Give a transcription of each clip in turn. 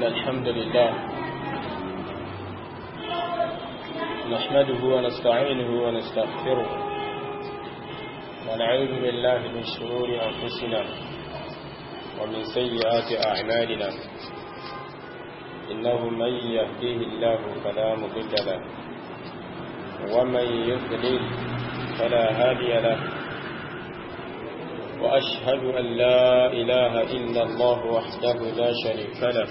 إن الحمد لله نحمده ونستعينه ونستغفره ونعوذ بالله من شرور أنفسنا ومن سيئات أعمالنا إنه من يهديه الله فلا مضل له ومن يضلل فلا هادي له وأشهد أن لا إله إلا الله وحده لا شريك له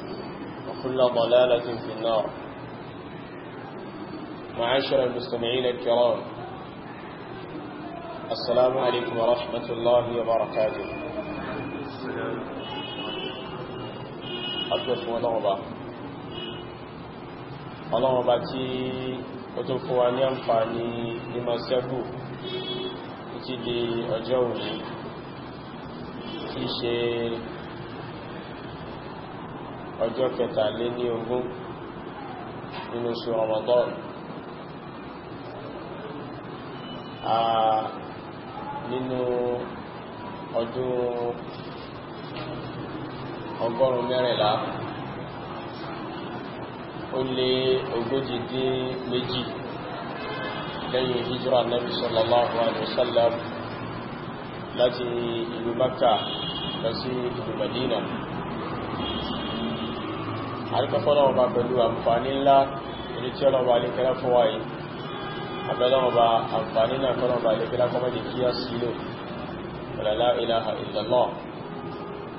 كل ضلالة في النار معاشر المستمعين الكرام السلام عليكم ورحمة الله وبركاته أدوث ونغبة ọlọ́wọ́ba tí ó tó fún wa ní àǹfààní nímọ̀ sẹ́kù títí di ọjọ́ òní kìí ṣe ọjọ́ kẹtàlé ní ogún nínú oṣù Ramadan a nínú ọdún ọgọ́rùn mẹ́rìnlá ó lé ogójì dín méjì lẹ́yìn hijira nabi sallallahu alaihi wasallam láti ìlú Makka lọ sí ìlú Madina àríkọ́fọ́nà ọba pẹ̀lú àǹfààní ńlá èyí tí ọlọ́ba alékẹ́lá fún wáyé abẹ́lọ́ọba àǹfààní náà fọ́nàọba alékẹ́lá kọ́mọ́dé kí á sí ilaha illallah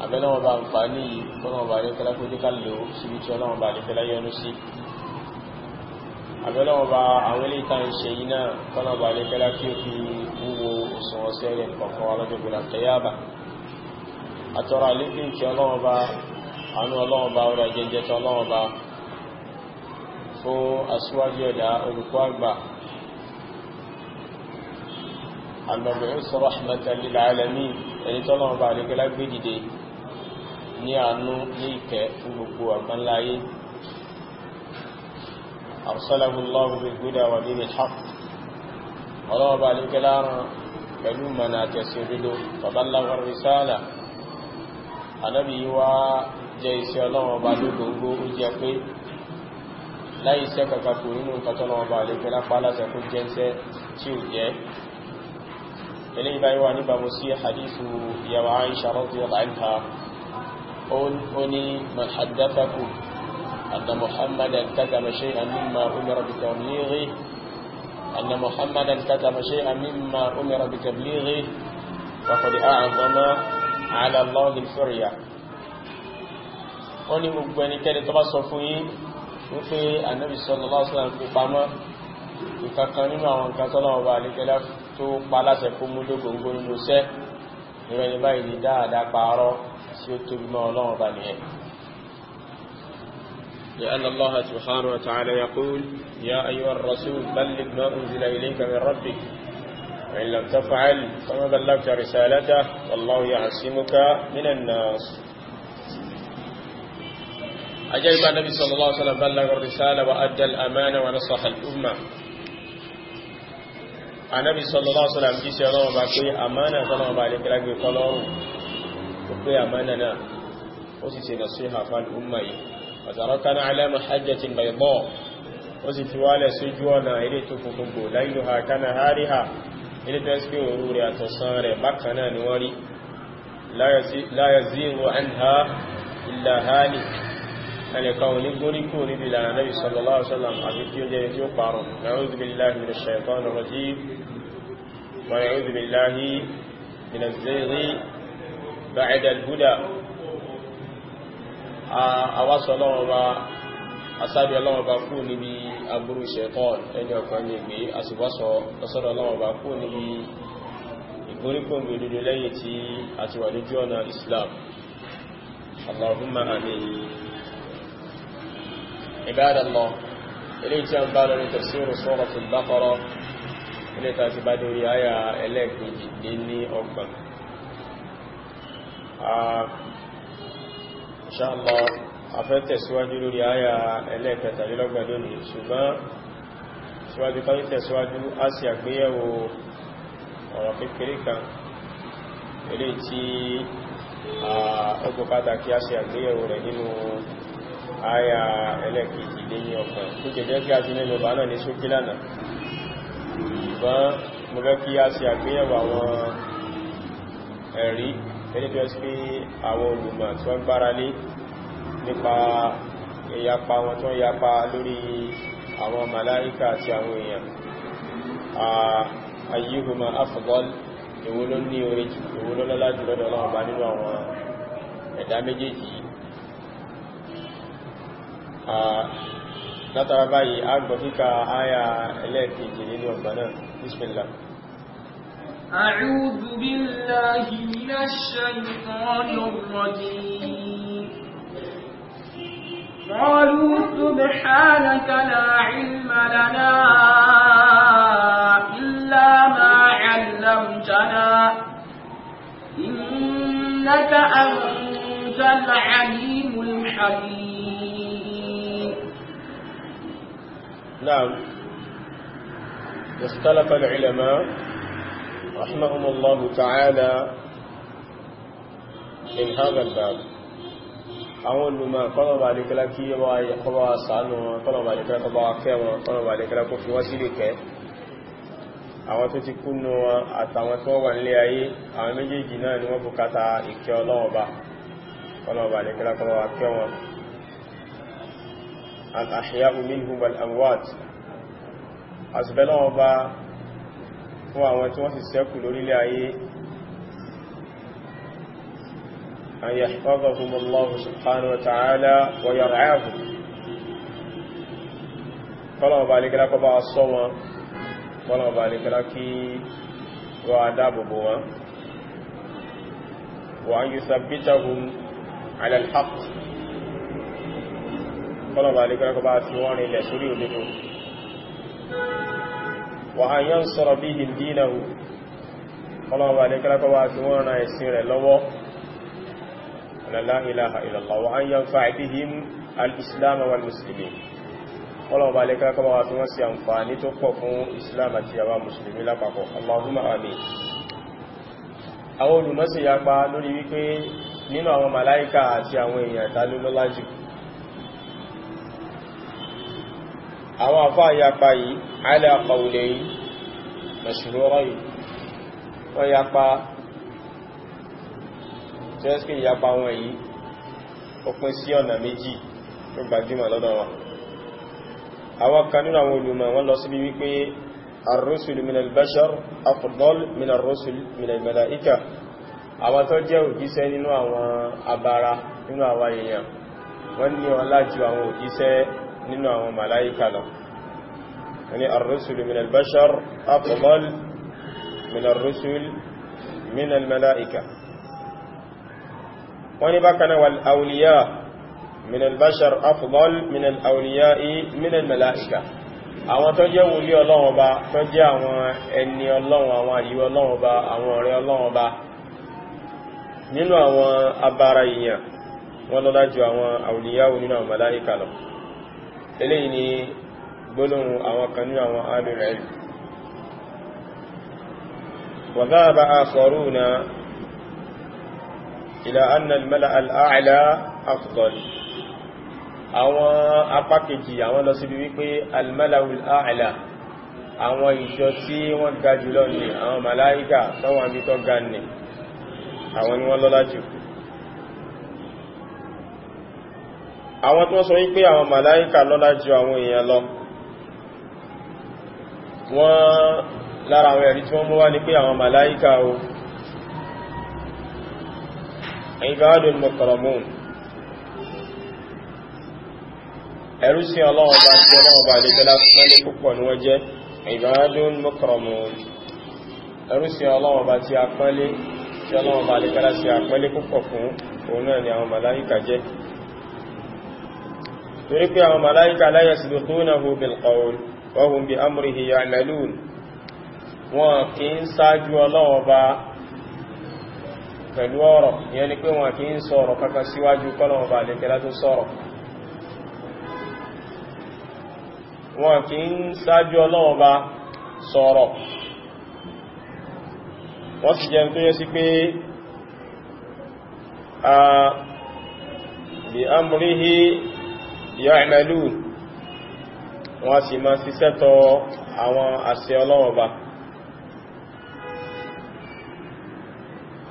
abẹ́lọ́ọba àǹfààní yìí fọ́nàọba alékẹ́lá kó díkà lò síbi tí ọlọ́ọba alékẹ́lá yọnu sí abẹ́lọ́ọba àwọn ilé ìta ń ṣe yìí náà fọ́nàọba alékẹ́lá kí ó fi wúwo òṣùwọ̀n sẹ́rẹ̀ kọ̀ọ̀kan wá lọ́jọ́ gbọ́dọ̀ tẹ́yàbà àtọ́rọ̀ àlékún ìkẹ́ ọlọ́ọba àánú ọlọ́run bá ọ̀rọ̀ jẹjẹ tán ọlọ́run bá fún aṣíwájú ẹ̀dá olùkọ́ àgbà ànàbẹ̀rẹ̀ sọ̀rọ̀ rahmatan lil alamin ẹni tọ́lọ́run bá àrígbẹ́lá gbé dìde ní àánú ní ìkẹ́ fún gbogbo àgbánláyé arsalahu Allahu bil huda wa dinil haqq pẹ̀lú mọ̀nà àtẹ̀sẹ̀ òdodo bàbá láwọn rìsáàlà ànábì wa jẹ́ iṣẹ́ ọlọ́run ọba lógóngó ó jẹ́ pé láì iṣẹ́ kankan kò nínú nǹkan tọ́lọ́run ọba lè fẹ́lá pa aláṣẹ kó jẹ́ iṣẹ́ tí ó jẹ́ eléyìí báyìí wà níbàmú sí hadithu ìyàwó Aisha radiyallahu anha ó ní man haddathakum anna Muhammadan katama shay'an mimma umira bitablighi wọ́n ní gbogbo ẹnikẹ́ni tó bá sọ fún yín wípé ànábì sallallahu alaihi wasallam fi pamọ́ ìkankan nínú àwọn nǹkan tọ́lọ́wọ́ bá àlékẹ́lá tó pa láṣẹ kó mú lógóńgó nínú iṣẹ́ ìrọ̀ ní báyìí ní dáadáa pààrọ̀ tí ó tóbi mọ́ ọlọ́run bá nìyẹn. لأن الله سبحانه وتعالى يقول يا أيها الرسول بلغ ما أنزل إليك من ربك وإن لم تفعل فما بلغت رسالته والله يعصمك من الناس أجاب النبي صلى الله عليه وسلم بلغ الرسالة وأدى الأمانة ونصح الأمة النبي صلى الله عليه وسلم جيسي الله باكي أمانة صلى الله عليه وسلم بقلوه وقي أماننا وسيسي نصيحة فالأمة وتركنا على محجة بيضاء وزي والي سجوانا إلي تفقبو ليلها كنهارها إلي تسبي وروري أتصاري بكنا نوري لا يزيغ عنها إلا هالك ẹnìkan ò ní górí kú níbi ìlànà Nabi sallallahu alaihi wasallam àti kí ó jẹ́ tí ó parun na'udhu billahi minash shaytanir rajim wa na'udhu billahi minaz zayghi ba'da al-huda àwa sọ lọ́wọ́ bá ní ìgbé àsìwọ́sọ lọ́sọ́dọ̀ عباد الله إليك أن بالني تفسير سورة البقرة إليك أتبادوا آية إليك جديني أكبر إن شاء الله أفت سواجه لآية إليك تجلقني سبا سواجه قلت سواجه آسيا قيه ورقب كريكا إليك أكبر كي آسيا قيه ورقب àyà ẹlẹ́kìtì lé ní ọkàn tó jẹjẹ́ kí a ti mẹ́lọ bá náà ní sókè lánàá ìbọn mo fẹ́ kí a ṣe àgbéyẹ̀wò àwọn ẹ̀rí ẹlẹ́bẹ̀ẹ́sí pé àwọn olùmọ̀ tí wọ́n gbára lé nípa ìyapa wọn tó ń yapa lórí àwọn màláíkà àti àwọn èèyàn ayyuhuma ẹ̀dá méjèèjì látara báyìí agbọ̀ kíkà áyà ẹlẹ́ẹ̀kejì nínú ọgbà náà bismillah أعوذ بالله من الشيطان الرجيم قالوا سبحانك لا علم لنا إلا ما علمتنا إنك أنت العليم الحكيم نعم اختلف العلماء رحمهم الله تعالى من هذا الباب àwọn olùmọ̀ kọ́lọ̀bà àdíkẹ́lá kí yẹ wá yẹ̀kọ́wà sàánù wọn kọ́lọ̀bà àdíkẹ́lá kọ́ bá wá kẹ́ wọn kọ́lọ̀bà àdíkẹ́lá kó fi wọ́n sí lè kẹ́ àwọn tó ti kúnnù wọn àtàwọn tó wà nílé ayé àwọn méjèèjì náà ni wọ́n bùkátà ìkẹ́ ọlọ́wọ́ al-ahya'u minhum wal-amwat àṣìbẹ́lọ́ ọba fún àwọn tí wọ́n sì ṣẹ́kù lórílẹ̀ ayé an yahfazahum Allah subhanahu wa ta'ala wa yar'ahum kọ́lọ̀ọba alékẹ́lá kọ́ sọ wọn kọ́lọ̀ọba alékẹ́lá kí wọ́n adábòbò wọn wa an yuthabbitahum ala kọ́lọ̀bà alẹ́kọ́lọ́kọ́ bá fi wọ́n rìnlẹ̀ sórí òdodo wà á yán sọ̀rọ̀ bí i dínàwó kọ́lọ̀bà alẹ́kọ́lọ́kọ́ bá fi wọ́n rán ẹ̀sìn rẹ̀ lọ́wọ́ la ilaha illallah wa an yanfa' bihim al-islam wal muslimin kọ́lọ̀bà alẹ́kọ́lọ́kọ́ bá fi wọ́n sí àǹfààní tó pọ̀ fún islam àti àwa musulmi lápapọ̀ allahumma amin àwọn olùmọ́sí yapa lórí wípé nínú àwọn màláìkà àti àwọn èèyàn tàbí lọ́lájù àwọn àfá yapa yìí aláàpá olè yìí mẹ̀ṣùlọ́rọ̀ yìí wọ́n yapa jẹ́sìkì yapa wọn yìí ó pín sí ọ̀nà méjì tó gbajúmọ̀ lọ́dọ̀ wọn àwọn kan nínú àwọn olùmọ̀ wọ́n lọ síbi wípé arúsùl minal nínú àwọn màláíkà lọ wani arrusulu min albashar afdal min arrusul min almalaika wani bakana wal awliya min albashar afdal min alawliya min almalaika àwọn tó jẹ́ wòlí ọlọ́wọ́n bá tó jẹ́ àwọn ẹni ọlọ́wọ́n àwọn àyíw ọlọ́wọ́n bá àwọn ọ̀rẹ́ ọlọ́wọ́n bá nínú àwọn abara èèyàn wọ́n lọ́lá ju àwọn àwòlíyáwó nínú àwọn màláíkà lọ eléyìí ni gbólóhùn àwọn kan ní àwọn alìrẹ̀ وذهب آخرون إلى أن الملأ الأعلى أفضل àwọn apákejì àwọn lọ síbi wípé almalawul a'la àwọn ìjọ tí wọ́n ga jùlọ ní àwọn màláíkà tọ́wọ́n bí tọ́ ga ní àwọn ni wọ́n lọ́lá jù àwọn tó sọ wípé àwọn màláíkà lọ́lá ju àwọn èèyàn lọ wọ́n lára àwọn ẹ̀rí tí wọ́n mú wá ní pé àwọn màláíkà o ibadul mukarramun ẹ̀rú sí ọlọ́wọ́ bá tí ọlọ́wọ́ bá lè tẹ́lá pẹ́lẹ́ púpọ̀ ní wọ́n jẹ́ ibadul mukarramun ẹ̀rú sí ọlọ́wọ́ bá tí a pẹ́lẹ́ tí ọlọ́wọ́ bá lè tẹ́lá sí a pẹ́lẹ́ púpọ̀ fún òun náà ni àwọn màláíkà jẹ́ torí pé àwọn màláíkà la yasbiqunahu bil qawl wa hum bi amrihi ya'malun wọn kì í sáájú ọlọ́wọ́ bá pẹ̀lú ọ̀rọ̀ yẹn ni pé wọn kì í sọ̀rọ̀ kankan síwájú ah, bi amrihi ya'malun wọ́n sì máa ṣiṣẹ́ tọ àwọn àṣẹ Ọlọ́run ba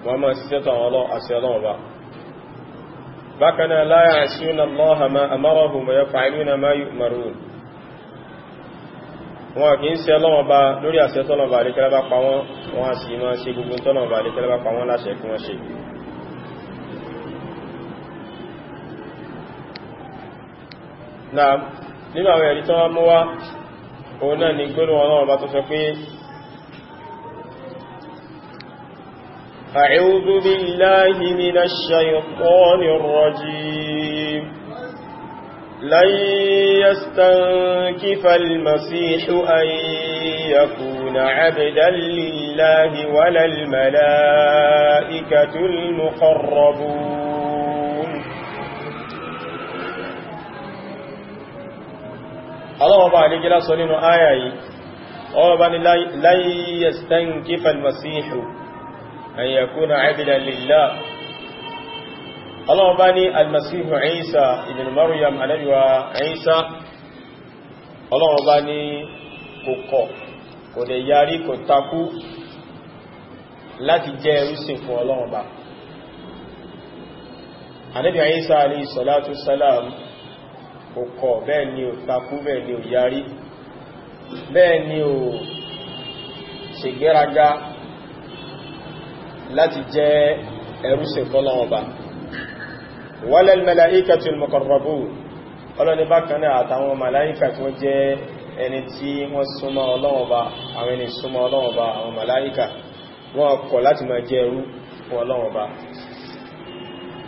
wọ́n máa ṣiṣẹ́ tọ àwọn àṣẹ Ọlọ́run ba bákan náà la ya'suna Allaha ma amarahum wa yaf'aluna ma yu'marun wọn kì í ṣe Ọlọ́run ba lórí àṣẹ tọ́lọ̀bà àríkẹ́lẹ́bà pa wọ́n wọ́n sì máa ṣe gbogbo tọ́lọ̀bà àríkẹ́lẹ́bà pa wọ́n láṣẹ kí wọ́n náà nínú àwọn ẹ̀rí tán mú wá òun náà ni gbónú náà bá tó sọ pé a'udhu billahi minash shaytanir rajim لن يستنكف المسيح أن يكون عبدا لله ولا الملائكة المقربون ọlọ́wọ́ bá àrígílá sọ nínú àyà yìí ọwọ́ bá ní láyíyẹ̀stán kífàl masíhù ayyakuna àdìlà lillah ọlọ́wọ́ bá ní almasíhù Isa ibn Maryam anábíwa Isa ọlọ́wọ́ bá ní kò kọ̀ kò lè yarí kò takú láti jẹ́ ẹrúsìn fún ọlọ́wọ́ bá anábíwa Isa salatu salam kò kọ̀ bẹ́ẹ̀ ni ò takú bẹ́ẹ̀ ni ò yarí bẹ́ẹ̀ ni ò ṣègbéraga láti jẹ́ ẹrúsìn tọ́lọ́ọba walal malaikatul muqarrabun ọlọ́ni bákanná àtàwọn màláíkà tí wọ́n jẹ́ ẹni tí wọ́n súnmọ́ ọlọ́ọba àwọn ẹni súnmọ́ ọlọ́ọba àwọn màláíkà wọ́n kọ̀ láti máa jẹ́ ẹrú fún ọlọ́ọba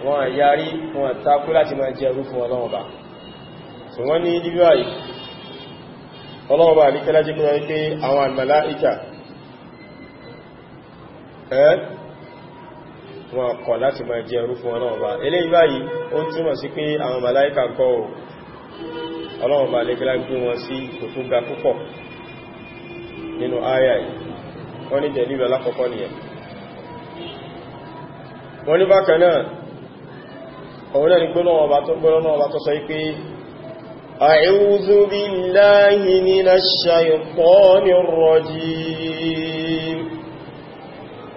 wọ́n yarí wọ́n takú láti máa jẹ́ ẹrú fún ọlọ́ọba wọ́n ní ibi báyìí ọlọ́ọ̀bá àríkẹ́lá jẹ́ kúrò wípé àwọn àmàláìkà ẹ́ wọn kọ̀ láti máa jẹ ẹrú fún ọlọ́ọ̀bá eléyìí báyìí ó túnmọ̀ sí pé àwọn àmàláìkà kọ́ ọlọ́ọ̀bá àríkẹ́lá gbé wọn sí wọ́n ní ni أعوذ بالله من الشيطان الرجيم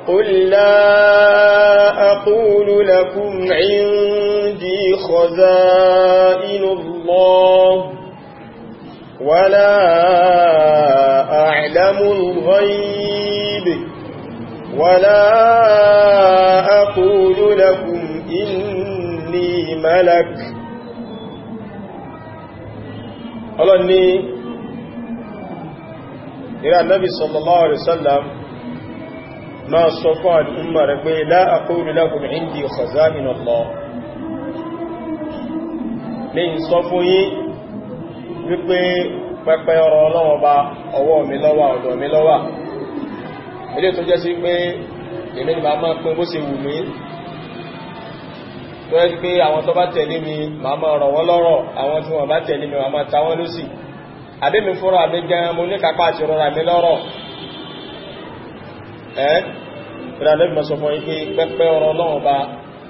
قل لا أقول لكم عندي خزائن الله ولا أعلم الغيب ولا أقول لكم إني ملك ọlọ́ni ìrà nábi sallallahu alaihi wasallam ma sọ fún al'umma rẹ̀ pé la aqulu lakum indi khaza'in Allah lè ń sọ fún yí wípé pẹpẹ ọ̀rọ̀ ọlọ́wọ́ bá ọwọ́ mi ló wà ọ̀dọ̀ mi ló ilé tó jẹ́ sí pé èmi ni màá máa pín bó ṣe wù mí tó yẹ pé àwọn tó bá tẹ̀lé mi màá máa rọ̀ wọ́n lọ́rọ̀ àwọn tí wọ́n bá tẹ̀lé mi màá máa ta wọ́n lọ́sì àbẹ́mi fúnra mi gan mo ní kápá àti rọra mi lọ́rọ̀ ẹ́ ìrànlẹ́bí mọ̀ sọ fún yí pé pẹ́pẹ́ ọ̀rọ̀ náà bá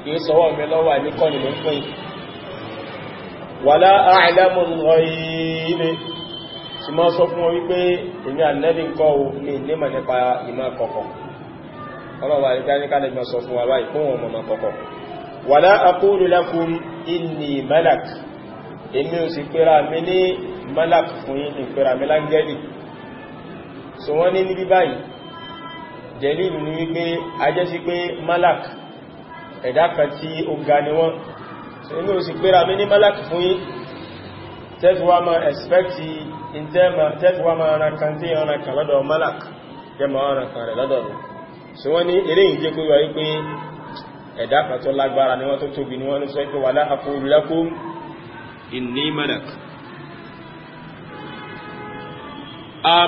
kìí sọwọ́ mi lọ́wọ́ àníkọ́ nìlò ń pín wàlá àìlẹ́mù ọ̀yìnlẹ̀ tí máa sọ fún wípé èmi ànẹ́bí nǹkan o ní ìlémọ̀ nípa ìmọ̀ kọ̀kọ̀ ọlọ́wà ìgbà ní kálẹ̀ mọ̀ sọ fún wa báyìí fún ọmọ kọ̀kọ̀ wàlá aqulu lakum inni malak èmi ò sì pèrà mi ní malak fún yí ìpèrà mi lángẹ́lì so wọ́n ní níbi báyìí jẹ́lìlù ní wípé ajẹ́sí pé malak ẹ̀dá kan tí ó ga ni wọ́n so èmi ò mi ní malak fún yí tẹ́fíwá ma ẹ̀spẹ́kì tẹ́fíwá ma ara kan tí ọ̀nà lọ́dọ̀ malak jẹ́ ma ọ̀nà kan rẹ̀ lọ́dọ̀ rẹ̀ so wọ́n ní ẹ̀dá kan tó lágbára ni wọ́n tó tóbi ni wọ́n ló sọ pé wala aqulu lakum inni malak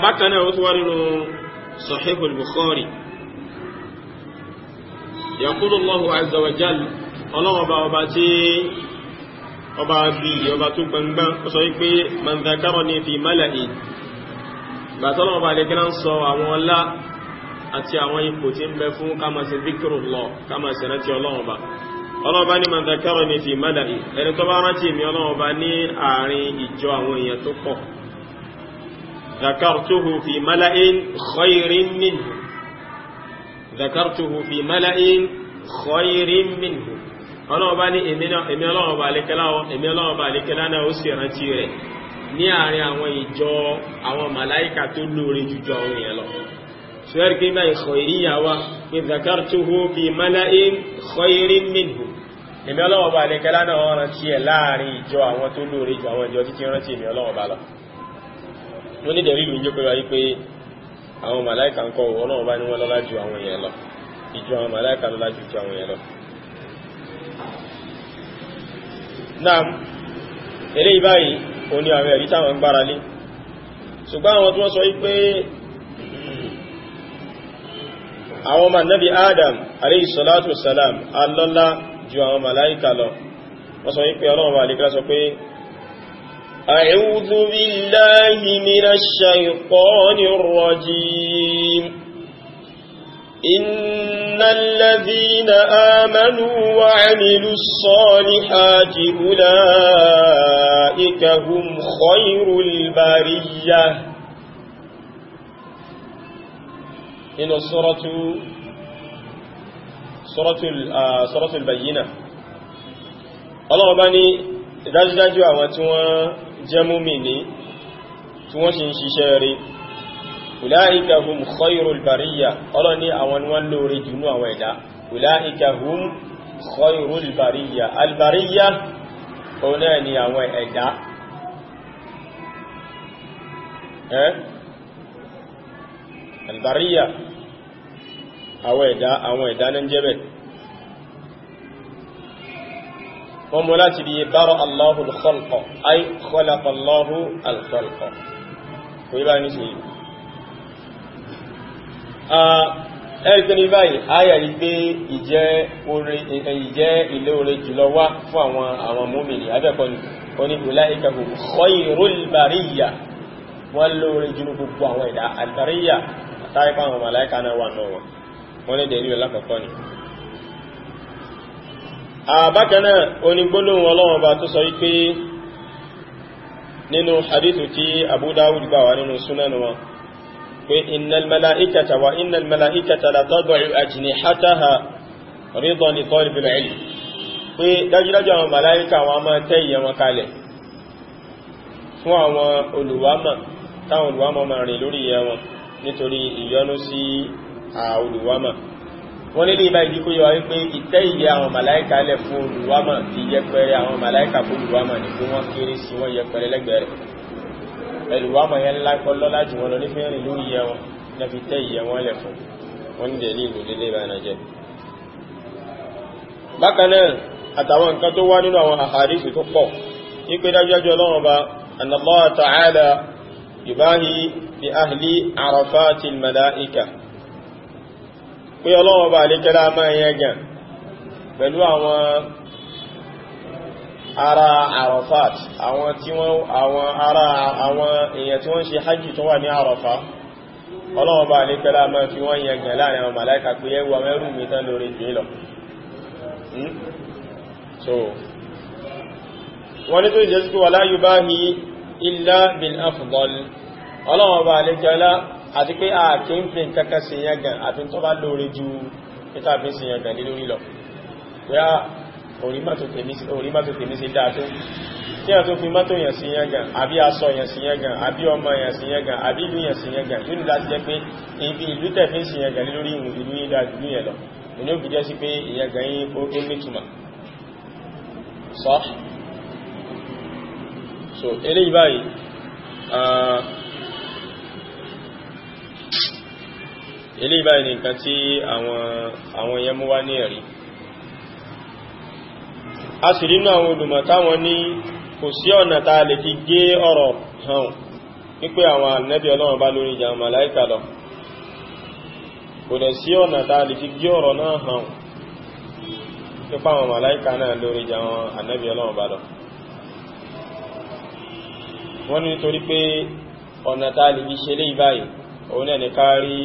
bákan náà ó tó wá nínú Sahih al-Bukhari yaqulu Allahu azza wa jalla ọlọ́wọ́ bá ọba tí ọba bí àti àwọn ipò tí ń bẹ fún ká máa ṣe zikrullah ká máa ṣe rántí ọlọ́run ọba ọlọ́run bá ní man dhakarani fi mada'i ẹni tó bá rántí mi ọlọ́run ọba ní àárín ìjọ àwọn èèyàn tó pọ̀ dhakartuhu fi mala'in khayrin minhu dhakartuhu fi mala'in khayrin minhu ọlọ́run ọba ní èmi àárín àwọn ìjọ àwọn màláìkà tó lóore jùjọ àwọn èèyàn sọ́yẹ́rì pé báyìí khairiyya wa pé zakartuhu fi mala'in khairin minhu èmi ọlọ́wọ́ bá lẹ́kẹ́lá náà wọ́n rántí ẹ̀ láàrin ìjọ àwọn tó lóore jù àwọn ìjọ títí rántí èmi ọlọ́wọ́ bá lọ wọ́n ní dẹ̀rí ìlú ń jẹ́ pé wáyé pé àwọn màláìkà ń kọ́ ọlọ́wọ́ bá ní wọ́n àwọn ọmọ nabi adam alayhi salatu salam alọ́lá ju àwọn màláìkà lọ wọ́n sọ wípé ọlọ́run wà lẹ́gbẹ́ sọ pé a'udhu billahi minash shaytanir rajim إن الذين آمنوا وعملوا الصالحات أولئك هم خير البرية nínú suratul bayyina Allah bá ní dájúdájú àwọn tí wọ́n jẹ́ mùmínì tí wọ́n sì ń ṣiṣẹ́ rí ulaika hum khayrul bariyya Allah ní àwọn wọn lóore jùnú àwọn ẹ̀dá ulaika hum khayrul bariyya albariyya òun náà ni àwọn ẹ̀dá albariya àwọn ẹ̀dá àwọn ẹ̀dá náà jẹ́ bẹ̀ wọ́n mú láti bí bára Allahu al-khalqa ay khalaqa Allahu al-khalqa kò yí bá ní sí ẹ̀ẹ́gbẹ́ni báyìí ayà rí pé ìjẹ́ ilé orí jùlọ wọ́n lórí jùlọ gbogbo àwọn ẹ̀dá al àtàríkà àwọn màláìkà náà wà náà wọ́n ní dẹ̀lú alákọ̀ọ́kọ́ ni àbákanáà onígbólóhùn ọlọ́wọ́n bá tó sọ wípé nínú hadithu tí Abu Dawud gbà wá nínú súnánù wọn pé innal mala'ikata wa innal mala'ikata la tad'u ajnihataha ridan li talibil ilm nítorí ìyọnú sí olùwámà wọ́n nílé ibá ìdí kó yíwa wípé ìtẹ́ ìyẹ́ àwọn màláìkà lẹ̀ fún olùwámà ti yẹpẹrẹ àwọn màláìkà fún olùwámà ní pé wọ́n kéré sí wọ́n yẹpẹrẹ lẹ́gbẹ̀ẹ́ rẹ̀ olùwámà yẹn ńlá kọ́ lọ́lá jù wọn lọ ní fẹ́rin ló yẹ wọn ní fi tẹ́ ìyẹ́ wọn lẹ̀ fún wọn dẹ̀ ní ìlú nílé ìbáná jẹ bákan náà àtàwọn nǹkan tó wá nínú àwọn àhàrísù tó pọ̀ ní dájúdájú ọlọ́run ba annallahu ta'ala yubahi bi ahli arafatil malaika pé ọlọ́wọ́ bá lè kẹ́lá máa yẹn gàn pẹ̀lú àwọn ará Arafat àwọn tí wọ́n àwọn ará àwọn èèyàn tí wọ́n ṣe hajji tó wà ní Arafa ọlọ́wọ́ bá lè kẹ́lá máa fi wọ́n yẹn gàn láàrin àwọn màláìkà pé ẹwà mẹ́rù mi tán lórí jù lọ hmm? wọ́n ní tó ìjẹ́ sí wà láyú bá ní illa bil afdal ọlọ́wọ́ bá lè kẹ́lá àti pé a kí ń fi nǹkankan sí yẹn gan àti tó bá lóore ju títà fi sí yẹn gan lé lórí lọ yá orí mọ́tò tèmi sí dáa tó a tó fi mọ́tò yẹn sí yẹn gan àbí aṣọ yẹn sí yẹn gan àbí ọmọ yẹn sí yẹn gan àbí ìlú yẹn sí yẹn gan yóò láti jẹ́ pé ibi ìlú tẹ̀ fi sí yẹn gan lé lórí ìlú yẹn dáa ìlú yẹn lọ inú òbí jẹ́ sí pé ilé ìbáyìí ni nǹkan tí àwọn èèyàn mú wá ní ẹ̀rí a sì rínú àwọn olùmọ̀ táwọn ní kò sí ọ̀nà tá a lè fi gé ọ̀rọ̀ hàn wípé àwọn ànábì ọlọ́run bá lórí ìjà màláìkà lọ kò dẹ̀ sí ọ̀nà tá lè fi gé ọ̀rọ̀ náà hàn nípa àwọn màláìkà náà lórí ìjà àwọn ànábì ọlọ́run bá lọ wọ́n ní torí pé ọ̀nà tá lè fi ṣe lé ìbáyìí òun náà ní kárí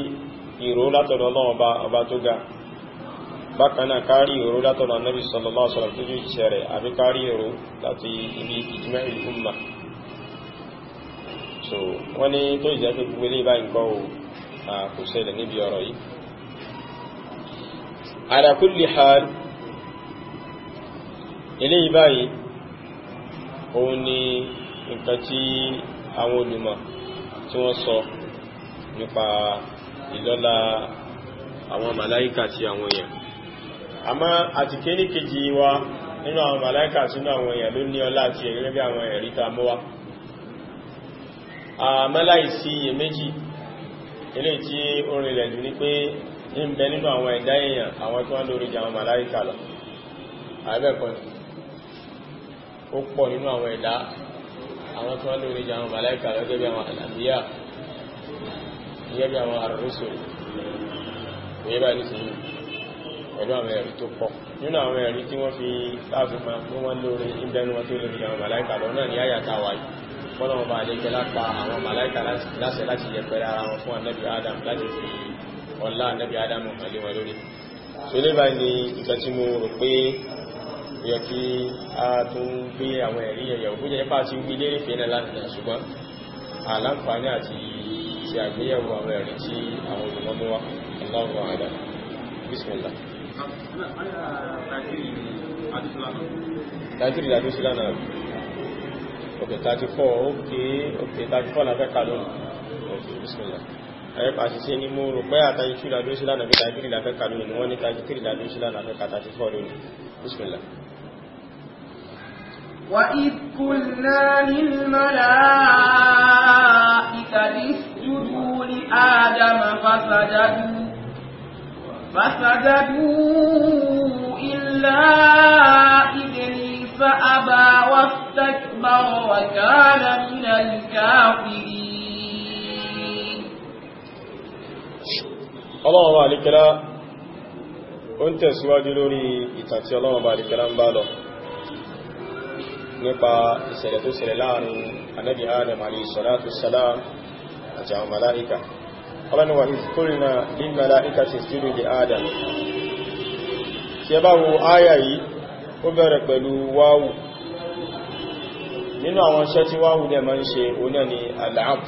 ìró látọ̀dọ̀ ọlọ́ọ̀ba ọba tó ga bákanáà kárí ìró látọ̀dọ̀ anábì sallallahu alaihi wasallam tó jú ìṣẹ́ àbí kárí ìró láti ibi ìjìmẹ́ ìlú so wọ́n ní tó ìjẹ́ pé gbogbo ilé báyìí kọ́ ò kò ṣẹlẹ̀ níbi ọ̀rọ̀ yìí ni nípa ìlọ́lá àwọn màláíkà àti àwọn èèyàn àmọ́ àti kéèlì kejì wa nínú àwọn màláíkà sínú àwọn èèyàn ló ní ọlá àti ẹ̀rẹ́ bí àwọn ẹ̀rí ta mọ́wá àmọ́láìsí iyèméjì eléyìí tí ó rìnlẹ̀ jù ní pé ń bẹ nínú àwọn ẹ̀dá èèyàn àwọn tí wọ́n lórí àwọn màláíkà lọ àwọn tí wọ́n lórí àwọn màláíkà lọ gẹ́gẹ́ bí àwọn àlàbíyà ìyẹ́ bí àwọn àrùsù ìyẹ́ bá ní sínú pẹ̀lú àwọn ẹ̀rí tó pọ̀ nínú àwọn ẹ̀rí tí wọ́n fi sáàfin ma fún wọn lórí ìbẹnu wọn tó lè fi àwọn màláìkà lọ náà ní àyàtà wáyé fọ́lọ́wọ́n bá lè jẹ́lá pa àwọn màláìkà láṣẹ láti yẹ pẹ̀lú ara wọn fún ànábì adam láti fi ọlá ànábì adam pẹ̀lú wọn lórí tó lè bá ní nǹkan tí mo rò pé yẹ kí a tún gbé àwọn ẹ̀rí yẹ̀yẹ̀ òkú jẹ́ pàtí wílé ìfẹ́ náà láti ṣùgbọ́n àlàǹfààní àti ṣe àgbéyẹ̀wò àwọn ẹ̀rí tí àwọn olùmọ́mú wa Allahu a'lam bismillah tàìtìrì ìdájú sí lánàá okay 34 okay okay 34 na fẹ́ kà lónìí okay bismillah ẹ̀yẹ́pàá ti ṣe ní mú rò pé àtàìtìrì ìdájú sí lánàá bí tàìtìrì ìdájú sí lánàá fẹ́ kà lónìí wọ́n ní tàìtìrì ìdájú sí lánàá fẹ́ kà 34 lónìí bismillah وَإِذْ قلنا للملائكة اسجدوا لآدم فَسَجَدُوا فَسَجَدُوا إِلَّا إبليس أبى واستكبر وَكَانَ مِنَ الْكَافِرِينَ اللهم عليك لا أنت سواجلوني إتاتي الله عليك لا nípa ìṣẹ̀lẹ̀ tó ṣẹlẹ̀ láàrin anábi adam alayhi salatu salam àti àwọn mala'ika ọlọ́niwà ìkórìnà lil mala'ika ti jùlù di adam tí ẹ bá wo áyà yìí ó bẹ̀rẹ̀ pẹ̀lú wáwù nínú àwọn iṣẹ́ tí wáwù dẹ̀ máa ń ṣe oní ẹni aláàbù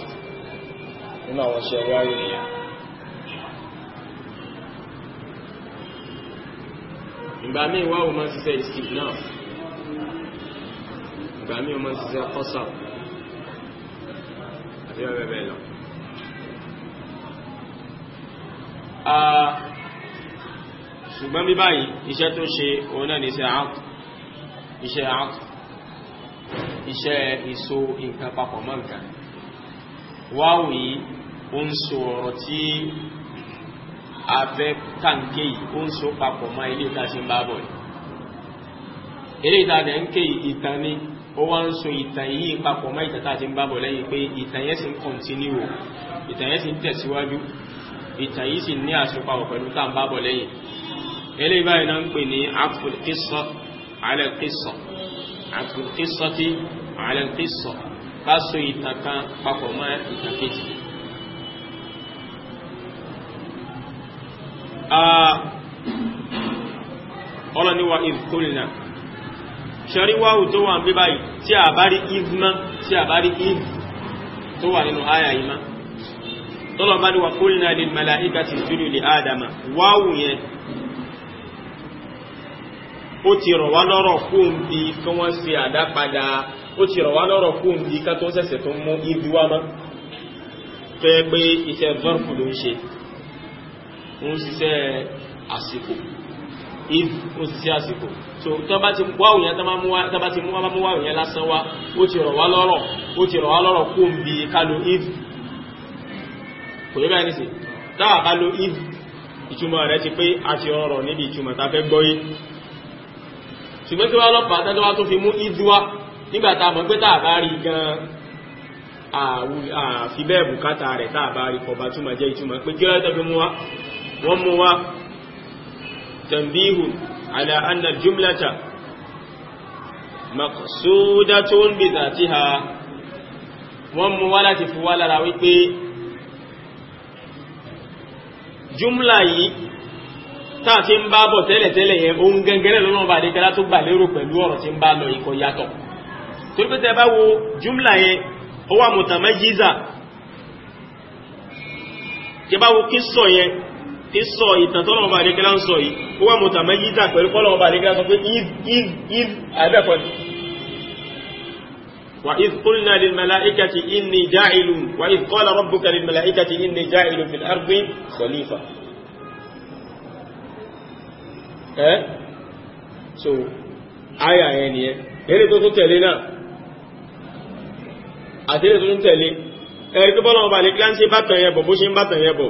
ìgbà mí ọmọ ṣiṣẹ́ kọ́sà àti bẹ́ẹ̀ bẹ́ẹ̀ lọ. ṣùgbọ́n bí báyìí iṣẹ́ tó ṣe òun náà ní iṣẹ́ àákù iṣẹ́ àákù iṣẹ́ ìso nǹkan papọ̀ mọ́ nǹkan wáwù yìí ó ń so ọ̀rọ̀ tí abẹ́ kàǹkè yìí ó ń so papọ̀ mọ́ ilé ìta ṣe ń bá bọ̀ yìí eré ìta dẹ̀ ń ké ìtàn ni ó wá ń so ìtàn yìí papọ̀ mọ́ ìtàn tàà ti ń bábọ̀ lẹ́yìn pé ìtàn yẹn sì ń kọ̀ntínúwò ìtàn yẹn sì ń tẹ̀síwájú ìtàn yìí sì ní àsopapọ̀ pẹ̀lú tàà ń bábọ̀ lẹ́yìn eléyìí báyìí náà ń pè ah, ọlọ́ni wa idh qulna ṣẹ̀ríwáwù tó wà ń bí báyìí tí a bá rí if mọ́ tí a bá rí if tó wà nínú àyà yìí mọ́ tọ́lọ̀ bá ní wà qulna lil malaikati isjudu li Adama wáwù yẹn ó ti rọ̀ wá lọ́rọ̀ fún bí kí wọ́n ṣe àdápadà ó ti rọ̀ wá lọ́rọ̀ fún bí ká tó sẹ̀sẹ̀ tó mú ibi wá mọ́ fẹ́ pé iṣẹ́ vọ́ọ̀kù ló ń ṣe ń ṣiṣẹ́ àsìkò if ó ti sí àsìkò so tó bá ti wáwù yẹn tó bá ti mú wá mú wáwù yẹn lásán wá ó ti rọ̀ wá lọ́rọ̀ ó ti rọ̀ wá lọ́rọ̀ kó ń bi ká lo if kò yẹ báyìí nìsín táwa bá if ìtumọ̀ rẹ̀ ti pé a ti rọrọ̀ níbi ìtumọ̀ tá fẹ́ gbọ́ yìí ṣùgbọ́n tí wọ́n lọ́pàá tẹ́lẹ̀ wá tó fi mú ìdíwá nígbà tá a mọ̀ pé tá a bá rí gan-an àfi bẹ́ẹ̀ bùkátà rẹ̀ tá a bá rí kọba túmọ̀ jẹ́ ìtumọ̀ تنبيه على أن الجملة مقصودة بذاتها وموالة فوالة راويكي jumla yìí táà ti ń bá bọ̀ tẹ́lẹ̀tẹ́lẹ̀ yẹn ohun gẹ́gẹ́rẹ́ lọ́nà bá dé kẹ́lá tó gbà lérò pẹ̀lú ọ̀rọ̀ tí ń bá lọ ikọ̀ yàtọ̀ torí pé tẹ́ bá wo jumla yẹn ó wà mutamayyiza tẹ́ bá wo kí sọ yẹn ìsọ ìtàn tọ́lọ́wọ́ bá lékẹ́lá ń sọ yìí ó wà mọ̀tà mẹ́yídà pẹ̀lú kọ́lọ́wọ́ bá lékẹ́lá sọ pé if àbẹ́kọ́ ni wa if qulna lil mala'ikati inni ja'ilun wa if qala rabbuka lil mala'ikati inni ja'ilun fil ardi khalifa eh so aya yẹn ni ẹ eré tó tún tẹ̀lé náà àti eré tó tún tẹ̀lé ẹ̀rí pé bọ́lọ́wọ́ bá lékẹ́lá ń ṣe bátàn yẹbọ̀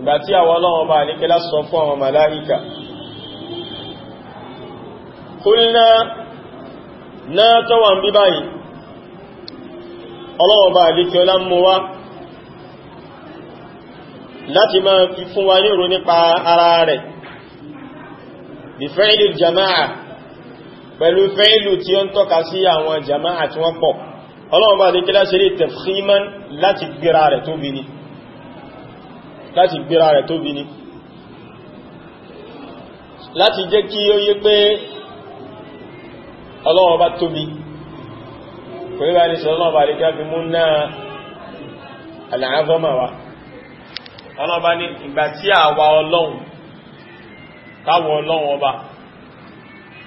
ìgbà tí àwọn ọlọ́wọ́ bá ní kílá sọ fún àwọn màláíkà kúlná náà tọ́wà ń bí báyìí ọlọ́wọ́ bá ní kílá mú wá láti máa fi fún wa ní ìrò nípa ara rẹ̀ bí jama'a pẹ̀lú fẹ́ìlú tí ó ń tọ́ka sí àwọn jama'a tí wọ́n pọ̀ ọlọ́wọ́ bá ní kílá ṣe rí láti gbéra rẹ̀ tóbi ni láti gbéra rẹ̀ tóbi ni láti jẹ́ kí ó yé pé ọlọ́wọ́ bá tóbi kò yíba ní sọ́lọ́wọ́ bá lè kí a fi mú náà àlàáfọ́mà wa ọlọ́ba ní ìgbà tí àwa ọlọ́run táwọn ọlọ́run ọba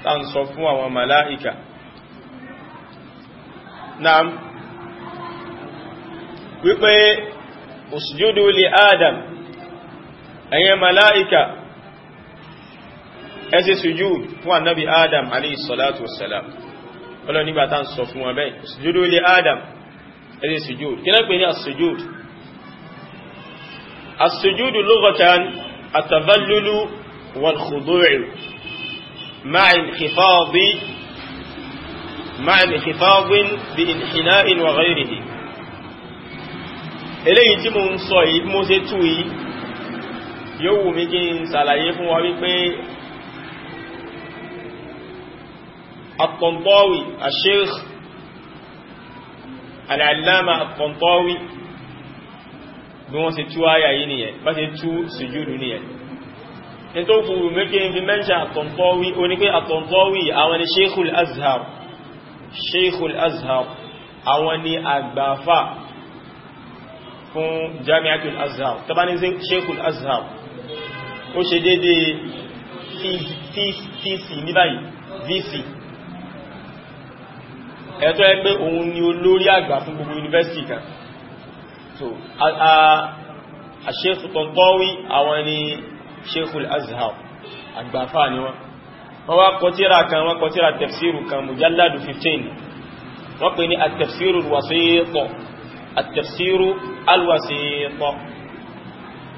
tá ń sọ fún àwọn màláìkà náà wípé usjudu li Adam ẹ̀yin màláìkà ẹ ṣe sujud fún annabi adam alayhi salatu wassalam ọlọ́ nígbà tá ń sọ fún wọn bẹ́ẹ̀ sujudu li adam ẹ ṣe sujud kí náà pè ní as-sujud as-sujudu lughatan at-tadhallulu wal yóò wù mí kí n sàlàyé fún wa wípé àtọ̀ntọ́wì àṣíkì alàlámà àtọ̀ntọ́wì bí wọ́n ṣe tú ayà yìí nìyẹn bá ṣe tú sùjúdù nìyẹn ní tó kù wù mí kí n fi mẹ́ṣà àtọ̀ntọ́wì o ní pé àtọ̀ntọ́wì àwọn ni sheikhul azhar sheikhul azhar àwọn ni àgbàfà fún jami'atul azhar tàbí sheikhul azhar ó ṣe dédé vc ní báyìí vc ẹ̀tọ́ ẹ pé òun ni olórí àgbà fún gbogbo yunifásitì kan so àṣẹ́kù Tantawi àwọn ni Sheikhul Azhar àgbàfà ni wọ́n wọ́n wá kọtíra kan wọ́n kọtíra tafsiru kan mujalladu 15 wọ́n pè ní at-tafsiru al-wasita at-tafsiru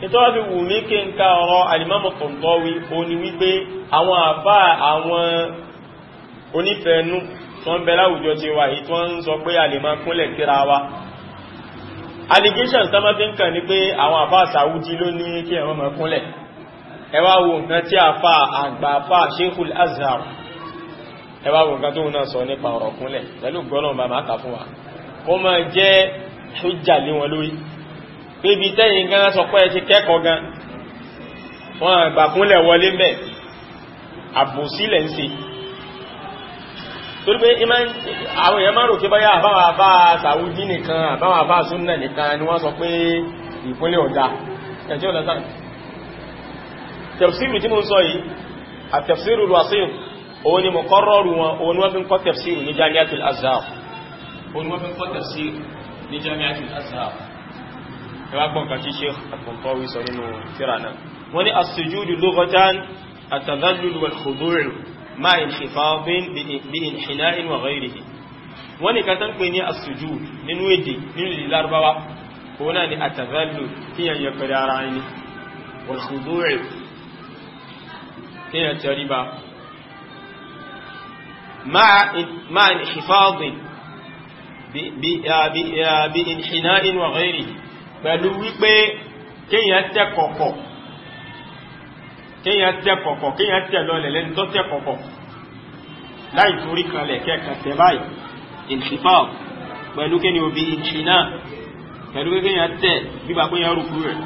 ìtọ́wà fi wù mí kí n ká ọ̀rọ̀ alìmọ́mù Tantawi o ni wípé àwọn àfá àwọn onífẹ̀ẹ́nú tó ń bẹ láwùjọ ti wà yìí tó ń sọ pé alìmọ́ kúnlẹ̀ kíra wa allegations tó máa fi ń kàn ní pé àwọn àfá Saudi ló ní kí ẹ̀wọ́n mọ̀ kúnlẹ̀ ẹ wá wo nǹkan tí àfá àgbà àfá Sheikhul Azhar ẹ wá wo nǹkan tó débi tẹ́yìn gan sọ pé ẹ ti kẹ́kọ̀ọ́ gan wọ́n àgbà kúnlẹ̀ wọlé mẹ́ àbòsílẹ̀ ń ṣe torí pé àwọn èèyàn máa rò kí báyá àbáwà bá sàúdí nìkan àbáwà bá súnnà nìkan ni wọ́n sọ pé ìpínlẹ̀ ọ̀dá ẹ̀jẹ́ ọ̀dá sáà tẹ̀fsìrù tí mo ń sọ yìí àtẹ̀fsìrù lọ́sìn òun ni mo kọ́rọ̀rù wọn òun wọ́n fi ń kọ́ tẹ̀fsìrù ní jamiatul azhar ẹwà gbọ́n kan tí sheikh al-Tantawi sọ nínú tírà náà wọ́n ní as-sujudu lughatan at-tadhallul wal khudu' ma'a inkhifadin bi inhina'in ni at-tadhallul kíyàn yẹ ara ẹni wal khudu' kíyàn tẹríba ma'a inkhifadin bi inhina'in wa ghayrihi pẹ̀lú wípé kéèyàn tẹ́ kọ̀kọ̀ kéèyàn tẹ́ kọ̀kọ̀ kéèyàn tẹ́ lọlẹ̀ lẹ́ni tó tẹ́ kọ̀kọ̀ láì torí kanlẹ̀ kẹ́ẹ̀kan tẹ́ báyìí ìǹtìfà pẹ̀lú kéèyàn òbí ìǹtì náà pẹ̀lú kéèyàn tẹ́ gbígbà pé yẹn rúkú rẹ̀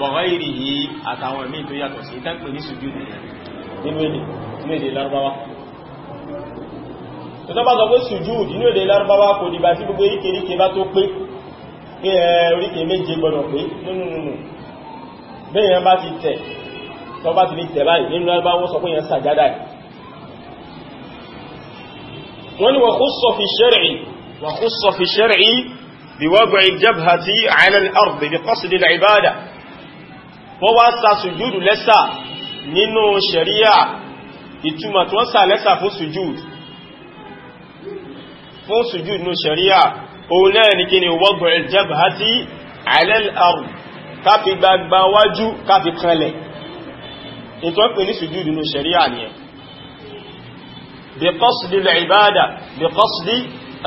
lọ́wọ́ ìrì yìí àtàwọn ẹ̀mí tó yàtọ̀ sí ìtẹ́pẹ̀ ní ṣùgbọ́n nínú èdè lárúbáwá tó tọ́ bá sọ pé sùjúùd nínú èdè lárúbáwá kò dìgbà sí gbogbo eríkèríkè bá tó pé pé oríkè méje gbọdọ̀ pé nínú nínú bẹ́yàn bá ti tẹ̀ tó bá ti lè tẹ̀ báyìí nínú lábá wọ́n sọ pé yẹn sàjádà wọ́n ni wàkúsọ̀ fi ṣẹ́rì wàkúsọ̀ fi ṣẹ́rì bí wọ́gbọ̀ ìjẹ́bàtí ọ̀rọ̀bẹ̀ bí kọ́sìdì ìbádà wọ́n wá sa sùjúdù lẹ́sà nínú ṣẹ̀ríyà ìtumọ̀ tí wọ́n sa lẹ́sà fún sùjúdù fún sùjúdù nínú ṣẹ̀ríyà òun náà ni kí ni wọ́gbọ̀n ìjẹbàtí alẹ́lẹ́rù káfi gbagba wájú káfi kanlẹ̀ ìtọ́pẹ̀ ní sùjúdù ní ṣẹ̀ríà nìyẹn bí qasdi al-ibada bí qasdi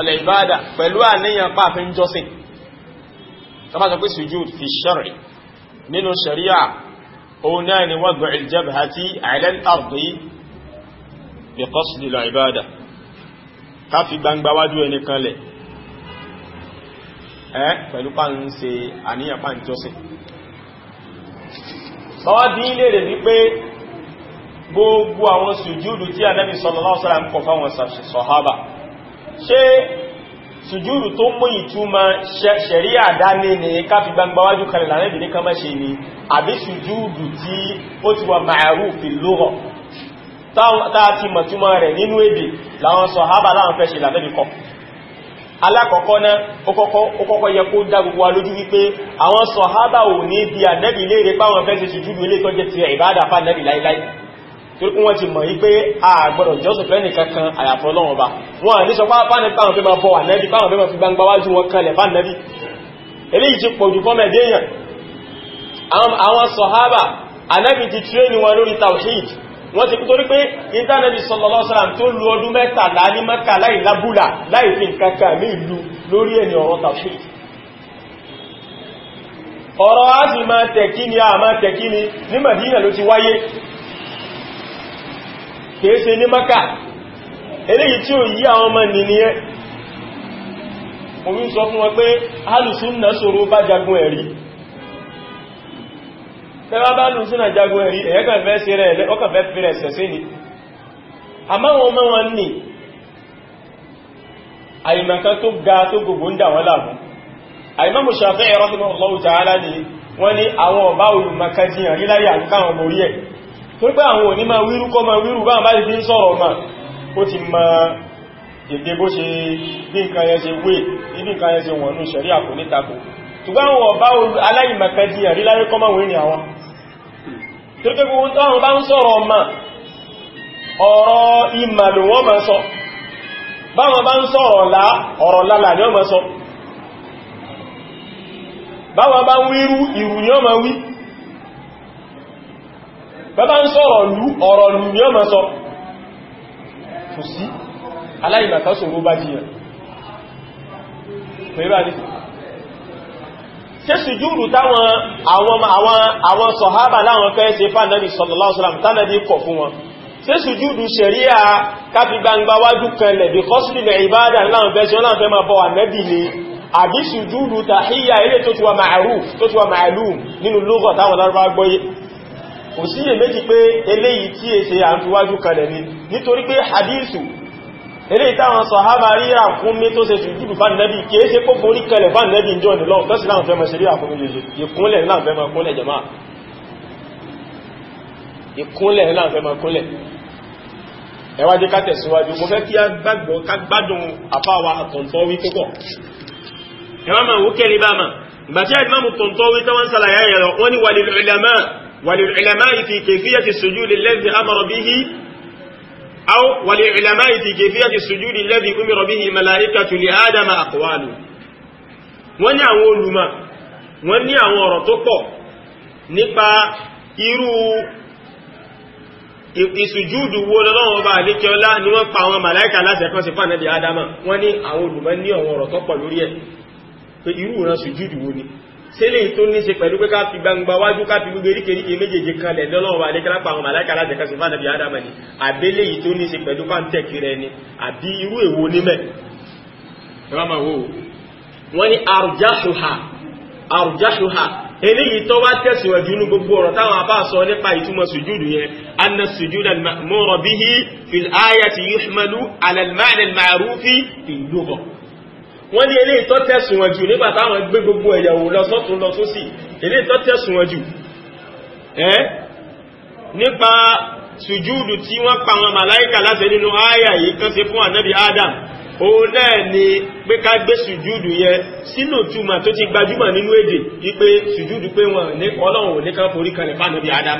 al-ibada pẹ̀lú àníyàn pàfin jọ́sìn tàbátàpẹ̀ sùjúdù fi ṣẹ̀rí nínú ṣẹ̀ríà òun náà ni wọ́gbọ̀n gbangba wájú ẹni kanlẹ̀ ẹ́ eh, pẹ̀lú pa se ṣe àníyàn pa ń jọ́sìn sọ́wọ́ bí ilé rẹ̀ wípé gbogbo àwọn sùjúdù tí Ànábì sallallahu alaihi wasallam ń kọ fáwọn sọ̀hábà ṣé sùjúdù tó mú ìtumọ̀ ṣẹ̀ríà dání ní káfí gbangba wájú kalẹ̀ lànẹ́bì ní kama ṣe ni àbí sùjúdù tí ó ti wà ma'ruf fil lugha táà ti mọ̀túmọ̀ rẹ̀ nínú èdè láwọn sọ̀hábà láwọn fẹ́ ṣe lànẹ́bì kọ́ alákọ̀ọ́kọ́ náà ó kọ́kọ́ yẹ kó dá gbogbo alójú wípé àwọn sọ̀hábà ò ní bí ànẹ́bì lè rí páwọn fẹ́ sí ṣùjúdù ilé tó jẹ́ ti rẹ̀ ìbáadà fà nẹ́bì láíláí tó kún wọ́n ti mọ̀ wípé a gbọ́dọ̀ jọ́sùn fẹ́ni kankan àyàfọ́ lọ́wọ́ bá wọ́n ní sọ pápánẹ́ páwọn fẹ́ máa bọ́ ànẹ́bì páwọn fẹ́ máa fi gbangba wájú wọn kanlẹ̀ fà nẹ́bì eléyìí ti pọ̀jù fọ́mẹ̀ déèyàn àwọn sọ̀hábà ànẹ́bì ti wọ́n ti kú torí pé ìntánẹ́bì sallallahu alaihi wasallam tó lu ọdún mẹ́tàlá ní Mẹ́kà láì lábúlà láì fi nǹkankan ní ìlú lórí ẹni ọ̀rọ̀ tàṣí ọ̀rọ̀ a sì máa tẹ̀kí ni a máa tẹ̀kí ni ní Mẹ̀dínà ló ti wáyé kèése ní eléyìí tí ó yí àwọn ọmọ omi sọ fún wọn pé alùsùn náà tẹ́wàá bá lù sínà jagun ẹ̀rí ẹ̀ẹ́kàn fẹ́ sí rẹ̀ ọkàn fẹ́ fi rẹ̀ sẹ̀sẹ́ ni a ọmọ wọn ní àìmọ̀kan tó ga tó gbogbo ń dà wọ́n láàmú àìmọ̀mù Shafi'i rahimahullahu ta'ala ni wọ́n ní àwọn ọba olùmọ̀kan rí láyé ẹ̀ tó àwọn òní máa wírú kọ́ máa wírú ti ó ti ṣe bí nǹkan ọba rí láyé kọ́ máa tó tó gbogbo táwọn bá ń sọ̀rọ̀ ọmọ ọ̀rọ̀ ìmà ló wọ́n máa sọ báwọn bá ń sọ̀rọ̀ lá ọ̀rọ̀ lálà ni wọ́n máa sọ báwọn bá ń wírú ìrù ni wọ́n máa wí bàbá ń sọ̀rọ̀ lú ọ̀rọ̀ lú ni wọ́n máa sọ kò sí bá jiyàn ṣe sùjúrù táwọn àwọn sọ̀hábà láwọn fẹ́ ṣe fánàbí sallallahu alaihi wasallam tánàbí kọ̀ fún wọn ṣe sùjúrù ṣẹ̀ríà káfí gbangba wájú kẹlẹ̀ bí kọ́sílẹ̀ ìbádà láwọn fẹ́ ṣe láwọn fẹ́ máa bọ́ tuwa ma'ruf tuwa ma'lum nínú lógọ̀ táwọn lárúbá gbọ́yé kò síyè méjì pé eléyìí tí èsè à ń fi wájú kalẹ̀ hadithu ilé ìtàwọn sọ̀hábà rí àkúnmí tó ṣe jùjú bá nẹ́bí kìí ṣe kó forí kẹlẹ̀ bá nẹ́bí ìjọ ìlọ́ lọ́sí láwọn fẹ́mọ̀ sí rí àkúnmí lèṣe ìkúnlẹ̀ láàfẹ́mọ̀ kúnlẹ̀ jẹ̀má ìkúnlẹ̀ láàfẹ́mọ̀ kúnlẹ̀ ẹ wá jẹ́ ká tẹ̀síwájú mo fẹ́ kí a gbàgbọ́ ká gbádùn àfáwà àtọ̀ntọ́ wí púpọ̀ ẹwà máa wó kẹrin bá máa ìgbà tí àìmọ́ mú tọ̀ntọ́ wí tọ́wọ́ ń sàlàyé ẹ̀rọ wọ́n ni wàlìlùlẹ̀má wàlìlùlẹ̀má ìfi kèfíyà ti sujudi lẹ́gbẹ̀ẹ́ amọ̀rọ̀ bí i أو ولعلماء في كيفية السجود الذي أمر به الملائكة لآدم أقواله wọ́n ní àwọn olùmọ̀ wọ́n ní àwọn ọ̀rọ̀ tó pọ̀ nípa irú ìsùjúdù wo lọ́wọ́ bá àlékẹ́ ọlá ni wọ́n pa àwọn màláìkà láti ẹ̀kan sí fánàbí Adama wọ́n ní àwọn olùmọ̀ ní àwọn ọ̀rọ̀ tó pọ̀ lórí ẹ̀ sílẹ̀ tó ní ṣe pẹ̀lú pé ká fi gbangba wájú ká fi gbogbo eríkèríkè méjèèjì kan lẹ̀ lọ́lọ́wọ́ àdékẹ́lá pa àwọn màláìka láti ẹ̀ka sùn fánàbí adama ni àbélé yìí tó ní ṣe pẹ̀lú pàǹtẹ̀ kiri ẹni àbí irú èwo nímẹ̀. wọ́n ní arjasuha arjasuha eléyìí tó wá tẹ̀síwájú ní gbogbo ọ̀rọ̀ táwọn abá sọ nípa ìtumọ̀ sùjúdù yẹn anna sùjúdù al-ma'mura bihi fil ayati yuhmalu ala al-ma'na wọ́n ní ilé ìtọ́ tẹ̀sùn wọn jù nígbà táwọn gbé gbogbo ẹ̀yàwó lọ sọ́tún lọ sósì ilé ìtọ́ tẹ̀sùn wọn jù ẹ́ nípa sùjúdù tí wọ́n pa àwọn màláíkà láti nínú àyà yìí kan ṣe fún ànábì Adam ó náà ni pé ká gbé sùjúdù yẹn sínú túmà tó ti gbajúmọ̀ nínú èdè wípé sùjúdù pé wọn ní ọlọ́run ò ní kan forí kan nípa ànábì Adam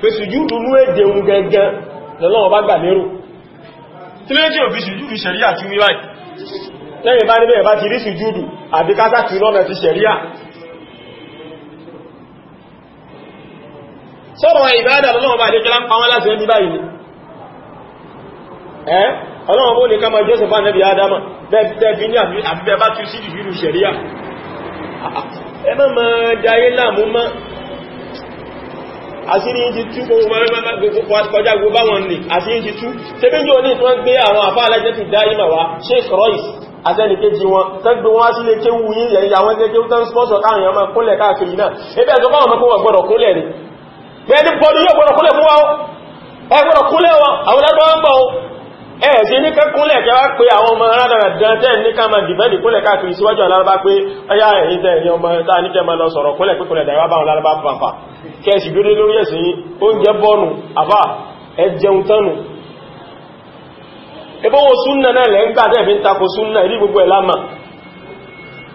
pé sùjúdù nú èdè òun gangan lọ́lọ́run bá gbà lérò tí lẹ́jì òfin sùjúdù ṣẹ̀rí àti wíwáyìí lẹ́yìn bá níbẹ̀ bá ti rí sùjúdù àbí kátàkì lọ́nà ti ṣẹ̀ríà sọ́rọ̀ ìbádà lọ́wọ́ bá dékẹ́lá ń pa wọ́n láti ẹni báyìí ẹ́ ọlọ́wọ́ bó ní kama joseph anabi adama bẹ́ẹ̀bí ní àbíbẹ́bá tún sí ìrù ṣẹ̀ríà ẹ má ma jayé láàmú mọ́ àṣírí ti tú kọjá gbogbo àwọn nì àṣírí ti tú ṣe bí jò ní ìtọ́ gbé àwọn àfáà alájẹ́ ti dá ìmà wá ṣe sọ́rọ̀ ìsì àtẹ́nìkéjì wọn tẹ́gbẹ̀ wọn sí lè kéwú yí ẹ̀yà wọn tẹ́gbẹ̀ wọn tẹ́gbẹ̀ sponsor káàrin ọmọ kólẹ̀ káàkiri náà ẹgbẹ́ ẹ̀tọ́ fáwọn ọmọkúnwọ̀ gbọ́dọ̀ kólẹ̀ ni bẹ́ẹ̀ni bọ́dún yóò gbọ́dọ̀ kólẹ̀ fún wa ẹgbọ́dọ̀ kólẹ̀ wọn àwọn lágbọ́n bọ̀ ẹ̀ẹ̀sí ní kẹ́kúnlẹ̀ kẹwàá pé àwọn ọmọ aládàradàn tẹ́ ní ká ma dìbẹ́dì kúnlẹ̀ káàkiri síwájú alárabá pé ọya ẹ̀yìn tẹ́ ẹ̀yìn ọmọ tàà ní kẹma lọ sọ̀rọ̀ kúnlẹ̀ pípúnlẹ̀ dàíwá bá wọn alárabá pàpà kẹ́ẹ̀sì ebówó súnnà náà lẹ́ ń gbà tẹ́ fi ń takò súnnà ìrí gbogbo ẹ̀ lámà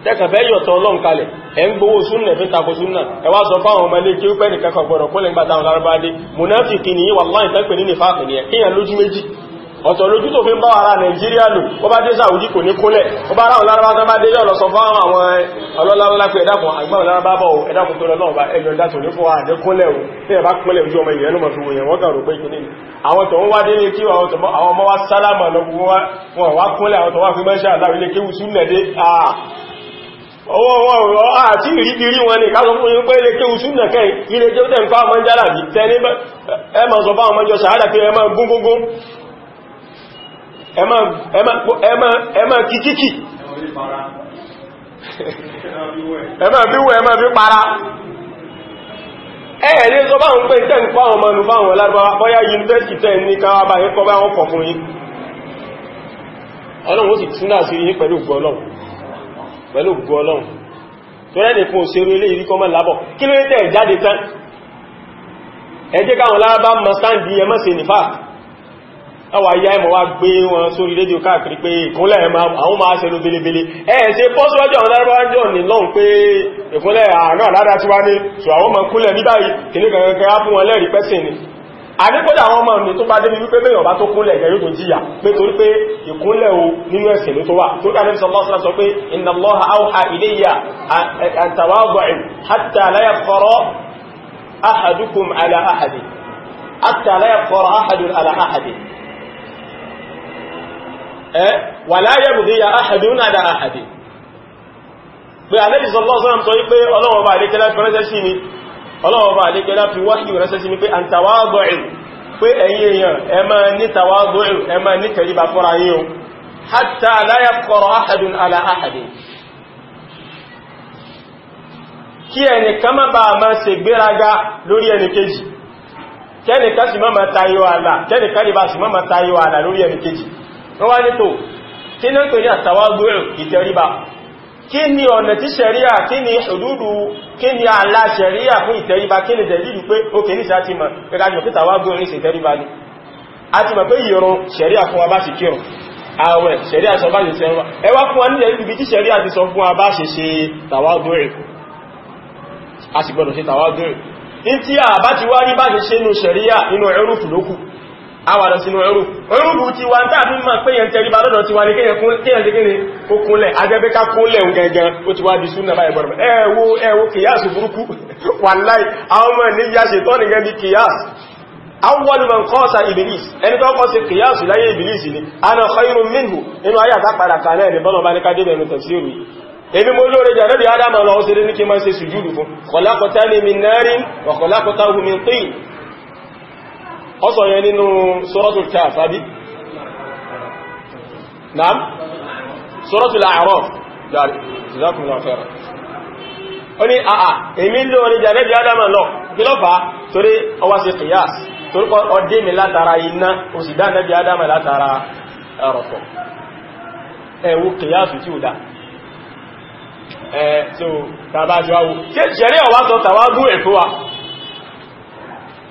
tẹ́kàfẹ́ yọ̀tọ̀ ọlọ́n kalẹ̀ ẹ̀ ń gbówó súnnà fi ń takò súnnà ẹ sọ fáwọn ọmọ ilé kí ó pẹ́ nìkan kan gbọ́dọ̀ kó ọ̀tọ̀ lójú tó fi ń bá ara Nàìjíríà lò ó bá dé Saudi kò ní kúnlẹ̀ ó bá ráhùn lára bá tán bá dé yọ́ lọ sọ fún àwọn ọlọ́lọ́lá pé ẹ̀dàkùn àgbàmù lára bá bọ̀ ẹ̀dàkùn tó lọ́wọ́ o tí ẹ bá kúnlẹ̀ ojú ọmọ ìyẹn ló mọ̀ fi wòyàn wọ́n kàn rò pé kìíní àwọn tó ń wá wa sálámà lọ gbogbo wọn wá kúnlẹ̀ àwọn tó wá fi mẹ́ṣẹ́ àláwí lé kéwù súnlẹ̀ dé ọwọ́ wọn rọ àti ìrìbìrí wọn ní ká sọ fún yín pé ilé kéwù súnlẹ̀ kẹ́ ilé kéwù tẹ́ ń pa ọmọ jálàbí tẹ́ ní ẹmọ̀ sọ fún ẹmà kìkìkì ẹmà bíwẹ̀ ẹmà bí para ẹ̀yẹ̀ lé sọ báwọn pé tẹ́ ń kọ́ àwọn ọmọ fáwọn lágbàwà bọ́yá yunifásitì tẹ́ ní káwà bá yín kọ́ bá wọ́n kọ̀ fún yín ọlọ́run ó sì tún náà sí yín pẹ̀lú ògbọ́ ọlọ́run pẹ̀lú ògbọ́ ọlọ́run tó rẹ́ nìkan òṣèré ilé ìrí kọ́mọ̀ lábọ̀ kí ló tẹ́ jáde tán ẹjẹ́ káwọn lábá mọ̀ sáǹdì ẹmọ́sẹ̀ nífà ẹwà ya ẹmọ̀ wá gbé wọn sórí rédíò káàkiri pé ìkúnlẹ̀ àwọn máa ṣe ló belebele ẹ̀ẹ́ ṣe pọ́sọ́jọ́ àwọn lárúbájọ́ ní lọ́n pé ìkúnlẹ̀ àánà àdára tí wá ní so àwọn ma kúnlẹ̀ ní báyìí kìlé gẹ̀gẹ̀gẹ̀ fún wọn lẹ́rìí pẹ́sìn ni àdípọ́dà àwọn ọmọ ní tó bá débi wípé mẹ́yàn bá tó kúnlẹ̀ ẹ̀yẹ́ yóò tó jíyà pé torí pé ìkúnlẹ̀ o nínú ẹ̀sìn ló tó wà tó kà ní sọlọ́sọ́lá sọ wala yabghi ahadun ala ahadin pé Ànábì sallallahu alaihi wasallam sọ wípé Ọlọ́run bá àdékẹ́lá fi ránṣẹ́ sí ni Ọlọ́run bá àdékẹ́lá fi wáyé ránṣẹ́ sí ni pé an tawadu'u pé ẹ̀yin èèyàn ẹ máa ní tawadu'u ẹ máa ní tẹríba fọ́ra yín o hatta la yafqara ahadun ala ahadin kí ẹnìkan má bàa máa ṣègbéraga lórí ẹnìkejì kẹ́nìkan sì má sì máa tayọ àlà lórí ẹnìkejì wọ́n wá ní tó kí ní pè ní àtàwágbẹ̀rù ìtẹríba kí ni ọ̀nà tí ṣẹ̀ríà kí ni ìṣòdúdú kí ni àlà ṣẹ̀ríà fún ìtẹríba kí ni dẹ̀lìlù pé ó kè ní sàtìmọ̀ pẹ̀lájọ̀ pé tàwágbẹ̀rù ìṣẹ̀ ìtẹríba ni a ti mọ̀ pé ìrun ṣẹ̀ríà fún wa bá ti kírun ààwẹ̀ ṣẹ̀ríà sọ bá ṣe ṣe ẹwà ẹwà fún wa ní ẹ̀rí àwàdọ̀ sínú ẹrù orúbù ti wà tàà bí ma pé yẹn tẹríba lọ́dọ̀ ti wà ní kéyàn tí kíni ó kúnlẹ̀ ajẹ́bẹ́ ká kúnlẹ̀ gẹ̀gẹ̀ ó ti wá di súnà báyìí bọ̀rọ̀ ẹ̀wọ́ ẹ̀wọ́ kìyàsù burúkú wàláì àwọn ọmọ ní yáṣe tọ́ ní gẹ́bí ana khairun minhu inú ayé àtàpàdà kanáà ní bọ́nà bá ní ká débẹ̀ ní tafsiru yìí èmi mo lóore jẹ́ rẹ́bí adama lọ́wọ́ sí ní kí máa ṣe sùjúdù fún khalaqtani min narin wa khalaqtahu min tin ọsọ yẹn nínú suratul Kahf àbí naam suratul A'raf jàrí jazakumullahu khairan ó ní àà èmi ló ní jàrẹ́bì adama lọ kí ló fà torí ọwá sí kìyàs torí ọdé mi látara iná òsì dá nẹ́bì adama látara ẹ̀rọ̀fọ̀ ẹ̀wú kìyàsù tí ó dá ẹ̀ tí ó tàbájọ́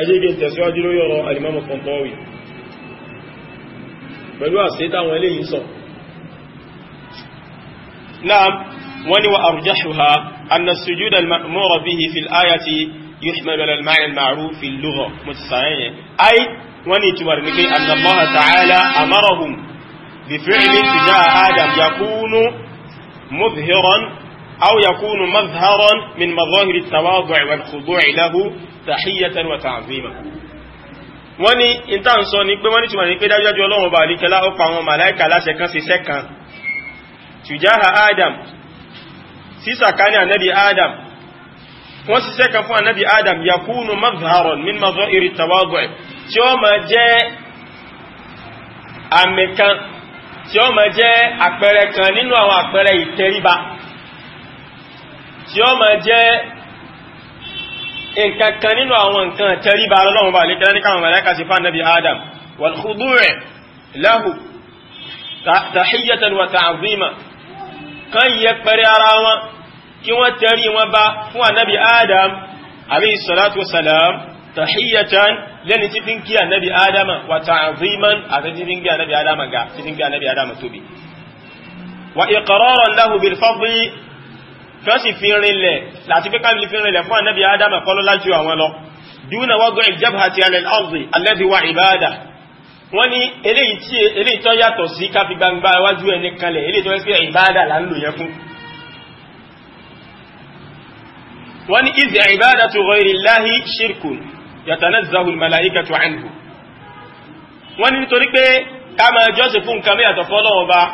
ẹjẹ́gẹ́ tẹ̀síwájú lórí ọ̀rọ̀ alimamu kọ̀ntọ́wì pẹ̀lú àṣẹ táwọn eléyìí sọ náà wọ́n ni wa arjahuha anna sujud al-ma'mura bihi fil ayati yuhmal ala al-ma'na al-ma'ruf fil lugha mutasayyih ay wani tumar ni kai أو يكون مظهرا من مظاهر التواضع والخضوع له تحية وتعظيما wọ́n ní ìta ń sọ ní pé wọ́n ní túnmà ní pé dájúdájú ọlọ́run ọba àríkẹlá ó pa àwọn màláìkà láṣẹ kan sí sẹ́kan tùjáhà adam sísàká ní ànábì adam wọ́n sì sẹ́kan fún ànábì adam yakúnù mazharon min mazọ́ iri tawagbẹ̀ tí ó ma jẹ́ àmì kan tí ó ma tí ó máa jẹ́ nǹkan kan nínú àwọn nǹkan tẹríba ọlọ́run bá lè kẹ́lẹ́ ní káwọn mẹ́lẹ́ka sí fánàbí adam wal khudu' lahu tahiyyatan wa ta'zima kan yẹ pẹ̀rẹ̀ ara wọn kí wọ́n tẹrí wọn bá fún ànábì adam alayhi salatu wasalam tahiyyatan lẹ́ni tí fi ń kí ànábì adam wa ta'ziman àti kí ànábì adam ga tí wa iqraran lahu bil kan sì fi rinlẹ̀ láti pé káàbìlì fi rinlẹ̀ fún ànábì ádámà kọ́lọ́ lájú àwọn lọ dúnà wọ́gọ́ ìjẹ́bà ti alẹ́ ọ̀gbì alẹ́bíwá ìbáadà wọ́n ní eléyìí tó yàtọ̀ sí káfí gbangba wájú ẹni kanlẹ̀ eléyìí tó yẹ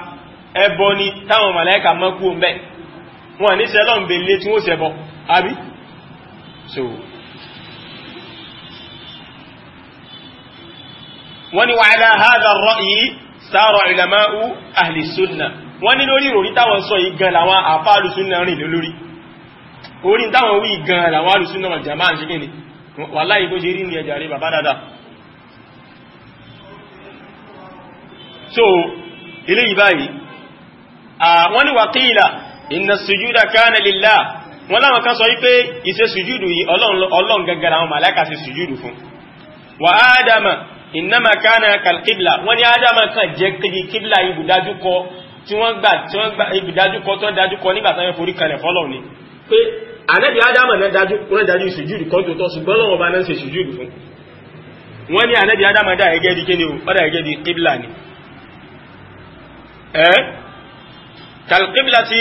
ẹbọ ni táwọn malaika mọ́kú ń wọn ní sẹ́lọ̀ ń belé tí wọ́n sẹ́bọ̀ àbí so wọ́n ni wa ala hadha ar-ra'yi sara ulama'u ahli sunnah wọ́n ní lórí ìròrí táwọn sọ ìgan làwọn àfá alùsúnnà rìn lórí orí táwọn wí ìgan làwọn alùsúnnà rìn jàmáà ṣe kéde ṣe rí ní ẹjà rí bàbá so ilé yìí báyìí àwọn ni inna sùjúdà kana lillah wọ́n láwọn kan sọ wípé ìṣe sùjúdù yìí ọlọ́run gangan àwọn màláìka ṣe sùjúdù fún wa ádámà innama kana kalkibla wọ́n ní ádámà kan jẹ́ kiri kíbla ibùdájúkọ tí wọ́n gbà tí wọ́n gbà ibùdájúkọ tó dájúkọ nígbà táwọn forí kalẹ̀ fọ́lọ́run ni pé ànábì ádámà náà dájú wọ́n dájú sùjúdù kan tó tọ́ ṣùgbọ́n lọ́wọ́ bá náà ṣe sùjúdù fún wọ́n ní ànábì ádámà dá ẹgẹ́ di kíni o ọ̀dà ẹgẹ́ di kíbla ni. ẹ́ kalkibla ti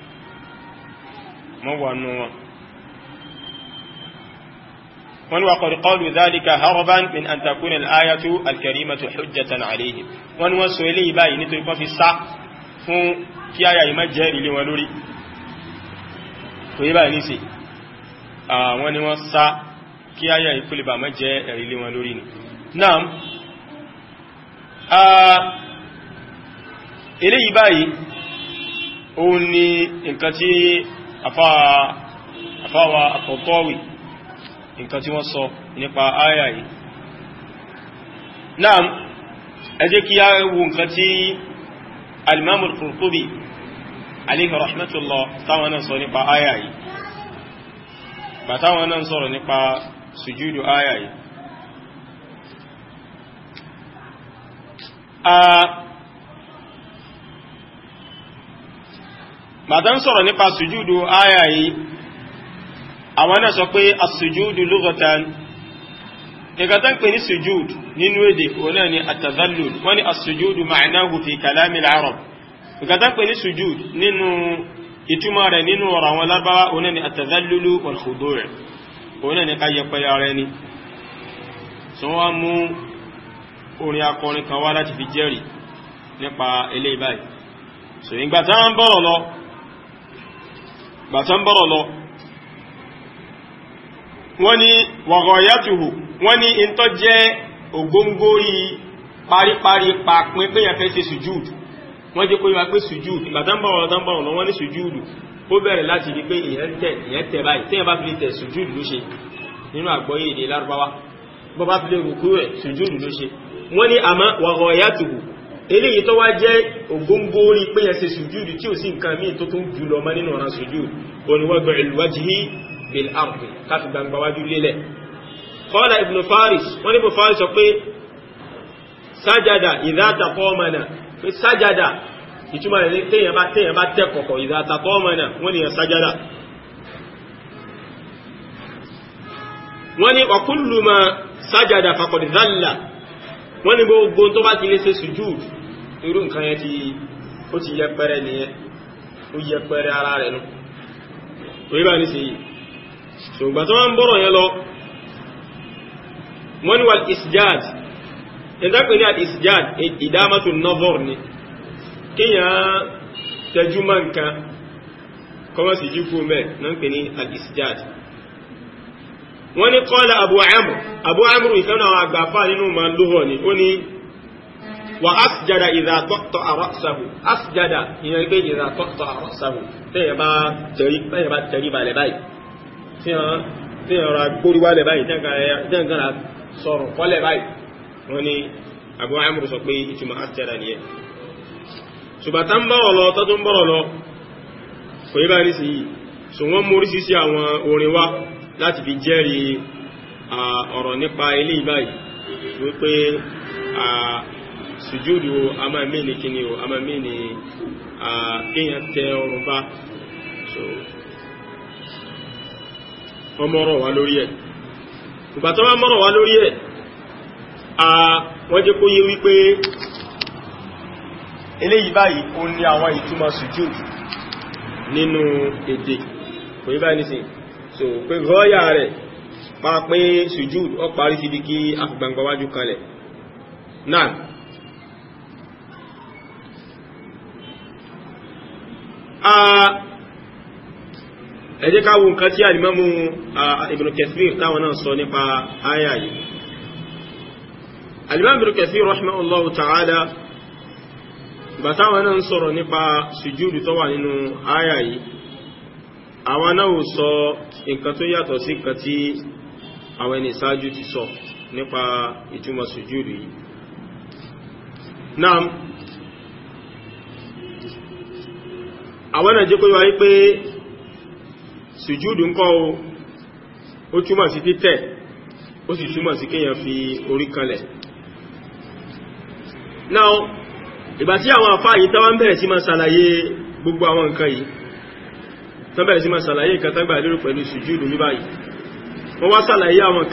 mọ́ wà nù wọn wọ́n wà qad qalu dhalika haraban min an al-ayatu al-karimatu hujjatan alayhim wọ́n wọ́n sọ eléyìí báyìí nítorí kan sá fún kí àyà yìí má jẹ́ ìlé wọn lórí kò yí báyìí níṣe àwọn ni wọ́n sá kí àyà yìí kúlìbà má jẹ́ ìlé wọn lórí ni náà eléyìí báyìí òun ni nǹkan tí àfáwà àkọ̀tọ́wì nǹkan tí wọ́n sọ nípa àyà yìí náà ẹ jẹ́ kí a wo nǹkan tí al-Imam al-Qurtubi alayhi rahmatullah táwọn náà sọ nípa àyà yìí bà táwọn náà sọ̀rọ̀ nípa sùjúdù àyà yìí bàtà ń sọ̀rọ̀ nípa sùjúdù áyà yìí àwọn náà sọ pé asùjúdù lughatan nǹkan tó ń pè ní sùjúdù nínú èdè òun náà ni atazallul wọ́n ní asùjúdù ma'nahu fi kalami al-arab nǹkan tó ń pè ní sùjúdù nínú ìtumọ̀ rẹ̀ nínú ọ̀rọ̀ àwọn lábáwá òun náà ni atazallulu wal khudu' rẹ̀ òun so ìgbà táwọn bàtà ń bọ̀rọ̀ lọ wọ́n ni wọ̀gọ̀yàtùhù wọ́n ni ìntọ́ jẹ́ ògóngórí paríparí pàpín péyàn fẹ́ ṣe sùjúd wọ́n jẹ́ kó yíwa pé sùjúd ìbàtà ń bọ̀rọ̀ lọ bọ̀rọ̀ lọ wọ́n ni sùjúd ó bẹ̀rẹ̀ láti di pé ìyẹn tẹ̀ báyìí tí ẹ bá fi lè tẹ̀ ló ṣe nínú àgbọ́yé èdè lárúbáwá bọ́ bá fi lè rùkú rẹ̀ sùjúd ló ṣe wọ́n ni àmọ́ wọ̀gọ̀yàtùhù eléyìí tó wá jẹ́ ògóngó orí pé yẹn ṣe sùjúdù tí ò sí nǹkan míì tó tún jù lọ mọ́ nínú ọ̀ràn sùjúdù oníwọ́gbọ̀ ìlúwájihí bil ardi káfí gbangba wájú lélẹ̀ qala ibn faris wọ́n ní ibn faris sọ pé sájádà ìdáta kọ́ọ̀mọ̀nà pé wọ́n ní gbogbo tó bá ti lè ṣe sùjúdù irú nǹkan yẹn ti ó ti yẹpẹrẹ nìyẹn ó yẹpẹrẹ ara rẹ̀ nù orí bá ní sí yìí ṣùgbọ́n tó wá ń bọ́rọ̀ yẹn lọ wọ́n ni wà ìsìjáàdì ìdápẹ̀ ní àìsìjáàdì ìdámátò novor ni kíyàn tẹjú mọ́ nǹkan kọmọ́ sí jíkú mẹ́ náà pè ní àìsìjáàdì wọ́n ni kọ́lá Abu Amr Abu Amr ìkanáwà àgbàfà nínú ma lóhọ̀ ni ó ní wà asjada ìdá tọ́tọ̀ àrọ́sàwò asjada ìyẹn pé ìdá tọ́tọ̀ àrọ́sàwò tẹ́yẹ̀ bá tẹ̀rí balẹ̀ báyìí tí wọ́n ra gbórí wálẹ̀ báyìí tẹ́ǹkan sọ̀rọ̀ kọ́lẹ̀ báyìí wọ́n ni Abu Amr sọ pé ìtumọ̀ asjada nìyẹn ṣùgbàtà ń bọ̀rọ̀ lọ tọ́tún bọ̀rọ̀ lọ kò yí báyìí ni? yìí so wọ́n mú oríṣiríṣi àwọn orin wá láti fi jẹ́rìí ọ̀rọ̀ nípa ilé ìbáyìí wípé sùjúdù o a máa mí ní o a máa mí ní tẹ ọrùn bá so ọmọ ọ̀rọ̀ wá lórí ẹ̀ a wọ́n jẹ́ kó yé wípé eléyìí báyìí ó ní àwọn ìtumọ̀ sùjúdù nínú èdè kò yí so pé gọ́ọ̀yà rẹ̀ pa pé parí síbi kí wájú kalẹ̀ ẹ jẹ́ ká wo nǹkan tí alimamu Ibn Kathir táwọn náà sọ nípa àyà yìí alimamu Ibn Kathir rahimahullahu ta'ala bàtàwọn náà ń sọ̀rọ̀ nípa sùjúdù tó wà nínú àyà yìí àwọn náà sọ nǹkan tó yàtọ̀ sí nǹkan tí àwọn ẹni ìsáájú ti sọ nípa ìtumọ̀ sùjúdù yìí náà àwọn náà jẹ́ kó yíwa wípé sùjúdù ń kọ́ o ó túmọ̀ sí títẹ̀ ó sì túmọ̀ sí kéèyàn fi orí kanlẹ̀ now ìgbà tí àwọn àfáà yìí tán wá ń bẹ̀rẹ̀ sí máa ṣàlàyé gbogbo àwọn nǹkan yìí tán bẹ̀rẹ̀ sí máa ṣàlàyé nǹkan tán gbà lérò pẹ̀lú sùjúdù ní báyìí wọ́n wá ṣàlàyé àwọn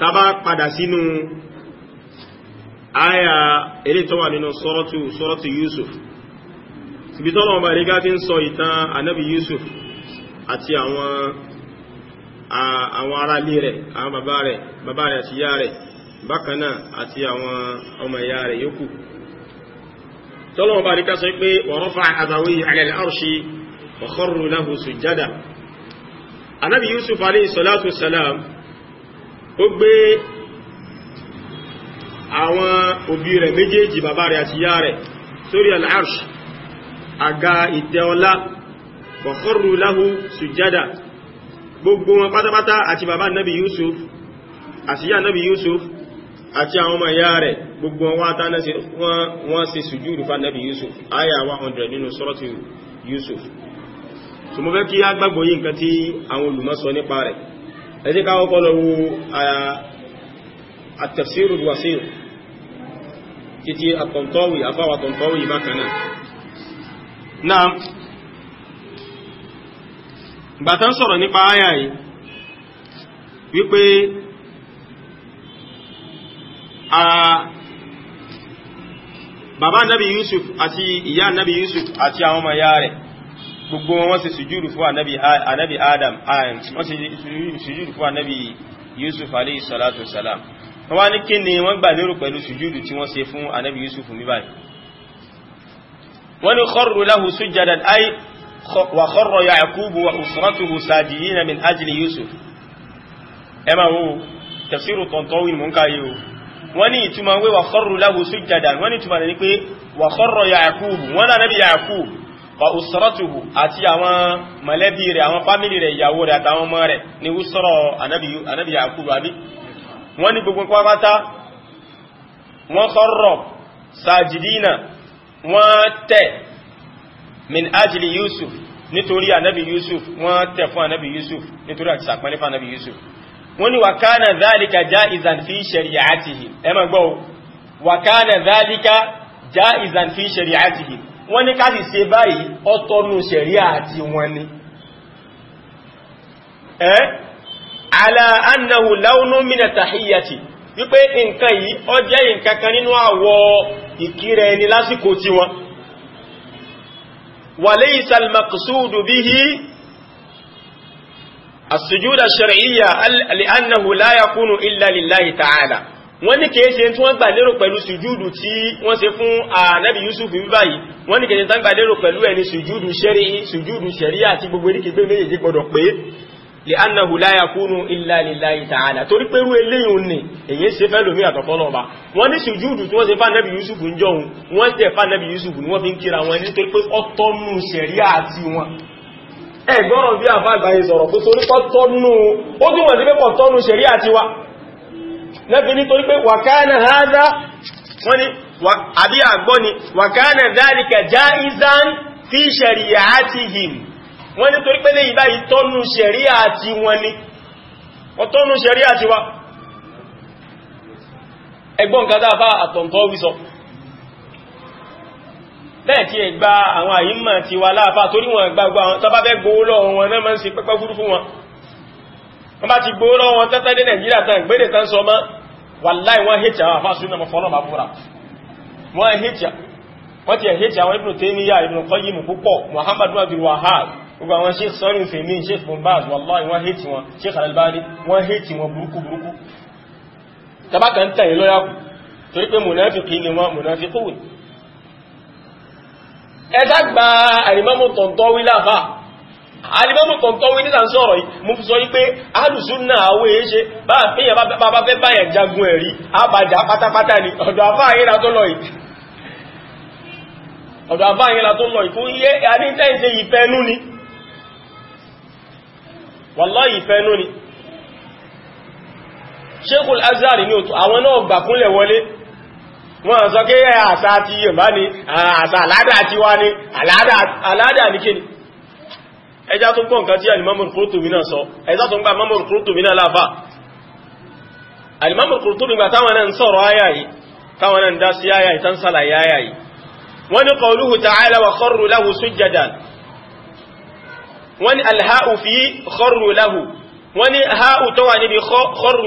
tàbá padà sínú àyà eré tó wà nínú sọ́rọ́tù sọ́rọ́tù Yusuf ibi tọ́lọ̀ ọba rígá ti ń sọ ìtàn anábi Yusuf àti àwọn àwọn aráalé rẹ̀ àwọn bàbá rẹ̀ bàbá rẹ̀ àti ìyá rẹ̀ bákanáà àti àwọn ọmọ ìyá rẹ̀ yókù tọ́lọ̀ ọba rígá sọ pé wa ó gbé àwọn òbí rẹ̀ méjèèjì bàbá rẹ̀ àti ìyá rẹ̀ sórí al-arsh àga ìtẹ́ ọlá wa kharru lahu gbogbo wọn pátápátá àti bàbá nabi Yusuf àti ìyá nabi Yusuf àti àwọn ọmọ ìyá rẹ̀ gbogbo wọn wá tánà sí wọ́n ṣe sùjúrù fún nabi Yusuf aya 100 nínú suratu Yusuf so mo fẹ́ kí a gbàgbọ́ yí nǹkan tí àwọn olùmọ̀ nípa rẹ̀ ẹ jẹ́ ká kọ́kọ́ lọ wo at-tafsir al-wasi' títí at-Tantawi afáwà Tantawi bákaná náà bàtán sọ̀rọ̀ nípa ayà yìí wípé a bàbá nabi Yusuf àti ìyá nabi Yusuf àti àwọn ọmọ ya rẹ̀ gbogbo wọn ṣe sùjúdù fún anabi adam wọ́n ṣe sùjúdù fún anabi yusuf alayhi salatu salam wọ́n wá ní kí ni wọ́n gbà lérò pẹ̀lú sùjúdù tí wọ́n ṣe fún anabi yusuf ní báyìí wọ́n ní kharru lahu sujjadan ay wa kharra yaqubu wa usratuhu sajidina min ajli yusuf ẹ máa wo tafsiru Tantawi mò ń ka wọ́n ní ìtumọ̀ wé wa kharru lahu sujjadan wọ́n ní ìtumọ̀ ní pé wa kharra yaqubu wọ́n lánàbí yaqubu wa usratuhu àti àwọn mọ̀lẹ́bí rẹ̀ àwọn fámílì rẹ̀ ìyàwó rẹ̀ àtàwọn ọmọ rẹ̀ ni usra anábì Yakubu àbí wọ́n ní gbogbo pàpátá wọ́n kharra sajidina wọ́n tẹ̀ min ajili Yusuf nítorí anábì Yusuf wọ́n tẹ̀ fún anábì Yusuf nítorí àti sàpẹ́lẹ́fà anábì Yusuf wọ́n ní wàkánà dhalika jaizan fi shari'atihi ẹ má gbọ́ wàkánà dhalika jaizan fi shari'atihi wọ́n ní káàkiri ṣe báyìí ọtọ́nù ṣẹ̀ríà àti wọn ni ẹ́ ala annahu launun min tahiyyati wípé nǹkan yìí ó jẹ́ nǹkan kan nínú àwọ̀ ìkírẹ ẹni lásìkò tí wọn wa laysa al-maqsudu bihi as-sujuda wọ́n ní kìí ṣe tí wọ́n gbà lérò pẹ̀lú sùjúdù tí wọ́n ṣe fún ànábì yusuf wíbá yìí wọ́n ní kìí ṣe tán gbà lérò pẹ̀lú ẹni sùjúdù ṣẹ́rí sùjúdù ṣẹ̀rí àti gbogbo eríkì pé méjèèjì gbọdọ̀ pé lè annahu la yakunu illa lillahi ta'ala torí pé irú eléyìí ni èyí ṣe fẹ́ lómi àtọ̀fọ́ náà bá wọ́n ní sùjúdù tí wọ́n ṣe fánàbì yusuf ń jọun wọ́n tẹ̀ fánàbì yusuf ni wọ́n fi ń kíra wọn nítorí pé ọtọ́nù ṣẹ̀rí àti wọn ẹ̀gbọ́n bí àfáàgbáyé sọ̀rọ̀ pé torí pọ́tọ́nù ó túnmọ̀ sí pé pọ́tọ́nù ṣẹ̀rí àti wa lẹ́fi nítorí pé wàkánà hádá wọ́n ni àbí àgbọ́ ni wàkánà dhalika jaizan fi shari'atihim wọ́n ni torí pé lè ìbá ìtọ́nu ṣẹ̀ríà àti wọn ni ọ̀tọ́nu ṣẹ̀ríà àti wa ẹgbọ́n kádá bá àtọ̀ntọ́ wísọ lẹ́ẹ̀kí ẹgbà àwọn àyímọ̀ ti wà láàfà torí wọn gbàgbà tọ́bá fẹ́ gbówó lọ́wọ́ wọn náà wọ́n bá ti gbówó wọn tẹ́tẹ́ dé Nàìjíríà tán gbédè tán sọ wàláì wọ́n hẹ́tì àwọn àfáà súnà mọ̀fọ́lọ́ bá búra wọ́n hẹ́tì wọ́n ti hẹ́tì àwọn Ibn Taymiyyah Ibn Qayyim púpọ̀ Muhammad Abdul Wahhab gbogbo àwọn Sheikh sọ́rin fèmí Sheikh bombaz wàláì wọ́n hẹ́tì wọn Sheikh Al-Albani wọ́n hẹ́tì wọn burúkú burúkú tabaka ń alìbọ́mù kọ̀ǹtọ́wé nígbà ń sọ̀rọ̀ yìí mú fi sọ wípé alùsúnnà àwọ èéṣe bá fẹ́ báyẹ̀ jagun ẹ̀rí àbàjá pátápátá ni ọ̀dọ̀ àfáàyíra tó lọ yìí fún iye adíntẹ́ǹsẹ̀ ìfẹ́nú ni wallahi ìfẹ́nú ni Sheikhul Azhar ni òtù àwọn náà gbàkúnlẹ̀ wọlé wọ́n sọ kí àṣà ti yẹ̀ ẹjá tó gbọ́n kan tí alimamul Qurtubi náà sọ ẹjá tó ń gba mamul Qurtubi náà láfà alimamul Qurtubi gbà táwọn náà ń sọ̀rọ̀ ayayi táwọn náà ń dá sí ayayi tán sàlàyé ayayi wọ́n ni qawluhu ta'ala wa kharru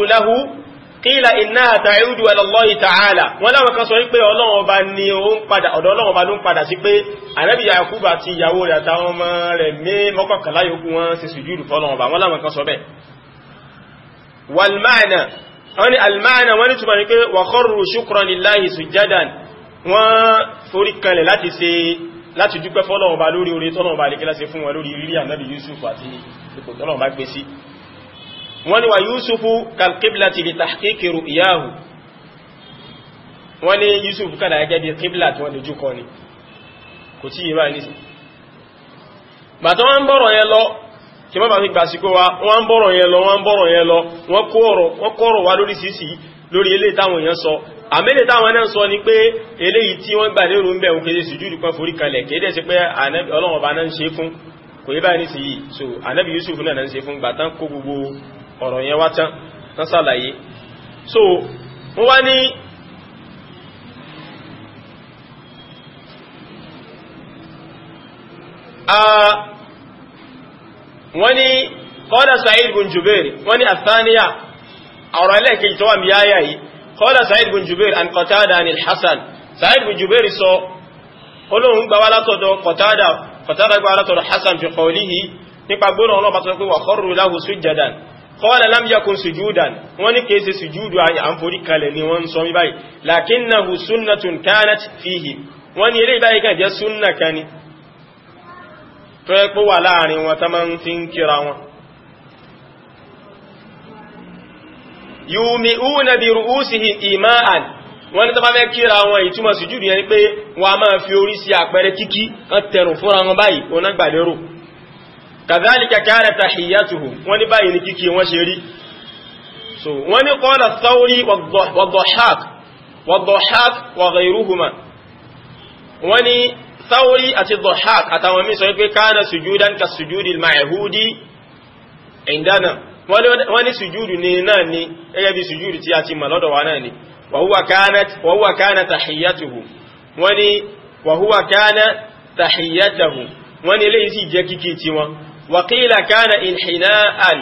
lahu kíla iná àtàrídù alàlọ́yì tààlà wọ́n láwọn kan sọ wípé ọlọ́run ọba ni ó ń padà ọ̀dọ̀ ọlọ́run ọba ló ń padà sí pé ànábì Yakubu àti ìyàwó rẹ̀ àtàwọn ọmọ rẹ̀ mé mọ́kànlá yòókù wọn ṣe sùjúdù fọ́lọ́run ọba wọ́n láwọn kan sọ bẹ́ẹ̀ wàlmáàna wọ́n ni almáàna wọ́n ni túnmọ̀ ní pé wàkọ́rù ṣúkúrọ̀ níláyì sùjádàn wọn sí wọ́n ní wa yusufu kalkiblati bi tahqiqi ru'yahu wọ́n ní yusufu kada gẹ́gẹ́ bí kibla tí wọ́n dojú kọ ni kò tí yìí báyìí nísìn bàtọ́ wọ́n ń bọ̀rọ̀ yẹn lọ kí mọ́ bá fi gbà síkó wa wọ́n ń bọ̀rọ̀ yẹn lọ wọ́n ń bọ̀rọ̀ yẹn lọ wọ́n kọ́rọ̀ wa lórí sísì lórí eléyìí táwọn èèyàn sọ àmẹ́lẹ̀ táwọn náà sọ ni pé eléyìí tí wọ́n gbà lérò ń bẹ̀ òun kéde sùjúdù kan forí kalẹ̀ kéde sí pé ọlọ́run ọba náà ń ṣe fún kò yí báyìí nísìnyí so ànábì yusuf náà ń ṣe fún gbàtán kó gbogbo ọ̀rọ̀ yẹn wá tán tán sàlàyé so wọ́n wá ní wọ́n ní kọ́dà Sa'id bin Jubair wọ́n ní àtàníyà ọ̀rọ̀ ẹlẹ́ẹ̀kejì tó wà ní yáyà yìí kọ́dà Sa'id bin Jubair an Qatada anil Hasan Sa'id bin Jubair sọ olóhun gbà wá látọ̀dọ̀ Qatada Qatada gbà wá látọ̀dọ̀ Hasan fi qawlihi nípa gbónà ọlọ́pàá tó pé wa kharru lahu qala lam yakun sujudan wọ́n ní kèése sùjúdù àǹforí kalẹ̀ ni wọ́n ń sọ mí báyìí lakinnahu sunnatun kanat fihi wọ́n ní eré báyìí kan jẹ́ súnnà kan ni tó yẹ pé wà láàrin wọn tá máa ń fi ń kíra wọn yumi'una bi ru'usihim ima'an wọ́n ní tó bá fẹ́ kíra wọn ìtumọ̀ sùjúdù yẹn pé wọ́n a máa fi orí sí àpẹẹrẹ kíkí kan tẹrùn fúnra wọn báyìí onágbàlérò kàzálìkà káàrẹ̀ tàhíyàtùhù wọ́n ní báyìí ní kíkí wọ́n ṣe rí so wọ́n ní qala Thawri wad-Dhahhak wad-Dhahhak wa ghayruhuma wọ́n ní Thawri àti Dhahhak àtàwọn mí sọ wípé káàrẹ̀ sùjúdán ka sùjúdì ma'hudi indana wọ́n ní sùjúdù ní náà ni gẹ́gẹ́ bí sùjúdù tí a ti mọ̀ lọ́dọ̀ wa náà ni wọ́n ní eléyìí sì jẹ́ kíkí tiwọn wàkílà kánà ìhìnáàn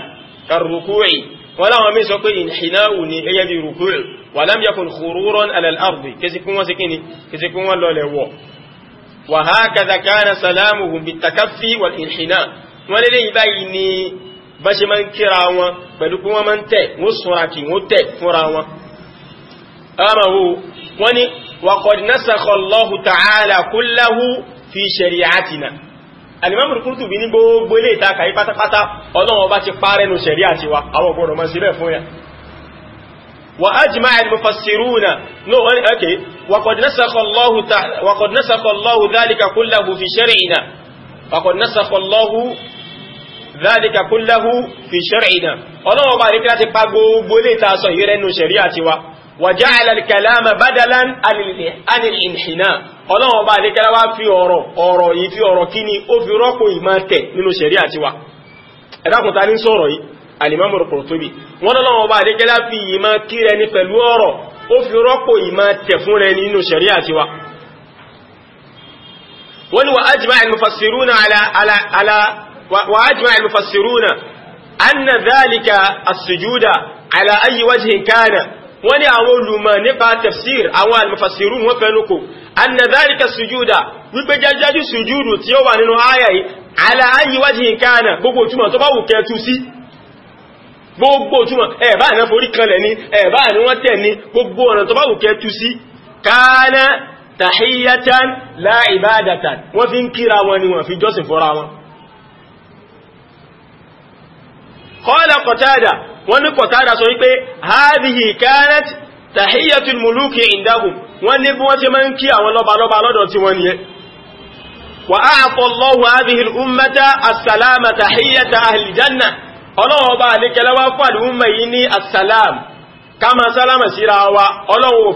karrukúì wọ́n láwọn mí sọ pé ìhìnáù ni gẹ́gẹ́ bí rukúì wà lám yakùn kúrúrán alàlárùbí kẹsí kún wọ́n sí kíni kẹsí kún wọ́n lọlẹ̀ wọ̀ wà há kàzà kánà sàlámù hùn bí takáfí wà ìhìná wọ́n lè yí báyìí ni bá ṣe máa ń kíra wọn pẹ̀lú pé wọ́n máa ń tẹ̀ wọ́n sọ́ra kì wọ́n tẹ̀ fúnra wọn ọmọwó wọ́n ni wàkọ̀dínásàkọ̀ lọ́hù tààlà kúláhù fi ṣẹ̀rí'átina alimamul Qurtubi ní gbogbo ilé ìtaka yí pátápátá ọlọ́run ọba ti parẹ́ nu ṣẹ̀rí àti wa àwọn ọgbọ̀nà ma sílẹ̀ fún yà wa ajma al-mufassiruna no wani ake waqad nasakha Allahu dhalika kullahu fi shar'ina waqad nasakha Allahu dhalika kullahu fi shar'ina ọlọ́run ọba rí kí láti pa gbogbo wàjáàlá kàlámà bádàlán anìlìhìnà ọlọ́wọ́n bá lè kẹ́lá wá fi ọ̀rọ̀ ọ̀rọ̀ yìí fi ọ̀rọ̀ kí ni ó fi rọ́pò ìmá tẹ̀ nínú ṣẹ̀rí àti wà ẹ̀dàkùnta ní sọ̀rọ̀ yìí alìmọ́mọ̀rọ̀ pọ̀rọ̀tóbi wọ́n lọ́wọ́n bá lè kẹ́lá fi ìmá kí rẹ ní pẹ̀lú ọ̀rọ̀ ó fi rọ́pò ìmá tẹ̀ fún rẹ nínú ṣẹ̀rí àti wà wọ́n ni wà ájìmá al-mufassiruna ala wà ájìmá al-mufassiruna anna dhalika as-sujuda ala ayi wajhin kana wọ́n ní àwọn olùmọ̀ nípa tafsir àwọn almufassiru wọ́n fẹ́nukò annadhalika sujuda wípé jajaju sujudu tí ó wà nínú ayayi ala ayi wajhin kana gbogbo túmọ̀ tó bá wù kẹtù sí gbogbo túmọ̀ ẹ̀bá àná forí kanlẹ̀ ní ẹ̀bá àní wọ́n tẹ̀ ní gbogbo ọ̀nà tó bá wù kẹtù sí kana tahiyatan la wọ́n fi ń kíra wọn ni wọ́n fi jọ́sìn fọ́ra wọn qala Qatada wọ́n ní kọ̀tàdà sọ wípé hadhihi kanat tahiyyatul muluki indahum wọ́n ní bí wọ́n ṣe máa ń kí àwọn lọ́balọ́ba lọ́dọ̀ tí wọ́n yẹ wa a'ta Allahu hadhihi al-ummata as-salama tahiyyata ahli janna ọlọ́wọ́ bá fàdí umma yìí ní as kama salama síra ọlọ́wọ́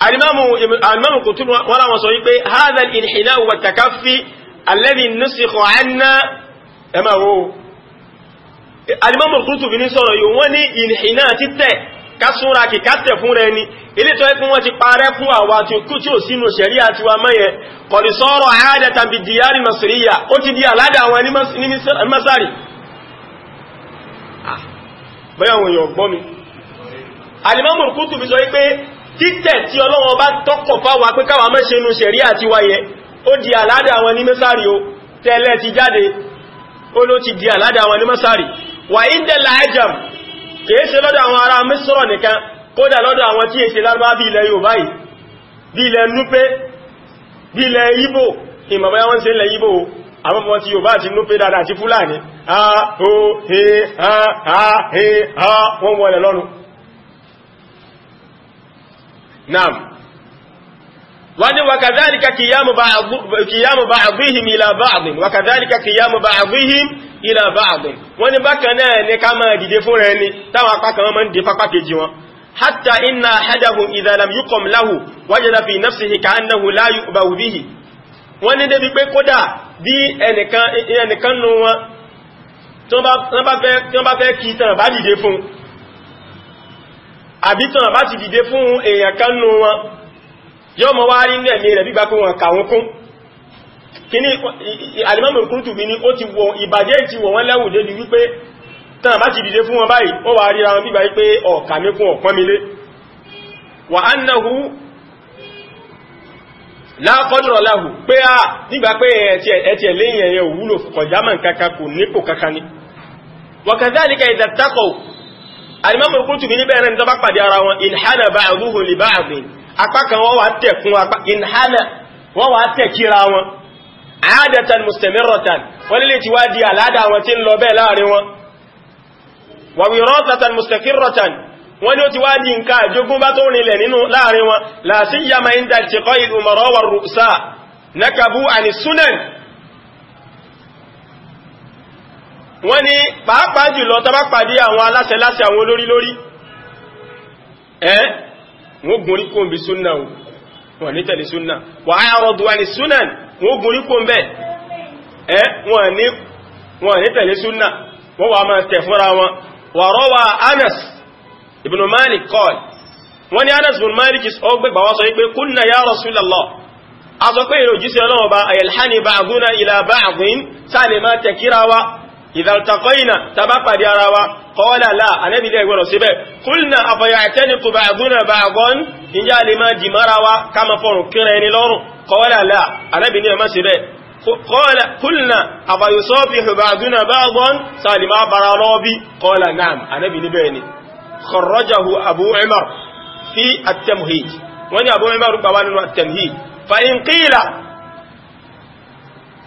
alimamu kutubu wọ́n láwọn sọ wípé hadha al-inhina wa takaffi alladhi nusikha anna ẹmà wo alimamu kutubu ní sọ̀rọ̀ yìí wọ́n ní inhina títẹ̀ kásúnra kì kásẹ̀ fún rẹ ni ilé tó ẹkùn wọ́n ti parẹ́ fún àwa tí ó kú tí ó sínú ṣẹ̀ríà tiwa mẹ́yẹ kọ̀dì sọ́rọ̀ àádẹ́ta bí diyari masiriya ó ti di aládà ah, àwọn ní masari bẹ́yàwó yọ̀ gbọ́mi alimamur kutubu sọ wípé títẹ̀ tí Ọlọ́run bá tọ́kọ̀ fáwa pé káwa mẹ́ṣe inú ṣẹ̀rí àti wáyẹ ó di àládà wọn ní mẹ́sàrí o tẹ́lẹ̀ ti jáde ó ló ti di àládà wọn ní mẹ́sàrí wà ìdẹ̀lá ẹjàm kèése lọ́dọ̀ àwọn ará Mísírọ̀ nìkan kódà lọ́dọ̀ àwọn tí èsè lárúbá a o he a a he a wọ́n wọlẹ̀ lọ́nu naam wọ́n ní wàkàzálìkà kìyàmù bá àbúhìm ilà bá àbìn wàkàzálìkà kìyàmù bá àbúhìm ilà bá àbìn wọ́n ní bákan náà ní ká máa dìde fún rẹ̀ ní táwọn apákan wọn máa ń dé pápá kejì wọn hatta inna hadahu idhalam yukom lahu wajada fi nafsihi ka annahu la yu'bahu bihi wọ́n ní débi pé kódà bí ẹnìkan nù wọn tí wọ́n bá fẹ́ kí tán bá dìde fún àbítàn bá ti dìde fún èèyàn kan nù wọn yóò mọ̀ wá rí ní ẹ̀mí rẹ̀ gbígbà pé wọn kàwọn kún kí ní alimọ́mù ti wọ ìbàjẹ́ ti wọ̀ wọ́n lẹ́wù débi wípé tàn bá ti dìde fún wọn báyìí ó wà ríra wọn bíbá a nígbà pé ẹ̀tì alimamu Qurtubi níbẹ̀ náà ní tọ́bá pàdé ara wọn inhana ba'duhu li ba'd apá kan wọ́n wà tẹ̀kún apá inhana wọ́n wà tẹ̀kíra wọn aadatan mustamirratan wọ́n lè ti wá di aláàdá wọn tí ń lọ bẹ́ẹ̀ láàrin wọn wa wirasatan wọ́n ní pàápàá jùlọ tàbá pàdé àwọn aláṣẹ láti àwọn olórí lórí ẹ́ wọ́n gùn rí kò ń bí súnnà wọ́n ní tẹ̀lé súnnà wà á rọ̀dù wà ní súnnà wọ́n gùn rí kò ń bẹ̀ ẹ́ wọ́n ní tẹ̀lé súnnà wọ́n wà máa tẹ̀ fúnra wọn wà rọ́wà Anas ibn Malik qal wọ́n ní ìdàltàkọ́ìnà tàbápàdé ara wa kọ́ọ́lá láà anẹ́bìdẹ̀ ìgbọ́nà síbẹ̀ kúlnà àfàyà àtẹ́ni kò bá àgúnà bá àgọ́n ìjá lè máa jì mara wa ká ma fọ́rùn kíra ẹni lọ́rùn kọ́ọ́lá láà anẹ́bìdẹ̀ má síbẹ̀ kúlnà àfàyùsọ́fì bá àgúnà bá àgọ́n sàlìmá bara lọ́bí kọ́ọ́lá náà anẹ́bìdẹ̀ bẹ́ẹ̀ ni kọ̀rọ̀jáhu abu umar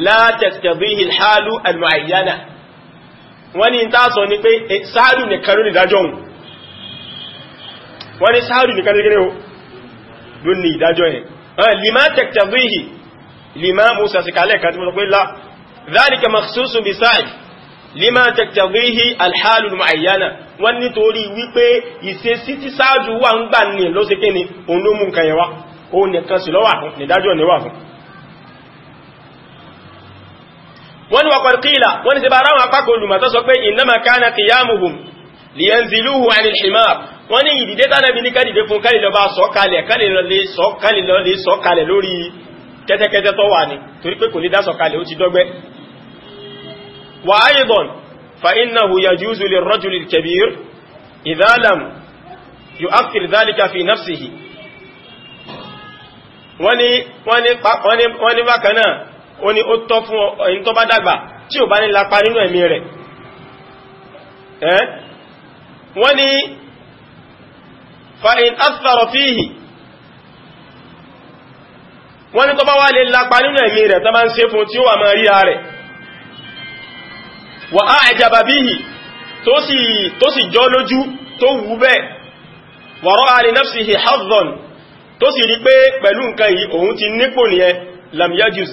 látẹ̀tẹ̀bíhì hálù almuayyana wọ́n ni ta sọ ní pé eh, sáàrù nìkan ní ìdájọ́ ohun wọ́n ni sáàrù nìkan gẹ́gẹ́rẹ́ o ló ní ìdájọ́ yẹn lima tẹ̀tẹ̀bíhì lima musa sí kalẹ̀ kan tí mo sọ pé lá zálika makhsusun bí sáàrù lima tẹ̀tẹ̀bíhì alhálù almuayyana wọ́n ni wọ́n wà kọ̀rkílà wọ́n ti bá ráwọn apákòlù màtọ́ sọ pé ìnáma kánà kìyàmùhùn liyanziluhu anil himar wọ́n ní ìdìdé tánàbí ní kálìdé fún kálìlọba sọ̀kalẹ̀ kálìlọlé sọ̀kalẹ̀ lórí kẹ́tẹ́kẹ́tẹ́ tó wà ní torí pé kò lè dá ó ní ó tọ́ fún ẹni tó bá dàgbà tí ò bá ní lápá nínú ẹ̀mí rẹ̀ wọ́n ní fa'in asfaro fíhì wọ́n ní tó bá wá lè lápá nínú ẹ̀mí rẹ̀ tó bá ń ṣe fún tí ó wà máa rí ààrẹ̀ wà á ẹjàbà bíhì tó sì jọ lójú tó wù bẹ́ẹ̀ wọ̀rọ̀ àrínẹ́fsì hì sì rí pé pẹ̀lú nǹkan yìí òun ti nípò nìyẹn lamyajus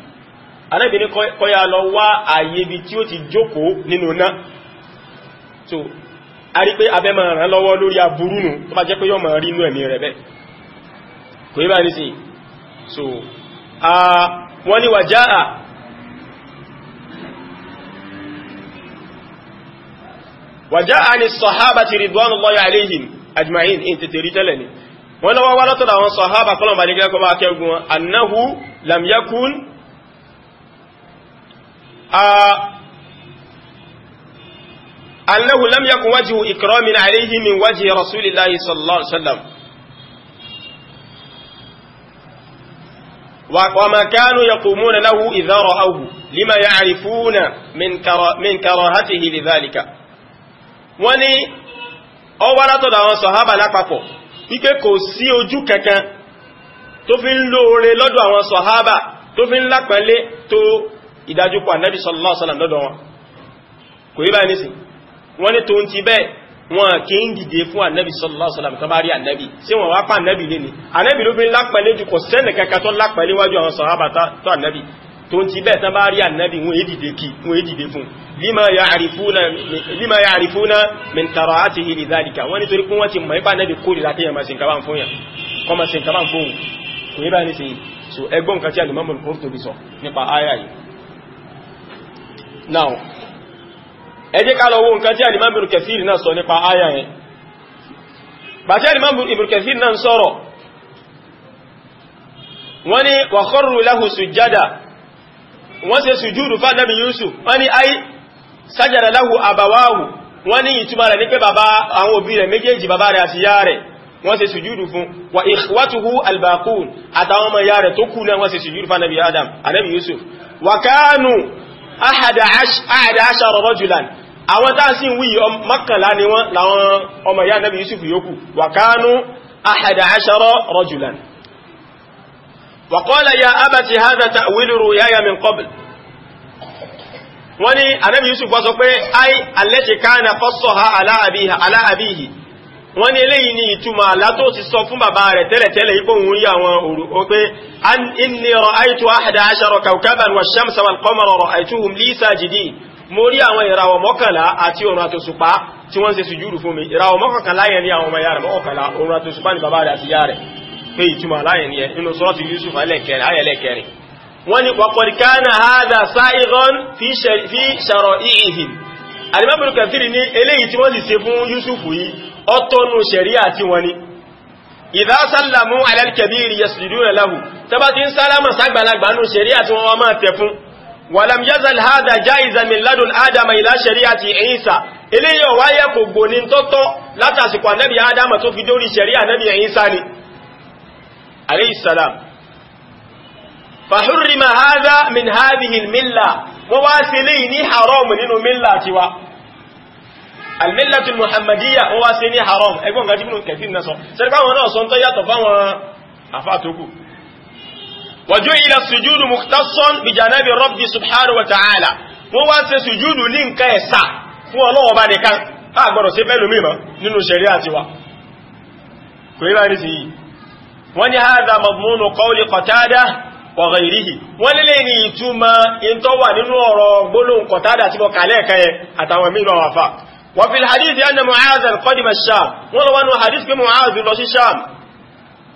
anábìnrin kọ́yà lọ wá ààyè ibi tí ó ti jókòó nínú náà so a rí pé abẹ́mọ̀ ràn lọ́wọ́ lórí aburú nù tó bá jẹ́ pé yọ́mọ̀ rí inú ẹ̀mí rẹ̀ bẹ́ kò yí bá ní sí so wọ́n ni wà jáà wà jáà ni sọ̀hábà ti ridwanullahi alayhim ajma'in in tètè rí tẹ́lẹ̀ ni wọ́n lọ́wọ́ wá látọ̀dọ̀ àwọn sọ̀hábà kọlọ̀mbà ní kọ́ lam yakun annahu lam yakun wajhu ikramin alayhi min wajhi rasulillahi sallallahu alaihi wasallam وما كانوا يقومون له إذا رأوه لما يعرفون من من كراهته لذلك wọ́n ní ó wá látọ̀dọ̀ àwọn sọ̀hábà lápapọ̀ wípé kò sí ojú kankan tó fi ń lóore lọ́dọ̀ àwọn sọ̀hábà tó fi ń lápẹ́lé tó ìdájúkọ ànábì sallallahu alaihi wasallam lọ́dọ̀ wọn kò yí báyìí nísìn wọ́n ní tó ń ti bẹ́ẹ̀ wọn kì í dìde fún ànábì sallallahu alaihi wasallam tó bá rí ànábì sí wọn wápá ànábì lé ní ànábì ló fi lápẹ̀lẹ́ jù kò sẹ́nì kankan tó lápẹ̀lẹ́ wájú àwọn sàhábà tó ànábì tó ń ti bẹ́ẹ̀ tán bá rí ànábì wọn èyí dìde kí wọn èyí dìde fún lima ya'rifuna min karahatihi li dhalika wọ́n nítorí pé wọ́n ti mọ̀ ipa ànábì kórìí láti yẹn máa ṣe nǹkan bá ń fún yẹn kọ́ máa ṣe nǹkan bá ń so ẹgbọ́n kan tí Al-Imam al sọ nípa áyà now ẹ jẹ́ ká lọ wo nǹkan tí alimam ibn kathir náà sọ nípa aya yẹn bàtí alimam ibn kathir náà sọ̀rọ̀ wọ́n ni wa kharru lahu wọ́n ṣe sùjúdù fún Ànábì Yusuf wọ́n ni ai sajada lahu abawahu wọ́n ni ìtumọ̀ rẹ̀ ní pé bàbá àwọn òbí rẹ̀ méjèèjì bàbá rẹ̀ àti yá rẹ̀ wọ́n ṣe sùjúdù fún wa ikhwatuhu albaqun àtàwọn ọmọ yá rẹ̀ tó kú náà wọ́n ṣe sùjúdù fún Adam Ànábì Yusuf wa kanu ahada ashara rajulan àwọn tá sí wí mọ́kànlá ni wọ́n láwọn ọmọ ìyá nabi yusuf yòókù wa kanu ahada ashara rajulan wa qala ya abati hadha ta'wilu ru'yaya min qabl wọ́n ni anabi yusuf wọ́n sọ pé ai allati wọ́n ní eléyìí ni ìtumọ̀ àlá tó ti sọ fún bàbá rẹ̀ tẹ́lẹ̀tẹ́lẹ̀ ipò òun yí àwọn òru pé inni ra'aytu ahada ashara kawkaban wa shamsa wal qamara ra'aytuhum li sajidin mo rí àwọn ìràwọ̀ mọ́kànlá àti òrùn àtòṣùpá tí wọ́n ṣe sùjúdù fún mi ìràwọ̀ mọ́kànlá yẹn ní ọtọ́nù ṣẹ̀ríà tí wọ́n ni ìdá sálàmú alẹ́kẹ̀bírí yasùdúrẹ̀ láhù tàbá tí ń sálàmà sàgbàlagbà nù ṣẹ̀ríà tí wọ́n máa tẹ̀ fún wàlàm yazal hada jaiza min ladun adama ila shari'ati isa eléyìí ó wáyé kò gbóni tọ́tọ́ látàsìkò ànábì adama tó fi dórí ṣẹ̀ríà ànábì isa ni alayhi salam fàhúrìmà hada min hadhihi milla almillatul muhammadiyya ó wá sí ní haram ẹgbọ́n ga jíbìnú kẹfì náà sọ sẹ́rẹ̀ fáwọn náà sọ ń tọ́ yàtọ̀ fáwọn afátókù wàjú ila sùjúdù mukhtassan bi janabi rabbi subhanahu wa ta'ala wọ́n wá sí sùjúdù ní nǹkan ẹ̀sà fún ọlọ́wọ́ bá nìkan a gbọ́dọ̀ sí fẹ́lú mímọ̀ nínú ṣẹ̀ríà tiwa kò rí bá ní sí yìí wọ́n ní hadha madmunu qawli qatada ọ̀rọ̀ ìríhì wọ́n lélẹ̀ ní ìtumọ̀ ìntọ́wà nínú ọ̀rọ̀ gbólóhùn kọ̀tádà tí mọ̀ kàlẹ̀ ẹ̀kẹ́ àtàwọn mìíràn wà fà وفي الحديث أن معاذا قدم الشام ولو أنه حديث كمعاذ لو الشام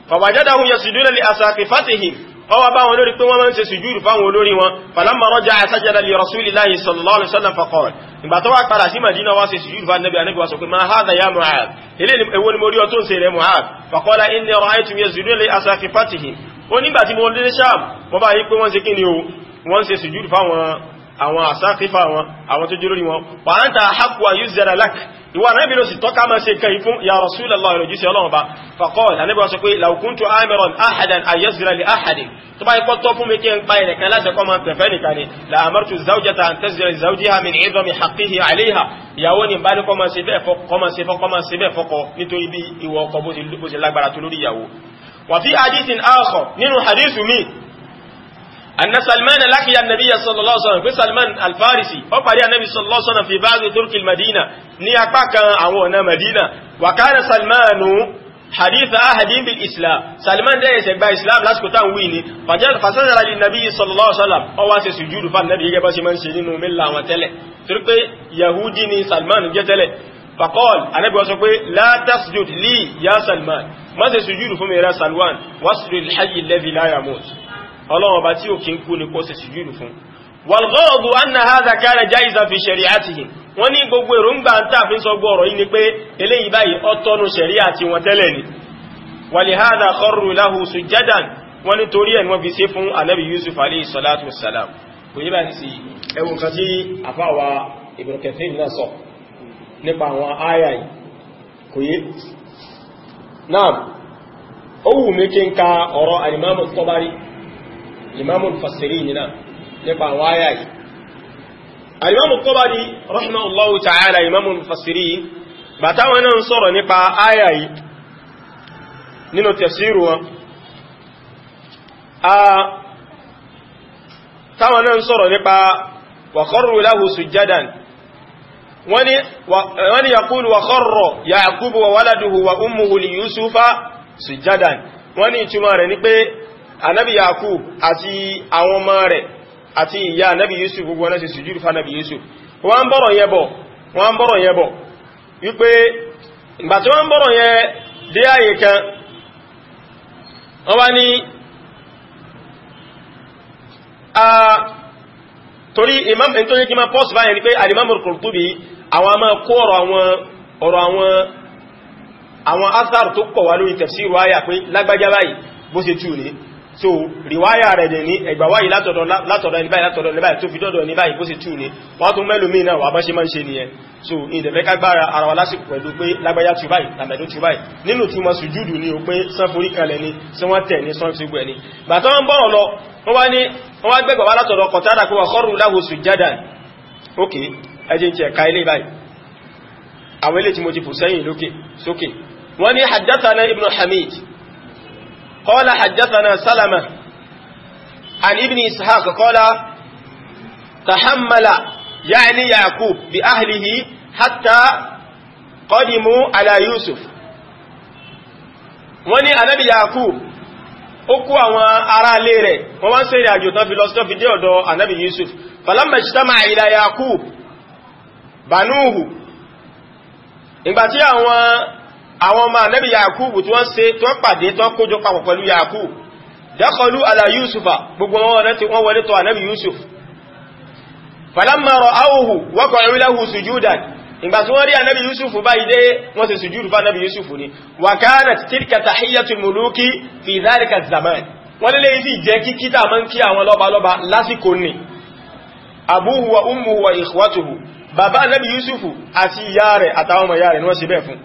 فوجده يسجدون لأساقفتهم قوى باه ولوري كما من سجود فان ولوري فلما رجع سجد لرسول الله صلى الله عليه وسلم فقال ان باتوا قال سي مدينه واسي سجود فان النبي النبي ما هذا يا معاذ الين اول مريو تون سي معاذ فقال اني رايت يسجدون لأساقفتهم وني باتي مولد وبا يي كو وان سي كيني o wọ́n àwọn àsákífà wọn àwọn tó jíròrí wọn wà ń ta àkùwà yóò zẹ́rẹ̀ lák ìwà náà bí ló sì tọ́ka máa ṣe kẹ́yìn fún ya Rasulullah ìròjú sí ọlọ́run bá faqala àníbà sọ pé law kuntu amiran ahadan ayazira li ahadin tó bá ikọ́ tọ́ fún mi kí n pa ẹ̀rẹ̀ kan láti ẹ̀kọ́ máa tẹ̀fẹ́ nìkan ni la amartu zawjata an tazira li zawjiha min idami haqqihi alayha ìyàwó anna salman laqiya an-nabiy sallallahu alaihi wasallam fi salman al-farisi ó pàdé an-nabi sallallahu alaihi wasallam fi ba'd turki al-madina ní apá kan àwọn ọ̀nà madina wa kana salmanu hadith ahadin bil islam salman dẹ̀ ṣe gba islam lásìkò tan wí ni fajal fasara lin nabi sallallahu alaihi wasallam ó wá ṣe sujudu fa nabi ge bá ṣe man ṣe nínú milla wa tẹ́lẹ̀ turpe yahudi ni salman jẹ́ tẹ́lẹ̀ faqal anabi sọ pé la tasjud li ya salman má ṣe sujudu fún mi salwan wasri al alladhi la yamut ọlọ́run ọba tí òkè ń kú ní kó ṣe sùjúdù fún wàlgọ́ọ̀dù anna haza kana jaiza fi shari'atihi wọ́n ní gbogbo èròǹgbà ń tà fi ń sọ gbọ́ọ̀rọ̀ yìí ni pé eléyìí báyìí ọtọ́nu ṣẹ̀ríà tí wọ́n tẹ́lẹ̀ ni wàlìhádà kharru lahu sujjadan wọ́n ní torí ẹ̀ wọ́n fi ṣe fún anabi yusuf alayhi salatu wassalam imamu fasiri nina nípa àwọn àyà yìí alimamu Tabari rahimahullahu ta'ala imamu fasiri bàtà wọn náà sọ̀rọ̀ nípa àyà yìí nínú tafsiru wọn a táwọn náà sọ̀rọ̀ nípa wa kharru lahu sujjadan wani yaqulu wa kharra Yaqubu wa waladuhu wa ummuhu li Yusufa sujjadan wani ìtumọ̀ ni pé anabi yakub àti àwọn ọmọ rẹ̀ àti ìyá anabi yusuf gbogbo ọ̀nà ti sùjúdù fún anabi yusuf wọ́n ń bọ́rọ̀ yẹbọ̀ wọ́n ń bọ́rọ̀ yẹbọ̀ wípé ìgbà tí wọ́n ń bọ́rọ̀ yẹ dé ààyè kan wọ́n wá ní a torí imam ẹni tó yẹ kí ma pọ́s báyẹ̀ ni pé alimamul Qurtubi àwọn a kó ọ̀rọ̀ àwọn ọ̀rọ̀ àwọn àwọn asar tó pọ̀ wá lórí tafsiru àyà pé lágbájá báyìí bó ṣe tú ni so riwaya rẹ̀ dẹ̀ ní ẹgbàwá yìí látọ̀dọ̀ ní báyìí látọ̀dọ̀ ní báyìí tó fi dọ́dọ̀ ní báyìí kó sì tú ní wọ́n tún mẹ́lòmí náà wà bá ṣe máa ń ṣe nìyẹn so ìdẹ̀fẹ́kágbára ara wa lásìkò pẹ̀lú pé lágbáyá tú báyìí làmẹ̀dó tú báyìí nínú túnmọ̀ sùjúdù ní o pé sán forí kalẹ̀ ni sí wọ́n tẹ̀ ní sán fi gbẹ̀ ni bàtọ́ ń bọ́rọ̀ lọ wọ́n wá ní wọ́n wá gbẹ̀gbà wá látọ̀dọ̀ kọ̀tádà kó wà kọ́rù láhù sùjádà ok ẹjẹ́ ti ẹ̀ka ilé báyìí àwọn ilé tí mo ti fò sẹ́yìn lókè sókè wọ́n ní haddatana ibn hamid قال حدثنا سلمة عن ابن إسحاق قال تحمل يعني يعقوب بأهله حتى قدموا على يوسف وني أنا بيعقوب Yakub ó kó àwọn ará ilé rẹ̀ wọ́n wá ń ṣe ìrìnàjò tán fi lọ sí ọ̀fìdí ọ̀dọ̀ ànábì Yusuf falamma ijtama'a ila Yakub banuhu ìgbà tí àwọn àwọn ọmọ ànábì yakubu tí wọ́n ṣe tí wọ́n pàdé tí wọ́n kójọ papọ̀ pẹ̀lú yakubu dákọlú ala yusufa gbogbo wọn rẹ̀ tí wọ́n wọlé tọ̀ ànábì yusuf falamma ra'awhu waqa'u lahu sujudan ìgbà tí wọ́n rí ànábì yusuf báyìí dé wọ́n ṣe sùjúdù fún ànábì yusuf ni wa kanat tilka tahiyyatul muluki fi dhalika zaman wọ́n lé léyìí sì jẹ́ kí kíta máa ń kí àwọn lọ́balọ́ba lásìkò ni abuhu wa ummuhu wa ikhwatuhu bàbá ànábì yusuf àti ìyá rẹ̀ àtàwọn ọmọ ìyá rẹ̀ ni wọ́n ṣe bẹ́ẹ̀ fún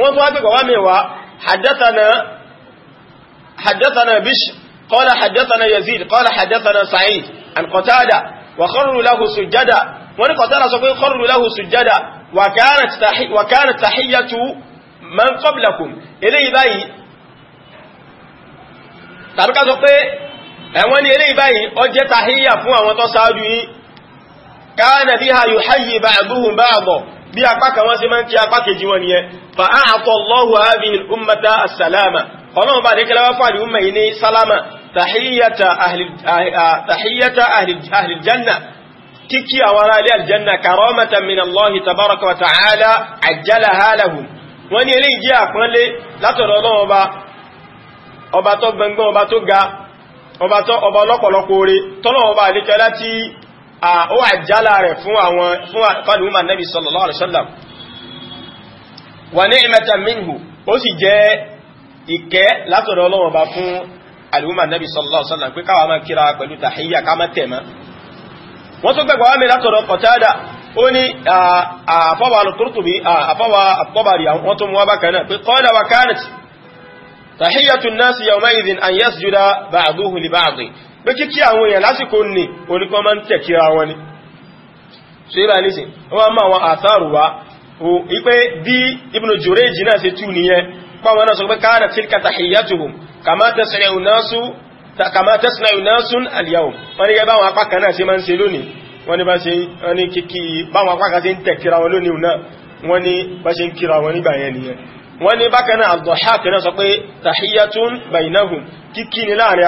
wọ́n tó wá pẹ̀kọ̀ wá حدثنا حدثنا بش قال حدثنا يزيد قال حدثنا سعيد عن قتادة وخروا له سجدا وان قتادة سقول خروا له سجدا وكانت تحي وكانت تحية من قبلكم إلي باي تبقى sọ pé إلي باي ilé تحية فوا jẹ́ tàhíyà fún àwọn tó sáájú yìí káà bí apá kan wọ́n ṣe máa ń kí apá kejì wọn nìyẹn fa a'ata Allahu hadhihi al-ummata as-salama ọlọ́run bá dékẹ́lá wá fàdí ummah yìí ní sálámà tahiyyata ahli tahiyyata ahli janna kíkí àwọn ará ilé aljanna karamatan min Allah tabaraka wa ta'ala ajjalaha lahum wọ́n ní eléyìí jẹ́ àpọ́nlé látọ̀dọ̀ ọlọ́run ọba ọba tó gbẹngbẹ́ ọba tó ga ọba ọlọ́pọ̀lọpọ̀ oore tọ́lọ́run ọba àdékẹ́lá tí ó wà jálá rẹ̀ fún àwọn fàdúmà nẹ́bí sallallahu alaihi wasallam wa ni'matan minhu ó sì jẹ́ ìkẹ́ látọ̀dọ̀ Ọlọ́run Ọba fún àlùmà nẹ́bí sallallahu alaihi wasallam pé káwà máa kíra pẹ̀lú tàhíyà ká má tẹ̀mọ́ wọ́n tó gbẹ̀gbẹ̀ wá pé kíkí àwọn èèyàn lásìkò ní oníkan máa ń tẹ̀kíra wọn ni ṣe rà ní sin wọ́n máa wọn àtàrù wá o ipé bí Ibn Jurayj náà ṣe tú nìyẹn pàwọn náà sọ pé káàna tilka tahiyyatuhum kama tasna'u nasu kama tasna'u nasun al-yawm wọ́n ní báwọn apá kan náà ṣe máa ń ṣe lónìí wọ́n ní bá ṣe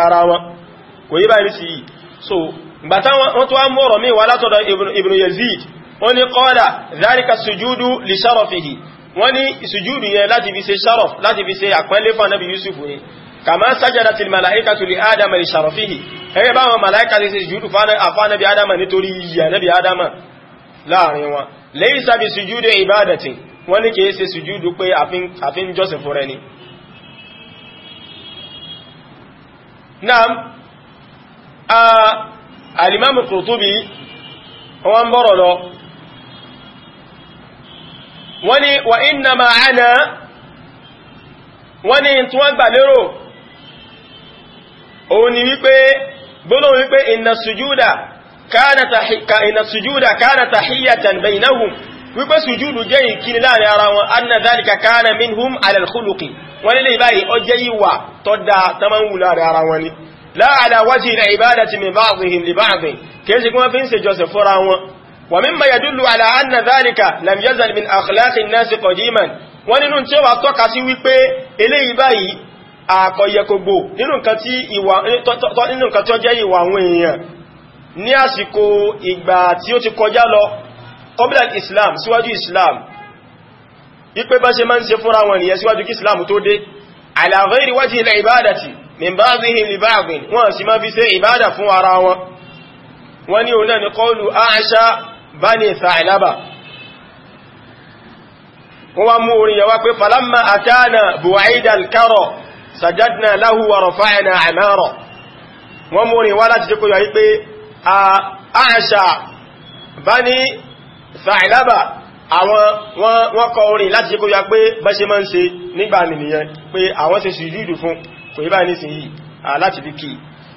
wọ́n ní kò yí báyìí sí yìí so gbàtá wọ́n tó wá mọ́rọ̀ mí wà látọ̀dọ̀ ibn yazid wọ́n ni qala dhalika sujúdú li sharafihi wọ́n ni sujúdù yẹn láti fi ṣe sharaf láti fi ṣe àpẹ́lẹ́ fún anábi yusuf ni kama sajadati ti ṣe sujúdù fún anábi adama nítorí yìí naam alìmáàmù Qurtubi wọ́n ń bọ̀rọ̀ lọ wọ́n ni wà iná ma ánà wọ́n ni tí wọ́n gbà lérò òun ni wípé gbónà wípé iná sujúdà kánà tahiyyatan bainahum wípé sùjúdù jẹ́ ìkíni láàrin ara wọn anna dhalika kánà minhum ala wọ́n nílé ìbáyìí ọ jẹ́ ìwà tọ́dá tamánwù láàrin ara wọn ni la ala wajhi al-ibadati min ba'dihim li ba'd kéèsì kí wọ́n fi ń ṣe jọsẹ̀ fúnra wọn wa mimma yadullu ala anna dhalika lam yazal min akhlaqi an-nas qadiman wọ́n nínú tí ó wà tọ́ka sí wípé eléyìí báyìí àkọyẹ gbogbo nínú nǹkan tí ó jẹ́ ìwà àwọn èèyàn ní àsìkò ìgbà tí ó ti kọjá min ba'dihim li ba'din wọ́n sì máa fi ṣe ìbádà fún ara wọn wọ́n ní òun náà ni qawlu Aisha bani Sa'laba wọ́n wá mú orin yẹwà pé falamma atana bu'aida al-karo sajadna lahu wa rafa'na wọ́n mú orin wá láti jẹ́ kó yọ pé Aisha bani Sa'laba àwọn wọ́n kọ orin láti jẹ́ kó yọ pé bá ṣe máa ń ṣe nígbà nìyẹn pé àwọn ṣe sùjúdù fún kò yí báyìí nísìnyí láti fi kí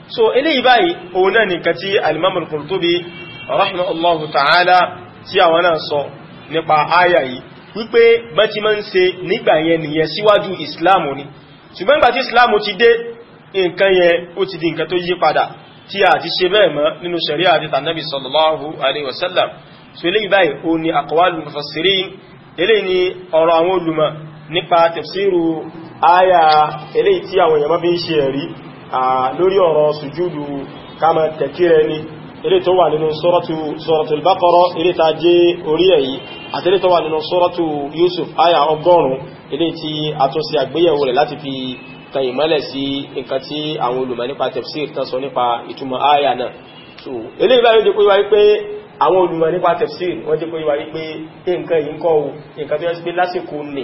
so eléyìí báyìí òun náà nìkan tí alimamul Qurtubi rahimahullahu ta'ala tí àwọn náà sọ nípa àyà yìí wípé bá ti máa ń ṣe nígbà yẹn nìyẹn síwájú ìsìláàmù ni ṣùgbọ́n nígbà tí ìsìláàmù ti dé nǹkan yẹn ó ti di nǹkan tó yí padà tí a ti ṣe bẹ́ẹ̀ mọ́ nínú ṣẹ̀ríà àti tànàbì sallallahu alaihi wasallam so eléyìí báyìí ó ní aqwalul mufassirin eléyìí ni ọ̀rọ̀ àwọn olùmọ̀ nípa tafsiru áyà eléyìí tí àwọn èèyàn bí ń ṣe ẹ̀rí lórí ọ̀rọ̀ sùjúdù kama tẹ̀kírẹ ni eléyìí tó wà nínú suratu suratul Baqara eléyìí tá jẹ́ orí èyí àti eléyìí tó wà nínú suratu Yusuf áyà ọgọ́rùn-ún eléyìí tí a tún ṣe àgbéyẹ̀wò rẹ̀ láti fi tan ìmọ́lẹ̀ sí nǹkan tí àwọn olùmọ̀ nípa tafsir tán sọ nípa ìtumọ̀ áyà náà so eléyìí báyìí jẹ́ kó yíwa wípé àwọn olùmọ̀ nípa tafsir wọ́n jẹ́ kó yíwa wípé nǹkan yìí ń kọ́ o nǹkan tó yẹ sí pé lásìkò nì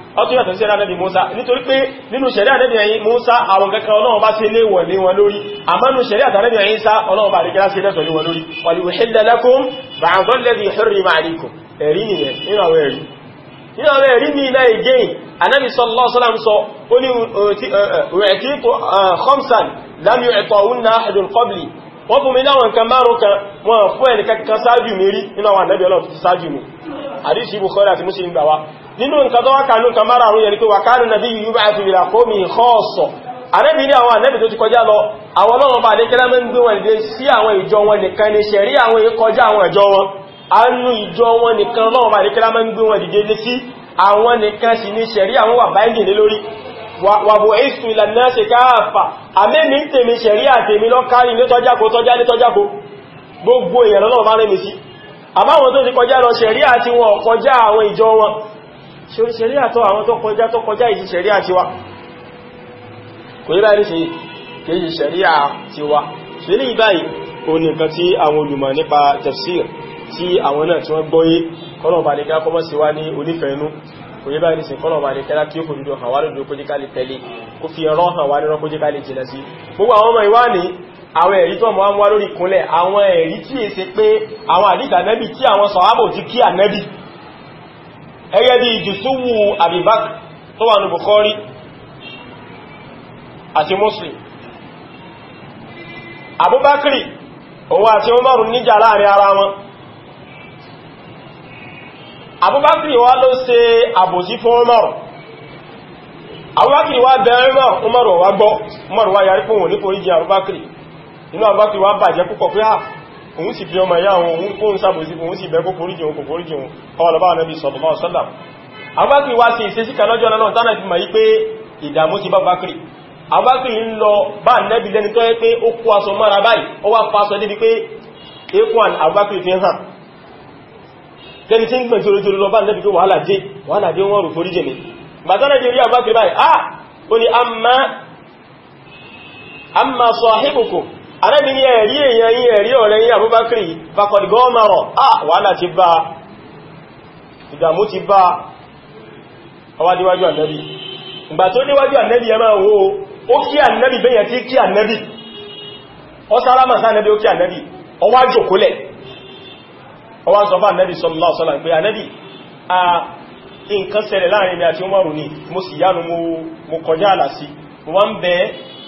ọtún yàtọ̀ sí ẹ̀rọ Musa nítorí pé nínú ṣẹ̀ríà Ànábì ẹ̀yìn Musa àwọn kankan Ọlọ́run bá ṣe léèwọ̀ lé wọn lórí àmọ́ nínú ṣẹ̀ríà Ànábì ẹ̀yìn sá Ọlọ́run bá rí gílá sí lẹ́tọ̀ lé wọn lórí wàlúwẹ̀hẹ́lẹ́ lakum ba'dha alladhi harrama alaykum ẹ̀rí nìyẹn nínú àwọn ẹ̀rí nínú àwọn ẹ̀rí ní ilẹ̀ ìgé Ànábì sallallahu alaihi wasallam sọ ó ní u'titu uh, khamsan lam yu'tahunna ahadun qabli wọ́n fún mi láwọn nǹkan márùn kan wọ́n fún nínú nǹkan tó wákà nǹkan mara àrùn yẹni pé wàkánù nàbí yìí bá fi ìrà fómi ìkọ́ọ̀sọ̀ àrẹ́bì ní àwọn ànẹ́bì tó ti kọjá lọ àwọn ọlọ́run bá lékẹ́lá mẹ́ ń gbé wọn lè sí àwọn ìjọ wọn nìkan ní ṣẹ̀rí àwọn ìkọjá àwọn ìjọ wọn anú ìjọ wọn nìkan ọlọ́run bá lékẹ́lá mẹ́ ń gbé wọn dìde lé sí àwọn nìkan sì ní ṣẹ̀rí àwọn wà báyìí lé lórí wàbò èsù ìlànà àbáwọn tó ti kọjá lọ ṣẹ̀rí àti wọn kọjá àwọn ìjọ wọn ṣẹ̀rí àtọ́ àwọn tó kọjá tó kọjá ìsì ṣẹ̀rí àtiwa kò yíra ní sí kéjì ṣẹ̀rí àtiwa ṣe ní ìbáyìí o ní tí àwọn olùmọ̀ nípa tafsir tí àwọn náà tí wọ́n gbọ́yé kọ́lọ̀bàdìká kọ́mọ́ sí wá ní onífẹ̀ẹ́nú àwọn ẹ̀rí tó mọ́ wá lórí kúnlẹ̀ àwọn ẹ̀rí tí è ṣe pé àwọn àdíkà nẹ́bì tí àwọn sọ̀hábò ti kí ànẹ́bì ẹgẹ́ di jùsúwù àbíbákì tó wà ní Bukhari àti Muslim Abubakri òun àti Umaru níjà láàrin ara wọn Abubakri wá ló se àbòsí fún Umaru Abubakri wá bẹ̀rẹ̀ mọ́ Umaru wá gbọ́ Umaru wá yarí fún òun ní foríjì Abubakri inú Abubakri wá bàjẹ́ púpọ̀ pé ha ah, òun sì fi ọmọ ìyá àwọn òun kóhun sàbòsí òun sì bẹ́kó foríjì òun kò foríjì òun ọlọ́bá ànábì sallallahu alaihi wasallam wá sí ìṣesí kan lọ́jọ́ náà tánà fi mọ̀ yí pé ìdààmú ti bá lọ bá ànábì lẹ́ni tó yẹ pé ó kó ekwan abákìrì fi hàn tẹ́ni arẹ́bìn ní ẹ̀rí èèyàn yí ẹ̀rí ọ̀rẹ́ yí àbúbákìrì fakọ̀dì gọ́ọ̀mọ̀rọ̀ ah wàhálà ti bá ìdàmú ti bá ọwádíwájú ànẹ́bì ìgbà tó níwájú ànẹ́bì ẹ máa wo ó kí ànẹ́bì bẹ́yẹn kí ànẹ́bì ọ sáramà sánẹ́bì ó kí ànẹ́bì ọwá jòkólẹ̀ ọwá ni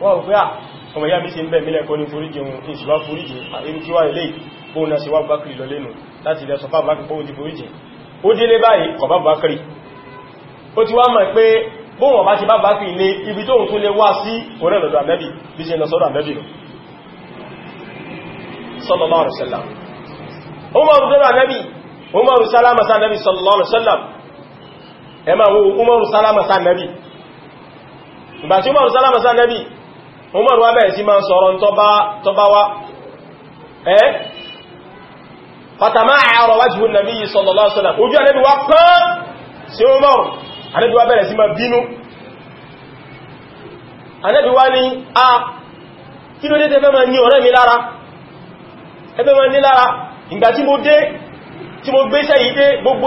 wọ́n wọ́n pé à ah, ọmọ ìyá mi sí ń bẹ̀ mílẹ̀ kọ́ ní foríjì ohun ìṣùwá foríjì àìrí ah, kí wá ilé bóun náà sí wá bákìrì lọ lẹ́nu láti ilẹ̀ sọfá bákìrì pọ́wọ́ ti foríjì ó délé báyìí kọ̀ bá bákìrì ó ti wá mọ̀ pé bóun ọba ti bá bákìrì lé ibi tóun tún lé wá sí ọ̀rẹ́ lọ́dọ̀ àmẹ́bì bí ṣe lọ sọ́dọ̀ àmẹ́bì lọ sallallahu salama sa àmẹ́bì sallallahu alaihi wasallam ẹ máa wo salama sa àmẹ́bì ìgbà tí salama sa àmẹ́bì Umar wá bẹ̀rẹ̀ sí máa sọ̀rọ̀ tó bá wá ẹ́ fatama àárọ̀ wájú nàbí sallallahu alaihi wasallam ojú ànábì wá pán sí Umar ànábì wá bẹ̀rẹ̀ sí máa bínú ànábì wá ní a kí ló dé tẹfẹ́ ma ní ọ̀rẹ́ mi lára ẹfẹ́ ma ní lára ìgbà tí mo dé tí mo gbé sẹ́yìí dé gbogbo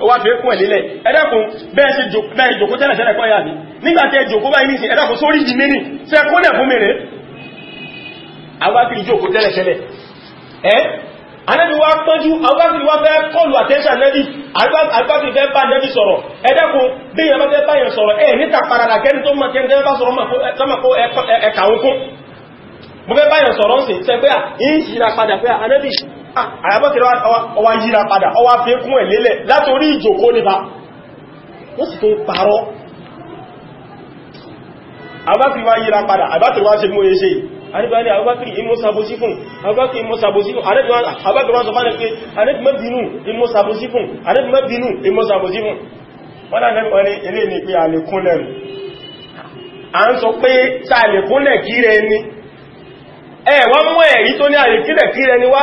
ó wá fi ẹkùn ẹ̀lélẹ̀ ẹ̀dẹ́kùn bẹ́ẹ̀ ṣe jòkó tẹ́lẹ̀ tẹ́lẹ̀ kọ́ yà ní nígbàtí ẹ jòkó báyìí nìsìn ẹ̀dẹ́kùn sórí ìdí mẹ́rin fẹ́ kó nẹ̀ fún mẹ́rin awákìlì jòkó tẹ́lẹ̀ tẹ́lẹ̀ ẹ́ anẹ́bí wá pọ́njú awákìlì wá fẹ́ kọlù àtẹ́ṣà Ah, àyàbọ̀tẹ̀ ọwá yíra padà ọwá fi kún ẹ̀ lélẹ̀ látorí ìjòkó nípa wọ́n sì tó parọ́ àbákìrí wá yíra padà àbákìrí wá ṣe mú ẹ ṣe àríbáyé àbákìrí imú sàbòsí fún àbákìrí imú sàbòsí fún àbákìrí wá sọ fánà pé àrẹ́bìnú imú sàbòsí fún àrẹ́bìnú imú sàbòsí fún wọ́n dá nẹ́bọ̀ ní ilé ní pé àlékúnlẹ̀ rẹ̀ a ń sọ pé sàlékúnlẹ̀ kí rẹ̀ ni ẹ̀wọ́n mú ẹ̀rí tó ní àlékúnlẹ̀ kí rẹ̀ ni wá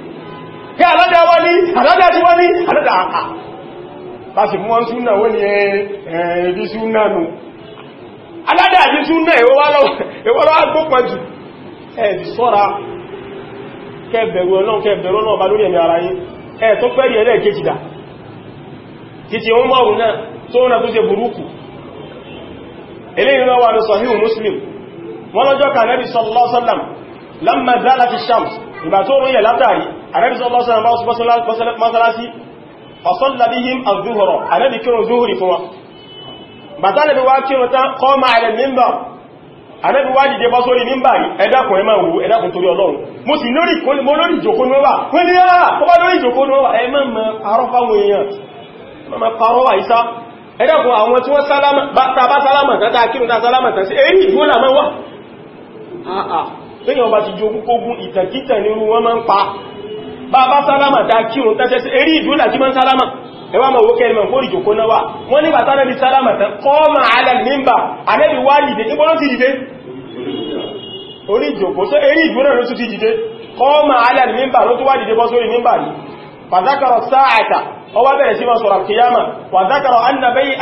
pé aládá wá ní aládá tí wá ní aládá àà ah, ah. bá sì mú wọn súnà wọ́n ni eh, eh, ẹ̀ẹ̀bí súnà nù aládá àti súnà ìwọ́lọ́wọ́ agbópanjù ẹ̀ẹ̀bí sọ́ra kẹbẹ̀rù ọlọ́run kẹbẹ̀rù ọlọ́run bá lórí ẹ̀mí ara yín ẹ̀ tó pẹ́rì ẹ̀lẹ́ kéjìdá títí wọ́n mọ̀rún náà tó rúnà tó ṣe burúkú eléyìn náà sallallahu alaihi wasallam lamma zalat ash-shams ìgbà tó rún yẹ̀ Ànábì sallallahu alaihi wasallam masalasi fasalla bihim az-zuhra Ànábì kírun zuhri fún wa bàtà lè wá kírun tán qama ala al-minbar Ànábì wá dìde bọ́ sórí minbar ẹ dákun ẹ máa wò ẹ dákun torí Ọlọ́run mo sì lórí mo lórí ìjòkó ní wà ah, wọ́n ni yáà tó bá lórí ìjòkó ní wà ẹ máa ma parọ́ fáwọn èèyàn máa parọ́ àìsá ẹ dákun àwọn tí wọ́n tàbá sálámà tán tàà kírun tàà sálámà tán sí èyí ìgbóòlà máa wà àà ah, ah. tẹ́yàn bá ti jogún kógún ìtàkítà nínú wọn máa ń pa bàbá sálámà tá kírun tẹ́sẹ̀ sí eré ìdúnà tí mọ́n sálámà ẹwà ma wó kẹrìmọ̀ fórí jòkó náwà wọ́n ní bàtà náà bí sálámà tán kọ́ọ̀mà alẹ́ nímbà alẹ́bí wá dìde ní bọ́lọ́ ti dìde orí ìjòkó tó eré ìdúnà ló tún ti dìde kọ́ọ̀mà alẹ́ nímbà ló tún wá dìde bọ́ sórí nímbà ní fàzákàrọ̀ sáàtà ọwá bẹ̀rẹ̀ sí ma sọ̀rọ̀ kìyàmà wàzákàrọ̀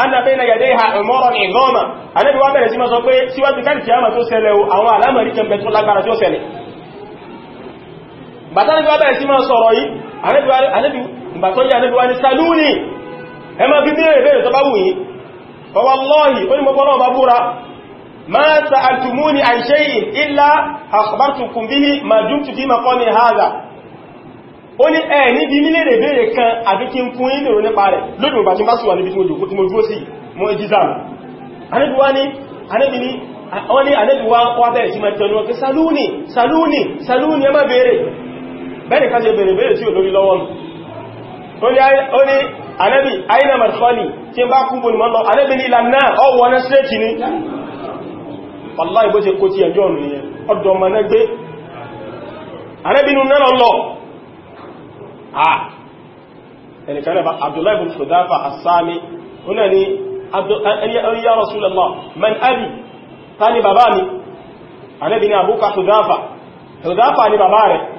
annabẹ́ na yàdé ha ìmọ́rọ̀ ní gọ́ọ̀mà alẹ́bí wá bẹ̀rẹ̀ sí ma bàtàrí bá bẹ̀rẹ̀ sí máa sọ̀rọ̀ yìí àníbìgbàtọ́jẹ́ àníbìwá ní salúni ẹ máa bí bèèrè bèèrè tó bá wù yìí wallahi ó ní mọ́ bọ́lọ́ bá búra ma sa'altumuni an shay'in illa akhbartukum bihi ma dumtu fi maqami hadha ó ní ẹ níbi nílèrè bèèrè kan àbí kí n fún yín lèrò nípa rẹ̀ lójú ìgbà tí bá sì wà níbi tí mo dúró sí mọ́ ìjízàmù àníbìwá ní àníbìní wọ́n ní àníbìwá wá bẹ̀rẹ̀ sí ọkẹ́ salúni salúni salúni ẹ bèèrè bẹ́ẹ̀ nìkan ṣe bèèrè bèèrè tí ò lórí lọ́wọ́ mi ó ní anẹ́bì aina madkhali tí bá kú bó ní mọ́ lọ anẹ́bì ní ìlànà ọwọ́ ọ̀nà sílẹ̀kì ní wàlá ìbó ti kó ti ẹjọ́ ọ̀nà yẹn ọdọ̀ ọmọ náà gbé anẹ́bì nínú náà lọ ẹnìkan náà Abdullahi bin Hudhafa as-Sami ó náà ní ni bàbá rẹ̀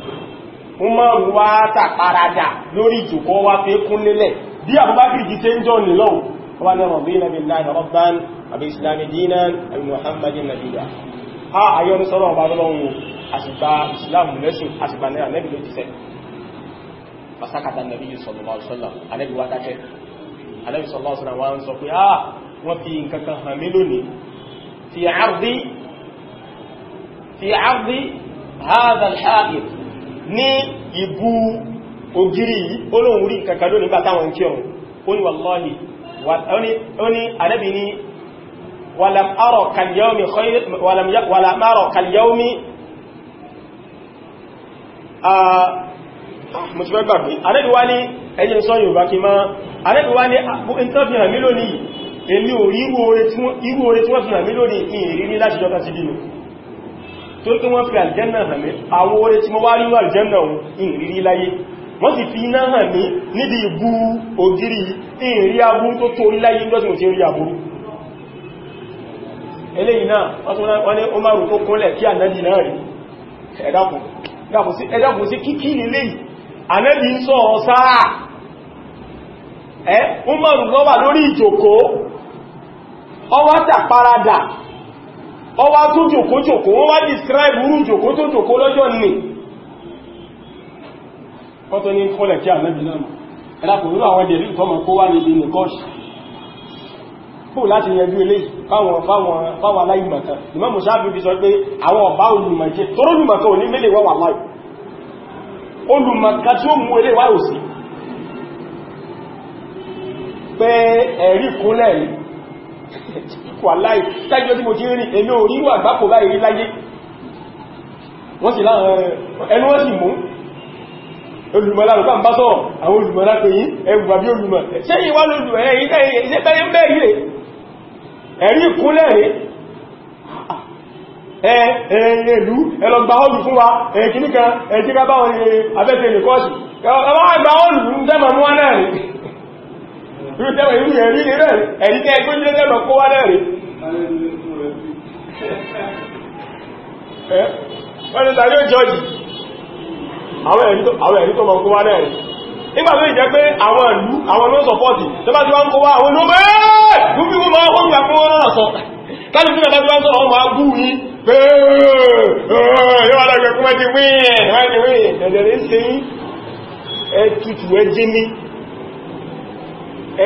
Umaru wá tàparadà lórí ìjòkó wá pé kún lélẹ̀ bí Abubakar jí ṣe ń jọ nílọ wọ́n ni rọ̀bí nàbí láàrín rọ̀bán àbí islami dínà àbí muhammadin nàbíyà ha ayọ́ ní sọ́rọ̀ ọba lọ́wọ́ àṣìgbà islamu lẹ́sìn àṣìgbà náà nẹ́bí ló ti sẹ́ masakata nàbí sallallahu alaihi wasallam anẹ́bí wá dákẹ́ anẹ́bí sallallahu alaihi wasallam ah, wọ́n ní ìbú ògiri olóhun rí kàkàdó nígbà táwọn kí ọ̀run ó ní wallahi ó ní ànábì ní wàlàmárọ̀ kàlíyàómi mùsùlùmí ànábì wá ní ẹjẹ́ sọ yorùbá kí máa ànábì wá ní ìtàn ah, fi hàn èmi ò rí irú oore tí wọ́n fi hàn mí lónìí ìrírí láti jọta sí dínú tó kí wọ́n fi àlìjẹ́nà hàn mí àwọn oore tí mo wá rí àlìjẹ́nà ìrírí láyé wọ́n ti fi iná hàn mí níbi ìbú ògiri ìrí aburú tó tó láyé lọ́sùn tí ó rí aburú eléyìí náà wọ́n ní Umaru tó kúnlẹ̀ kí ànábì náà Umaru ọwá tó jòkó jòkó wọ́n wá describe rú jòkó tó jòkó lọ́jọ́ ní wọ́n tó ní kọ́lẹ̀ kí àmẹ́bì náà ẹ̀lápùrú àwọn ẹ̀dẹ̀ rí tọ́mọ̀ kó wá nílé nìkọ́ṣì fún láti yẹjú ilé fáwọn aláìmọ̀ta ìmọ́ mùsáàbí fi sọ pé àwọn ọ̀bá olùmọ̀jẹ́ tó rólùmọ̀ká ò ní mẹ́lẹ̀ wà wà láì olùmọ̀ká tí ó mú ilé wà òsì pé ẹ̀rí kúnlẹ̀ wà láì tájọ́ tí mo ti rí èmi ò ríru àgbákò báyìí rí láyé wọ́n sì láàrín ẹnu wọ́n sì mú olùmọ̀lárùpá ń bá sọ́rọ̀ àwọn olùmọ̀lá pé yí ẹgbù àbí olùmọ̀ ṣe ìwá lóòlù ẹ̀yìn tẹ́yẹ mẹ́rí rẹ̀ ẹ̀rí ìkúnlẹ̀ rẹ̀ ẹ̀ẹ̀lú ẹlọgbà ọlù fún wa ẹ̀kìníkan ẹ̀kíká báwọn abẹ́tẹ̀ ìrútẹ́wẹ̀ irú ẹ̀rí ni rẹ̀ ẹ̀rí tẹ́ ẹgbẹ́ ní ẹgbẹ́ lọ́kọ́ wá rẹ̀ wọ́n ni tàbí ó jọjì àwọn ẹ̀rí tó mọ̀ kó wá rẹ̀ nígbà tó ìjẹ́ pé àwọn ìlú àwọn ló sọpọ́tì tó bá ti wá kó wá àwọn olóògbé gúgbìgbò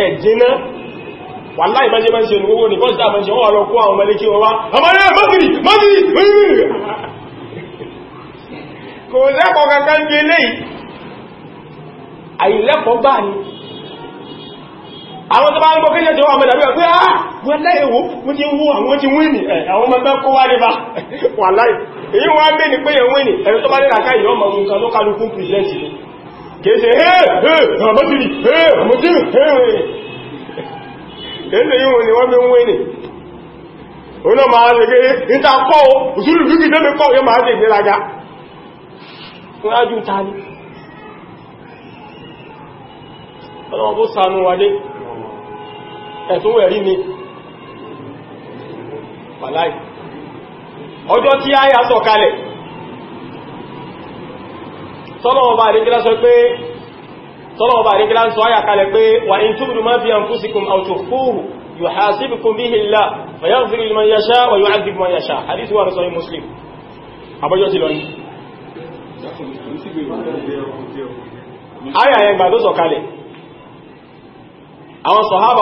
ẹ̀jẹ́ná wà wala bá jẹ́ bá ń ṣe ìrúwò ní bọ́sí àmọ́ ìṣẹ́wọ́ lọ kó àwọn mẹ́lẹ́kí wọn wá ọmọdé mọ́sílì mọ́sílì kò lẹ́kọ̀ọ́ kankan bí eléyìí àìlẹ́kọ̀ọ́ gbà ní àwọn tó bá ń gbọ́ kéjẹ́ jọwọ́ àmẹ́dà wíwà pé ah, á wọ́n láìwò wọ́n ti wú àwọn ti àwọn ọmọ ẹgbẹ́ kó wá ní bá wà láì èyí wọ́n á pé ẹ̀wọ́n ẹ̀rọ tó bá ọmọ nǹkan ló kálukú kèése àmọ́tìrì àmọ́tìrì kèése yíwọ̀n ni wọ́n bí ń wé ní oná máa lè gẹ́ níta kọ́ o òsúrù fíkì tẹ́mẹ́ kọ́ yẹ máa lè nílága rájú ta ní ọlọ́wọ́ bó sànú wadé ẹ̀tún ẹ̀rí ni pàláì ọjọ́ tí a yà sọ̀kalẹ̀ tọ́lọ́wọ́ bá àríkílá sọ pé tọ́lọ́wọ́ bá àríkílá sọ ayà kalẹ̀ pé wà in túbùdù máa fi àǹfúsìkùn àwòtòkúhù yóò ha sí bí kún bí hìlá fayá ń fìrì man yasha wà yóò àdìbì man yasha hadith wà rọ̀sọ̀ muslim abọ́jọ́ ti lọ ní ayà yẹn gbà tó sọ kalẹ̀ àwọn sọ̀hábà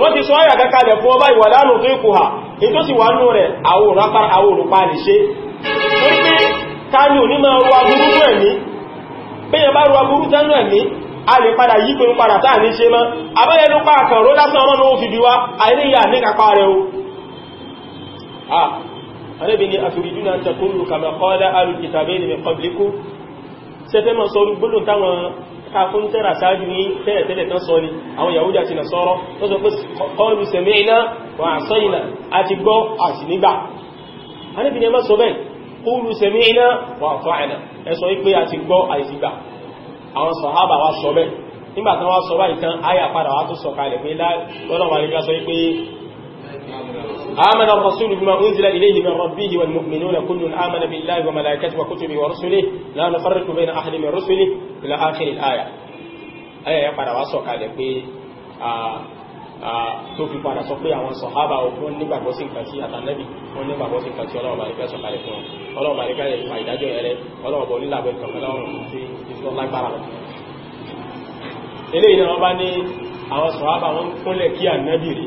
wọ́n ti sọ ayà kakalẹ̀ fún ọba ìwà lánà tó ikú ha in tó sì wà nú rẹ̀ àwòrán pa lè ṣe wípé káàlù ní máa ruwa burúkú ẹ̀mí bẹ́yẹn bá ruwa burúkú tánú ẹ̀mí a lè padà yí pé ń padà táà ní ṣe mọ́ abẹ́yẹ ló pa àkànró lásán ọmọ kafin tara saju ni sai ya tele tan so ni awon yahuda ti na soro to so pe qalu sami'na wa asayna ati go ati ni gba ani bi ni ma so be qulu sami'na wa ata'na e so pe ati go ati gba awon sahaba wa so be nigba tan wa so ba itan aya pada wa to so kale pe la olorun wa ni ka so pe آمن الرسول بما أنزل إليه من ربه والمؤمنون كل آمن بالله وملائكته وكتبه ورسله لا نفرق بين أحد من رسله إلى آخر الآية آية يقرأ واسوك على بي tó fi padà sọ pé àwọn sọ̀hábà wọ́n nígbàgbọ́ sí nǹkan sí àtànẹ́bì wọ́n nígbàgbọ́ sí nǹkan sí ọlọ́ọ̀bà ìfẹ́ sọ̀kalẹ̀ fún ọlọ́ọ̀bà ìfẹ́ ìfà ìdájọ́ ẹ̀rẹ́ ọlọ́ọ̀bà onílàbẹ̀ ìkọ̀kọ̀lọ́rùn tí ó lágbára eléyìí náà wọ́n bá ní àwọn sọ̀hábà wọ́n kúnlẹ̀ kí ànẹ́bì rí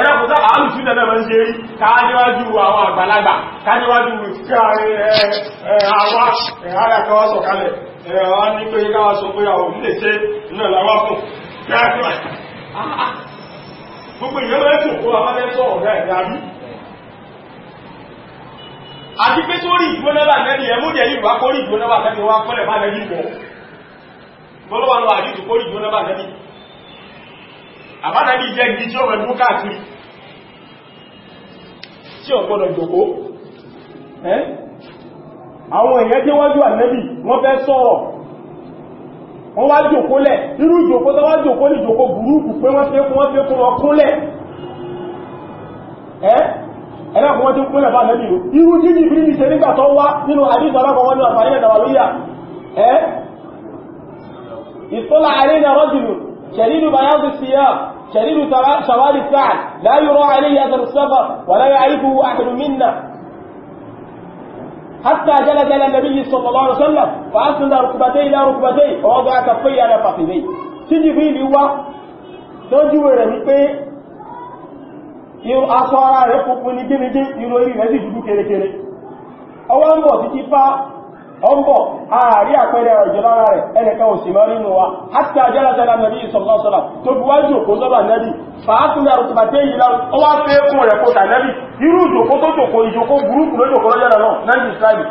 ẹ̀rọ̀pùtà àálùsù nẹ̀nà mọ́ ṣe rí káàdíwájú àwọn àgbàlagbà káàdíwájú àwọn ẹ̀hárà káwàsọ̀ kalẹ̀ ẹ̀họ́ ní pé káwàsọ̀ pé àwọn òun lè ṣe náà láwá fún gbogbo ìyẹ́mẹ́tò kó amẹ́tọ̀ ọ̀rẹ́ ìyàrí àti pé tó rí ìgbónábà nẹ́bí ẹmúdẹ̀ yìí wá kó rí ìgbónábà nẹ́bí wá kọ́lẹ̀ má nẹ́bí bọ̀ bọ́lọ́wọ́ lọ àdíjù kó rí ìgbónábà nẹ́bí àbánàbí jẹ́ gidi tí ó mẹ́lú káàkiri tí ó gbọ́dọ̀ jòkó àwọn èèyàn tí wọ́n jú ànẹ́bì wọ́n fẹ́ sọ̀rọ̀ wọ́n wá jòkó lẹ̀ irú jòkó tó wá jòkó ní jòkó burúkú pé wọ́n fẹ́ kún wọ́n fẹ́ kún ọkúnlẹ̀ ẹ̀lẹ́kùn wọ́n tí ń kúnlẹ̀ bá lẹ́bí o irú jíjì bí ní ṣe nígbà tó wá nínú àdíjọ alákọ̀ọ́wọ́ شديد شوال الفعل لا يرى عليه أثر السفر ولا يعرفه أحد منا حتى جلس إلى النبي صلى الله عليه وسلم فأسند ركبتيه إلى ركبتيه ووضع كفيه على فخذيه سيدي في اليوم lójú rẹ̀ ní pé aṣọ ara rẹ̀ kúkú ní gínígí ìròyìn rẹ̀ sì dúdú kéré kéré ọwọ́ ń bọ̀ títí fá ọmọ ààrí àpẹẹrẹ ọ̀jọ̀ lára rẹ̀ ẹnìkan òsì mọ́ nínú wa hátí a nàbí ìsọ̀lọ́sọ́lá tó bí wájú òkú sọ́bà nẹ́bì fàátùmẹ̀ àrùtùmàtẹ́ yìí lára ó wá fẹ́ fún rẹ̀ kó tànẹ́bì irú ìjòkó tó jòkó ìjòkó burúkú lójòkó lọ́jọ́ náà náà ní ìsìláìmù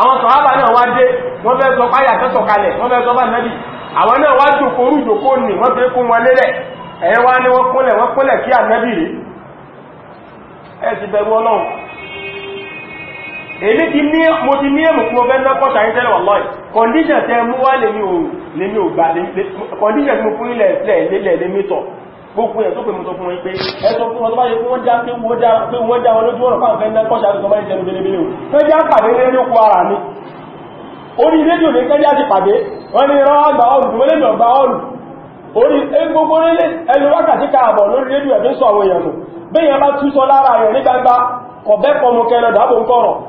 àwọn sọ̀hábà náà wá dé wọ́n fẹ́ sọ èdè ti ní mo ti ní èmù kúmọ̀ fẹ́ lọ́pọ̀ sàárín tẹ́lẹ̀ wọ̀lọ́ ì kọ̀ndíṣàn tẹ mú wá lèmi ò lèmi ò gbà kọ̀ndíṣàn tí mo fún ilẹ̀ ẹ̀fẹ́ lélẹ̀ lèmi tọ̀ gbogbo ẹ̀ tó pè mo sọ fún wọn pé ẹ̀sọ fún wọn tó bá yẹ kí wọ́n já pé wọ́n já pé wọ́n já wọn lójú ọ̀rọ̀ fáwọn fẹ́ lọ́pọ̀ sàárín tó bá yẹ jẹnu belebele o fẹ́ já pàdé lé lóko ara mi orí rédíò ní kẹ́jà ti pàdé wọ́n ní rán àgbà ọ̀rù tó lè lọ gba ọ̀rù orí gbogbo rélé ẹnu wákàtí káàbọ̀ lórí rédíò ẹ̀fẹ́ sọ àwọn èèyàn nù bẹ́ẹ̀ yẹn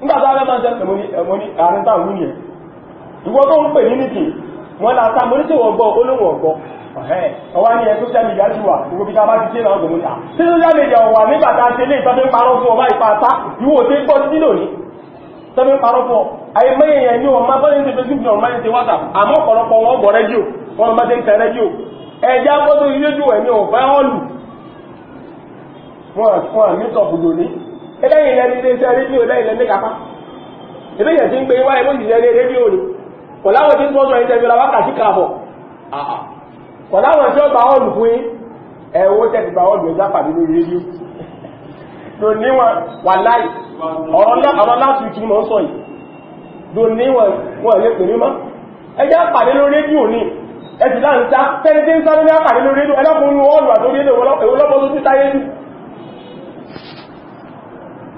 nígbàtà rẹ̀ máa jẹ́ ẹ̀mọ́ní àárín táà mú ní ẹ̀ ìwọ tó ń pè ní nìkì wọ́n láta mọ́ ní tí wọ́n gbọ́ olóhùn ọ̀gbọ́ ọwá ní ẹ̀ social media ti wà gbogbo bí sáà bá ti tẹ́lá ọgbọ̀n mọ́ta tí social media wà nígbàtà ṣe lè tọ́bí ń parọ́ fún ọba ìpàtà ìwò tí gbọ́ sí lónìí tọ́bí ń parọ́ fún ọ ayé mẹ́yẹ̀ yẹn ní ọmọ bọ́lẹ̀ ní facebook ní ọmọ ìṣe whatsapp àmọ́ ọ̀pọ̀lọpọ̀ wọn gbọ́ rẹ́díò wọn máa ń tẹ rẹ́díò ẹ̀já gbọ́dọ̀ ilé jù ẹ̀mí ọ̀fẹ́ ọ̀lù wọn àmì sọ̀bùdò ní eléyìn lẹ ti ṣe rédíò lẹ́yìn lẹ níkapá ebe yẹn ti ń gbé wá ebó ìṣiṣẹ́ rédíò ni kò tí ń tọ́jú ẹ̀yìn tẹ́fẹ́ kààbọ̀ tí ó fún pàdé lórí rédíò níwọ̀n wà láì ọ̀rọ̀ láti sọ yìí níwọ̀n wọ́n pè pàdé lórí rédíò ni ẹ̀sì tẹ́ni tí ń sáré ní lórí rédíò àtòrí tó ti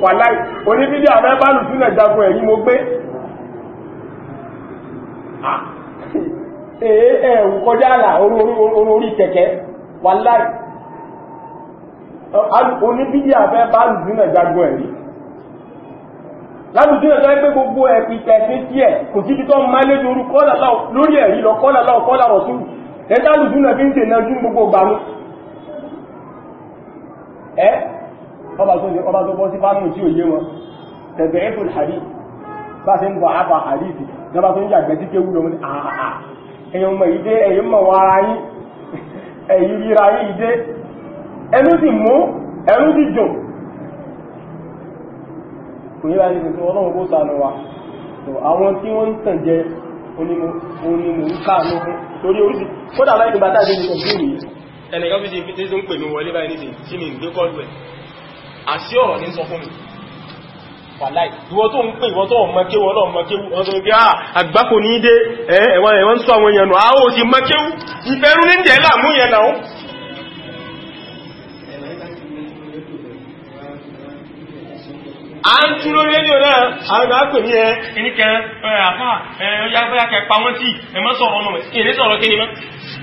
wàláì oníbídí àmẹ́ bá lù sílẹ̀ jagun ẹ̀yí mo gbé ẹ̀ẹ́ kọjá àlà orí kẹ̀kẹ́ wàláì oníbídí àmẹ́ bá lù sílẹ̀ jagun ẹ̀yí lábùsí ẹ̀sọ́ pé gbogbo ẹ̀pì tẹ̀sí tí ẹ̀ kò sí títọ́ máìlé lórí kọ́lá lórí ẹ̀rí lọ kọ́lá lọ kọ́lá rọ̀ tún ẹ̀dá lùsùn náà fi ń tẹ̀nà jú gbogbo gbàmú ẹ́ ọba tó bọ́ sí fánù tí ò yé wọn tẹ̀bẹ̀ ẹ́fùn hadith bá ṣe ń bọ̀ àpà hadith lọ́ba tó ń yàgbẹ́ sí kéwú lọ́wọ́ àà èyàn mọ̀ ìdé èyàn mọ̀ wà ara yín èyí ríra yín ìdé ẹnu sì mú ẹnu sì jùn kò yíra yín tuntun ọlọ́run bó sànù wa àwọn tí wọ́n ń tàn jẹ onímọ̀ onímọ̀ ń káàánú fún torí oríṣi kódà láì nígbà tá a ṣe ní kọ̀ọ̀kú yìí ẹnìkan fi ṣe fi ṣe ń pè mí wọlé báyìí nísìnyí tí mi ń gbé kọ́ọ̀lù ẹ̀ àṣí ọ̀rọ̀ ní sọ fún mi wàláì ìwọ tó ń pè ìwọ tó mọ́kéwú ọlọ́ mọ́kéwú ọdún bí i ah, àgbákò ní dé ẹ̀wọ̀n ẹ̀wọ̀n sọ àwọn èèyàn náà ó ti mọ́kéwú ìfẹ́rú ní jẹ́lá mú yẹn náà a ń tú lórí rédíò náà àwọn àpè ní ẹ ìníkẹ ẹ̀rẹ̀ àfáà ẹ̀rẹ̀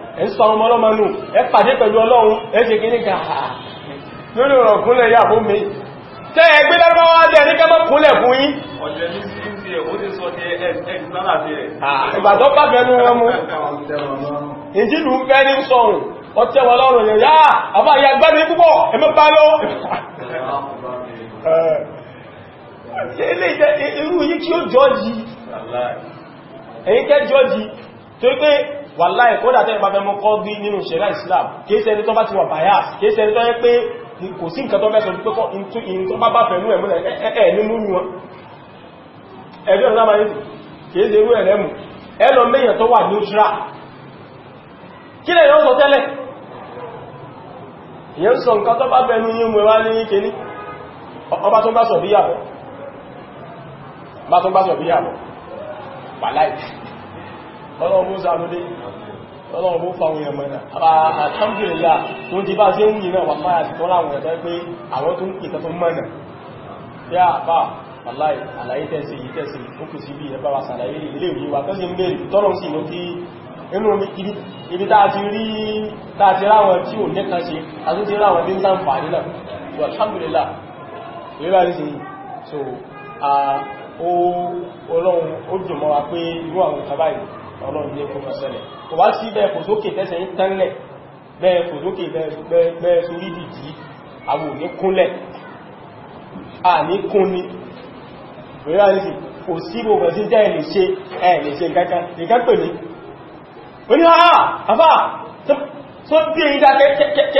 ẹ̀ ń sọ ọmọ ọlọ́mọ nù ẹ pàdé pẹ̀lú ọlọ́run ẹ ṣe kí ní ga lórí ọ̀rọ̀ kúnlẹ̀ yà bó mi tẹ́ ẹgbẹ́ lárúbáwá dẹ̀ ní kẹ́mọ́ kúnlẹ̀ fún yín ìgbàdọ́ bá bẹnu wọn mú ìjìlú ń fẹ́ ní sọ̀rùn ọtẹ́ wọn lọ́rùn yẹ̀ yáà àbá ìyà gbẹ́ni púpọ̀ ẹmọ́ bá lọ irú yí kí ó jọ́jì èyí kẹ́ jọ́jì tó pé wàláì kódà tẹ́ ìbáfẹ́ mọ́ kọ́ bí nínú ṣẹ̀rá Islam kéèsì ẹni tó bá ti wà bias kéèsì ẹni tó yẹ pé kò sí nǹkan tó mẹ́sàn tó kọ́ in tó bá bá fẹ̀mú ẹ̀mú ẹ̀ nínú wọn ẹ̀bí ọ̀nà máa ní kéèsì irú ẹ̀rẹ́mù ẹlọ mẹ́yàn tó wà neutral kí lẹ̀ yọ́n sọ tẹ́lẹ̀ ìyẹn sọ nǹkan tó bá fẹ̀mú yí mú ẹwà ní kéní ọba tó bá sọ bí yàbọ̀ wàláì ọlọ́run sàánúdé ọlọ́run fàwọn èèyàn mẹ́rin alhamdulillah tó ti bá ṣe ń yìí náà wà máa àti tọ́lá àwọn ẹ̀tọ́ pé àwọn tó ń pè tọ́tún mẹ́rin inú ibi tá rí tá a tí ò nẹ́ka ṣe àti ti ráwọn ní sáǹfààní náà so alhamdulillah ìrírá ní sí so ọlọ́run ó dùn mọ́ wa pé irú àwọn ìkàbáyìí ọlọ́run jẹ́ kó máa ṣẹlẹ̀ kò wá sí bẹ́ẹ̀ kò sókè tẹ́sẹ̀ ń tẹ́lẹ̀ bẹ́ẹ̀ kò sókè bẹ́ẹ̀ sórí dìdí àwọn òní kúnlẹ̀ àní kúnni rẹ́rẹ́sì kò sí gbogbo sí jẹ́ ẹ̀lẹ̀ ṣe ẹ̀lẹ̀ ṣe kankan nìkan pè ní oní àà àbá tó bí i dá kẹ́kẹ́kẹ́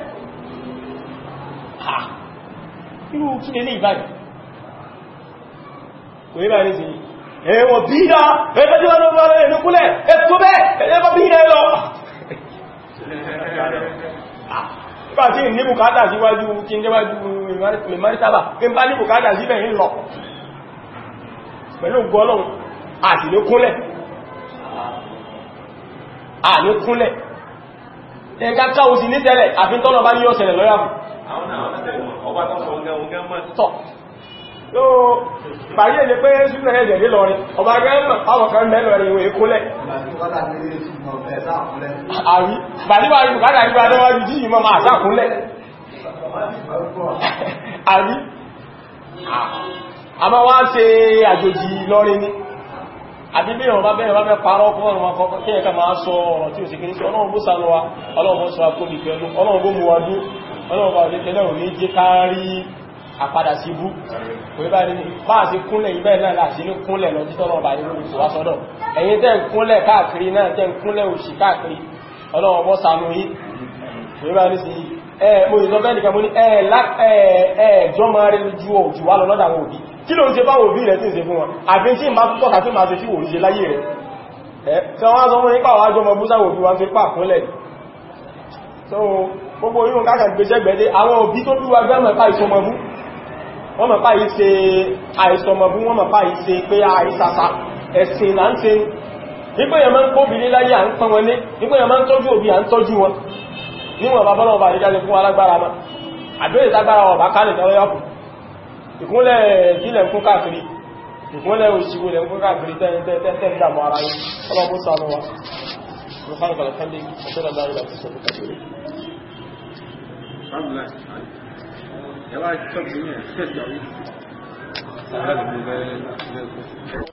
ha irú kí ní ìbáyìí kò yí báyìí sí ẹ̀wọ̀ bí i náà ẹgbẹ́ tí wọ́n lọ́rọ̀ ẹ̀nù kúlẹ̀ ẹ̀tọ́ bẹ́ ẹ̀lẹ́gbọ́ bí i náà lọ nípa tí ní bùkátà síwájú kí kí ní bùkátà síbẹ̀ ń lọ pẹ̀lú sí ní tẹ́lẹ̀ àfintọ́lọ̀ ọba tó sọ ọgá ọgá ma tọ́ ló parí èdè pé ṣúgbọ́n ẹ̀jẹ̀ ní ọba gẹ́mọ̀ àwọn kan mẹ́lọ ni ìwé kólẹ̀ àrí bàdíwà ìbùkádà ìgbà a bẹ́ẹ̀ parọ́ fún ọ̀rọ̀ kí ẹ̀ka máa sọ ọ̀rọ̀ tí ò kìí sí ọlọ́run bó sọ akóbi pẹ̀lú ọlọ́run bó ọlọ́run bá òdíkẹ́ náà ní jẹ́ kárí àpadà sí bú kò bá ní bá àti kúnlẹ̀ ibẹ̀ náà láti ní kúnlẹ̀ lọ títọ́ lọ́wọ́ bá nínú ìṣòwá sọ́dọ̀ ẹ̀yin tẹ́ ń kúnlẹ̀ káàkiri náà tẹ́ ń kúnlẹ̀ òṣì káàkiri ọlọ́run bọ́ ṣàánú yín kò bá ní sí ẹ̀ mo ìsọ bẹ́ẹ̀ nìkan mo ní ẹ̀ ẹ̀ jọmọ rẹ ju òjù wá lọ lọ́dà àwọn òbí kí ló ń ṣe báwọn òbí rẹ̀ tí ń ṣe fún wọn àbí tí ń bá púpọ̀ tàbí máa ṣe tí wò ń ṣe láyé rẹ̀ ẹ̀ tí wọ́n á sọ fún nípa àwọn àjọmọ̀ búsáwò òbí wa fi pà kúnlẹ̀ so gbogbo yíò káàkà gbẹ́sẹ̀gbẹ́dé àwọn òbí tó bí wa gbẹ́mọ̀ pa ìsọmọ̀bú wọ́n mọ̀ pa ìse àìsọmọ̀bú wọ́n mọ̀ pa ìse pé àìsàsà ẹ̀sìn là ń ṣe nígbé yẹn máa ń kó bìí láyé à ń pọn wọn lé nígbé yẹn máa ń tọ́jú òbí à ń tọ́jú wọn níwọ̀n bàbá náà bà ní jáde fún alágbára ma àdóyè tágbára ọ̀bá kálẹ̀ tọ́lọ́ yọ́pù ìkúnlẹ̀ ìdílẹ̀ fún káàkiri ìkúnlẹ̀ òṣìwò lẹ̀ fún káàkiri tẹ́ẹ̀tẹ́ẹ̀tẹ́ ìdàmọ́ ara yìí ọlọ́pù sánú wa alhamdulilayi ẹ wá tọ́jú ní ẹ̀ ṣẹ́ṣẹ́ ọ̀hún.